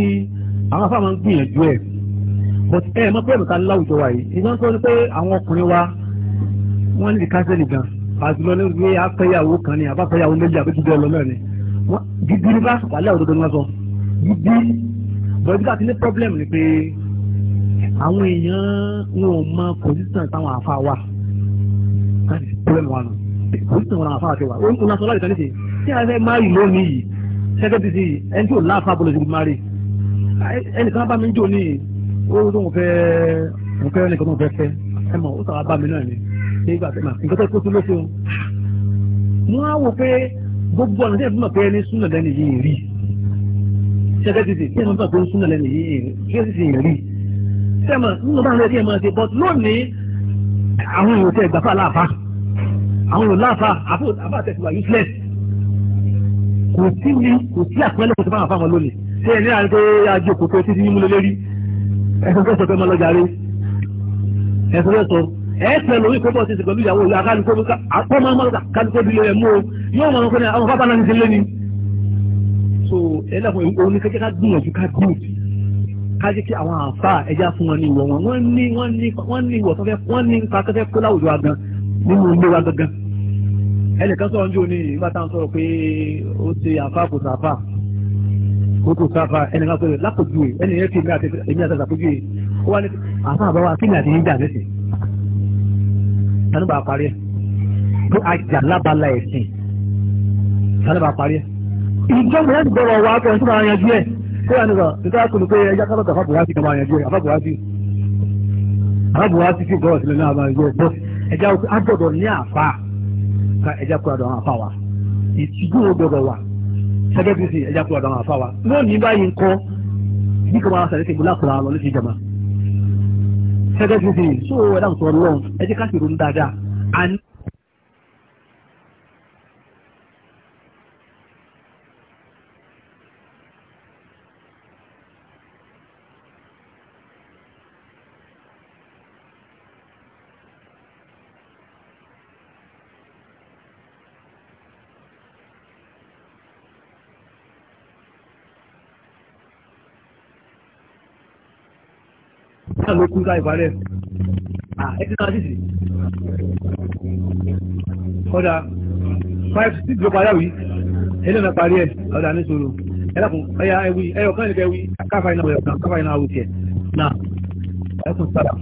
àwọn afáàmọ́ gbìyànjú ẹ̀ but ẹ mọ̀ pé ẹ̀mọ̀ta láwùjọ wa yìí ìgbà ń sọ pé àwọn ọkùnrin wa wọ́n ní kánsẹ́lì gan àjùlọ ní pé afẹ́yàwó kan ni àbáfẹ́yàwó méjì àbójútó ọlọ ni gidi ní bá wàlẹ́ òdodo ni wọ́n sọ gidi but ibi láti problem ni pé àwọn èèyàn wọn ò mọ position táwọn afa wa that is problem wa nù position wọn àwọn afa wà ó ń kun aṣọ láti tẹ́lẹ̀ sí ṣé ẹ fẹ́ máa yìí lónìí yìí ṣẹ́gẹ́ ẹnìkan bá mi ń jò ní o tó ń fẹ́ ń fẹ́ ẹnìkan tó ń fẹ́ fẹ́ ẹ mọ̀ ó sàrà bá mi náà ni nígbà tó nǹkan tó kó sí lóṣù wọn á wò pé gbogbo ọ̀nà tí ẹ̀ fún mọ̀ pé ẹni súnà lẹ́nu yìí rí ṣẹ́gẹ́ ti sè tí ẹ̀ fún mọ̀ pé súnà lẹ́nu yìí rí sẹ́mọ̀ nínú bá ń lẹ́sí ẹ̀ máa ṣe but lónìí àwọn èèyàn tẹ̀ gbàfà láàfà àwọn èèyàn láàfà àfọ̀ àbá tẹ̀síwá useless kò sí mi kò sí àpẹẹrẹ kò sí fáwọn fáwọn lónìí ṣé ẹni à ń pé ajé òkòtò títí mímú lórí ẹsọ fẹsọ fẹ máa lọ jàre ẹsọ fẹsọ ẹsẹ lórí kó bọ sí pẹ̀lú ìyàwó ìlú akálukó akọ máa máa kálukó bí ẹ o yóò máa kọ́ ni àwọn bàbá náà ti lé ni. so ẹ dàpọ̀ òun ni kẹ́kẹ́ ká gbìyànjú ká gbìyànjú ká jẹ́ kí àwọn àǹfà ẹja fún wọn ní ìwọ wọn wọ́n ní wọ́n ní wọ́n ní ìwọ sọfẹ́ wọ́n ní nípa kẹ́kẹ́ kó láwùjọ àgàn nínú ilé wa gangan sọ̀rọ̀ ní ìgbà táwọn sọ̀rọ̀ pé ó ti àǹfà kò sàǹfà o kótó sáfà ẹni ká pẹ̀lú lápòjú ẹ ẹni yẹn fi èmi àti àtàkójú ẹ ó wà ní àfa àbáwá kí ni àti yín dà lẹ́sìn sanubà parí ẹ tó ajá lábala ẹ̀sìn sanubà parí ẹ. ìjọba yẹn ti gbọ́dọ̀ wà á kọ́ ẹ̀ tó máa yanjú ẹ̀ tó yà nígbà nígbà tó ní pé ẹja kábọ̀ tó àfàbùwá sí kàmá yanjú ẹ̀ àfàbùwá sí àfàbùwá sí kí gbọ́dọ̀ sílẹ̀ náà máa yanjú ẹ̀ bọ́ ẹja agbọ́dọ̀ ní àfa ẹja kúrò àdó àwọn àfa wa ìtìjú gbọ́dọ̀ wà gẹ́gẹ́ bí ti ẹja kúrò àbáwọn àfáwà wọ́n ní báyìí ń kọ́ bí kò máa sàrẹ́ ti gbọ́lá kúrò àwọn olóṣèlú jama gẹ́gẹ́ bí ti so ẹ̀dá nǹkan ọlọ́run ẹ jẹ́ ká sì ronú dáadáa náà ló kú láì parẹ́ ẹ̀sìn ọ̀dà five six ló parí àwí ẹlẹ́ náà parí ẹ̀ ọ̀dà ní sòrò ẹlẹ́kùn ẹ̀yà ẹ̀wí ẹ̀yọ̀ kan nìkan káfà iná ọ̀yọ̀ káfà iná àwùjọ ẹ̀ náà ẹ̀kùn sára.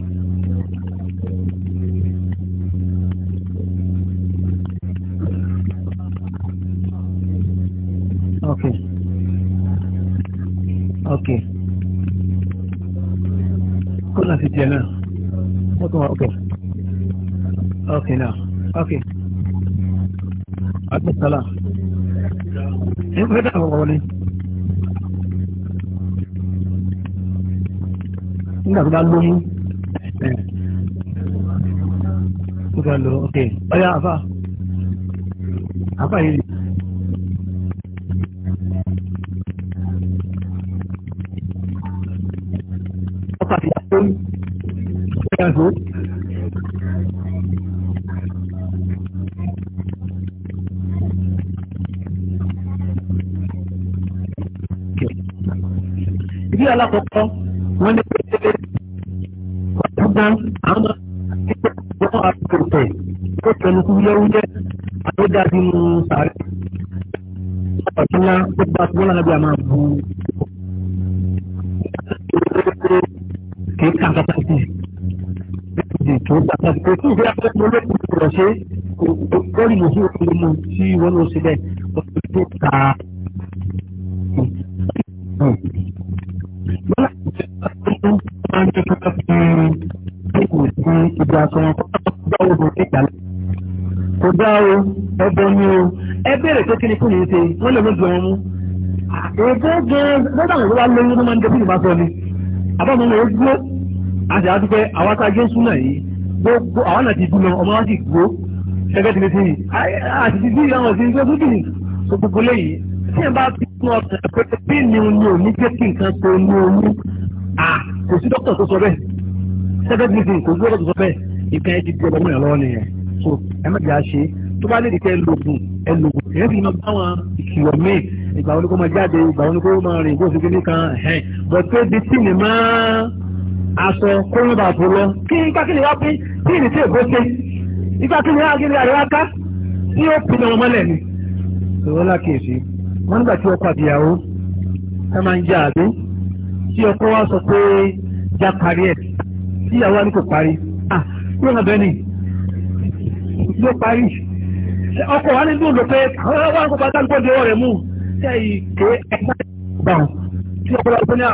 Okay. Okay kó náà ti jẹ náà wọ́n tó wà ok ok náà ok agbésálà ní kò àwọn ọ̀rọ̀ ni nígbà tó bá lóyún ẹ̀ tó bá lọ ok ọ̀yá àfà àfà yìí kú wúyẹ́wúyẹ́ ló dàbí mu sàárẹ̀ ọ̀tún náà ó bá tó náà bí a máa bu kì í kà kàtà sí i tó kàtà sí i tó fi àpò olókùn rọ̀ ṣe lórí yòókù òkúrò mu tí wọ́n ló ṣe bẹ́ẹ̀ ọ̀tún tó kà á. Ìgbà kan, ìgbà òògùn ìgbà lọ kò o ẹbọ ni o ẹ bẹ̀rẹ̀ pé kí ni kò ní í ṣe wọ́n lè mú jọ wọn mú. ètò gan-an lọ́dà wọn wá lóyún ló máa ń dẹ́kun ìbá sọ ni àbámu ló gbó àti àdúgbò àwọn akájọ súnà yìí gbogbo àwọn náà ti dúnà ọmọ wa sì gbó ẹgbẹ́ ti lè ti yìn àti ti dúnà àwọn òsìn gbogbo dùn gbogbo léyìí tí ẹ bá fi fún ọkàn pé bí ni o ní o ní jẹ́ kí nǹkan tó ní o ní à kò sí dókítà tó sọ bẹ́ẹ̀ ẹgbẹ́ ti lè ti yìn kò sí dókítà tó sọ bẹ́ẹ̀ ìkànnì so ẹ má jẹ́ àṣe tó bá lè dìtẹ́ lògùn ẹ lògùn èyí fi iná báwọn ìkìlọ̀ míì ìgbà wọn ni kó máa jáde ìgbà wọn ni kó máa rìn ìgbà òṣèlú kan ẹ̀hẹ́n bọ̀ tó di tí mi máa aṣọ kó ń bà tó lọ kí n kákìlì wá pín kí n tí èbó ṣe ìgbà kí n wá kí n àríwá ká tí ó pin ọmọ mọ́lẹ̀ ni. ìwọ lákèésí wọn nígbà tí ọkọ àbíyàwó ẹ máa ń jẹ àbí tí ọkọ wa sọ pé já parí ẹ tí ìyàwó wa ní kò parí ah yóò hàn bẹ́ẹ̀ nìyí ló parí ọkọ̀ wa ní dùn ló pé àwọn wà ń kó bàtà gbọ́dọ̀ ọwọ́ rẹ̀ mú ṣe ìké ẹ̀ka gbà wọn tí ọkọ̀ wa ní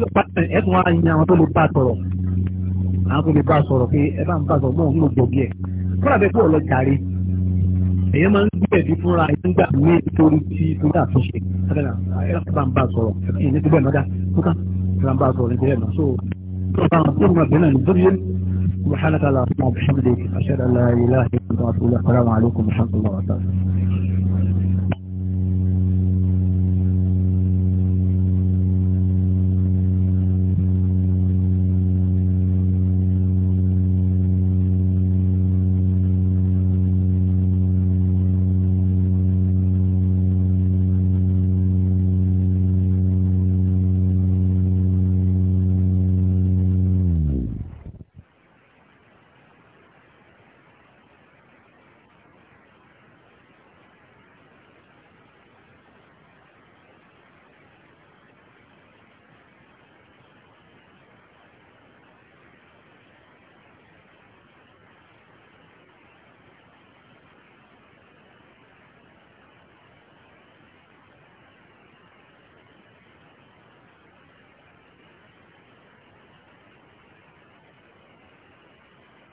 yóò pa ẹ̀sùn wa yin àwọn tó lè bá sọ̀rọ̀ àwọn tó lè bá sọ̀rọ̀ pé ẹ bá ń bá sọ̀rọ̀ mọ́ o lọ jàre èyí máa ń gbé ẹ̀bí fúnra ìgbà mí torí tí torí àtúnṣe ẹ̀rọ bá ń bá sọ̀rọ̀ ẹ̀yìn nítorí ẹ̀ mọ́dá fúnra bá sọ̀rọ̀ nítorí ẹ̀ mọ́ so ọ̀rọ̀ àwọn ń gbà bẹ́ẹ̀ náà nítorí سبحانك اللهم وبحمدك أشهد أن لا إله إلا أنت أستغفرك السلام عليكم ورحمة الله وبركاته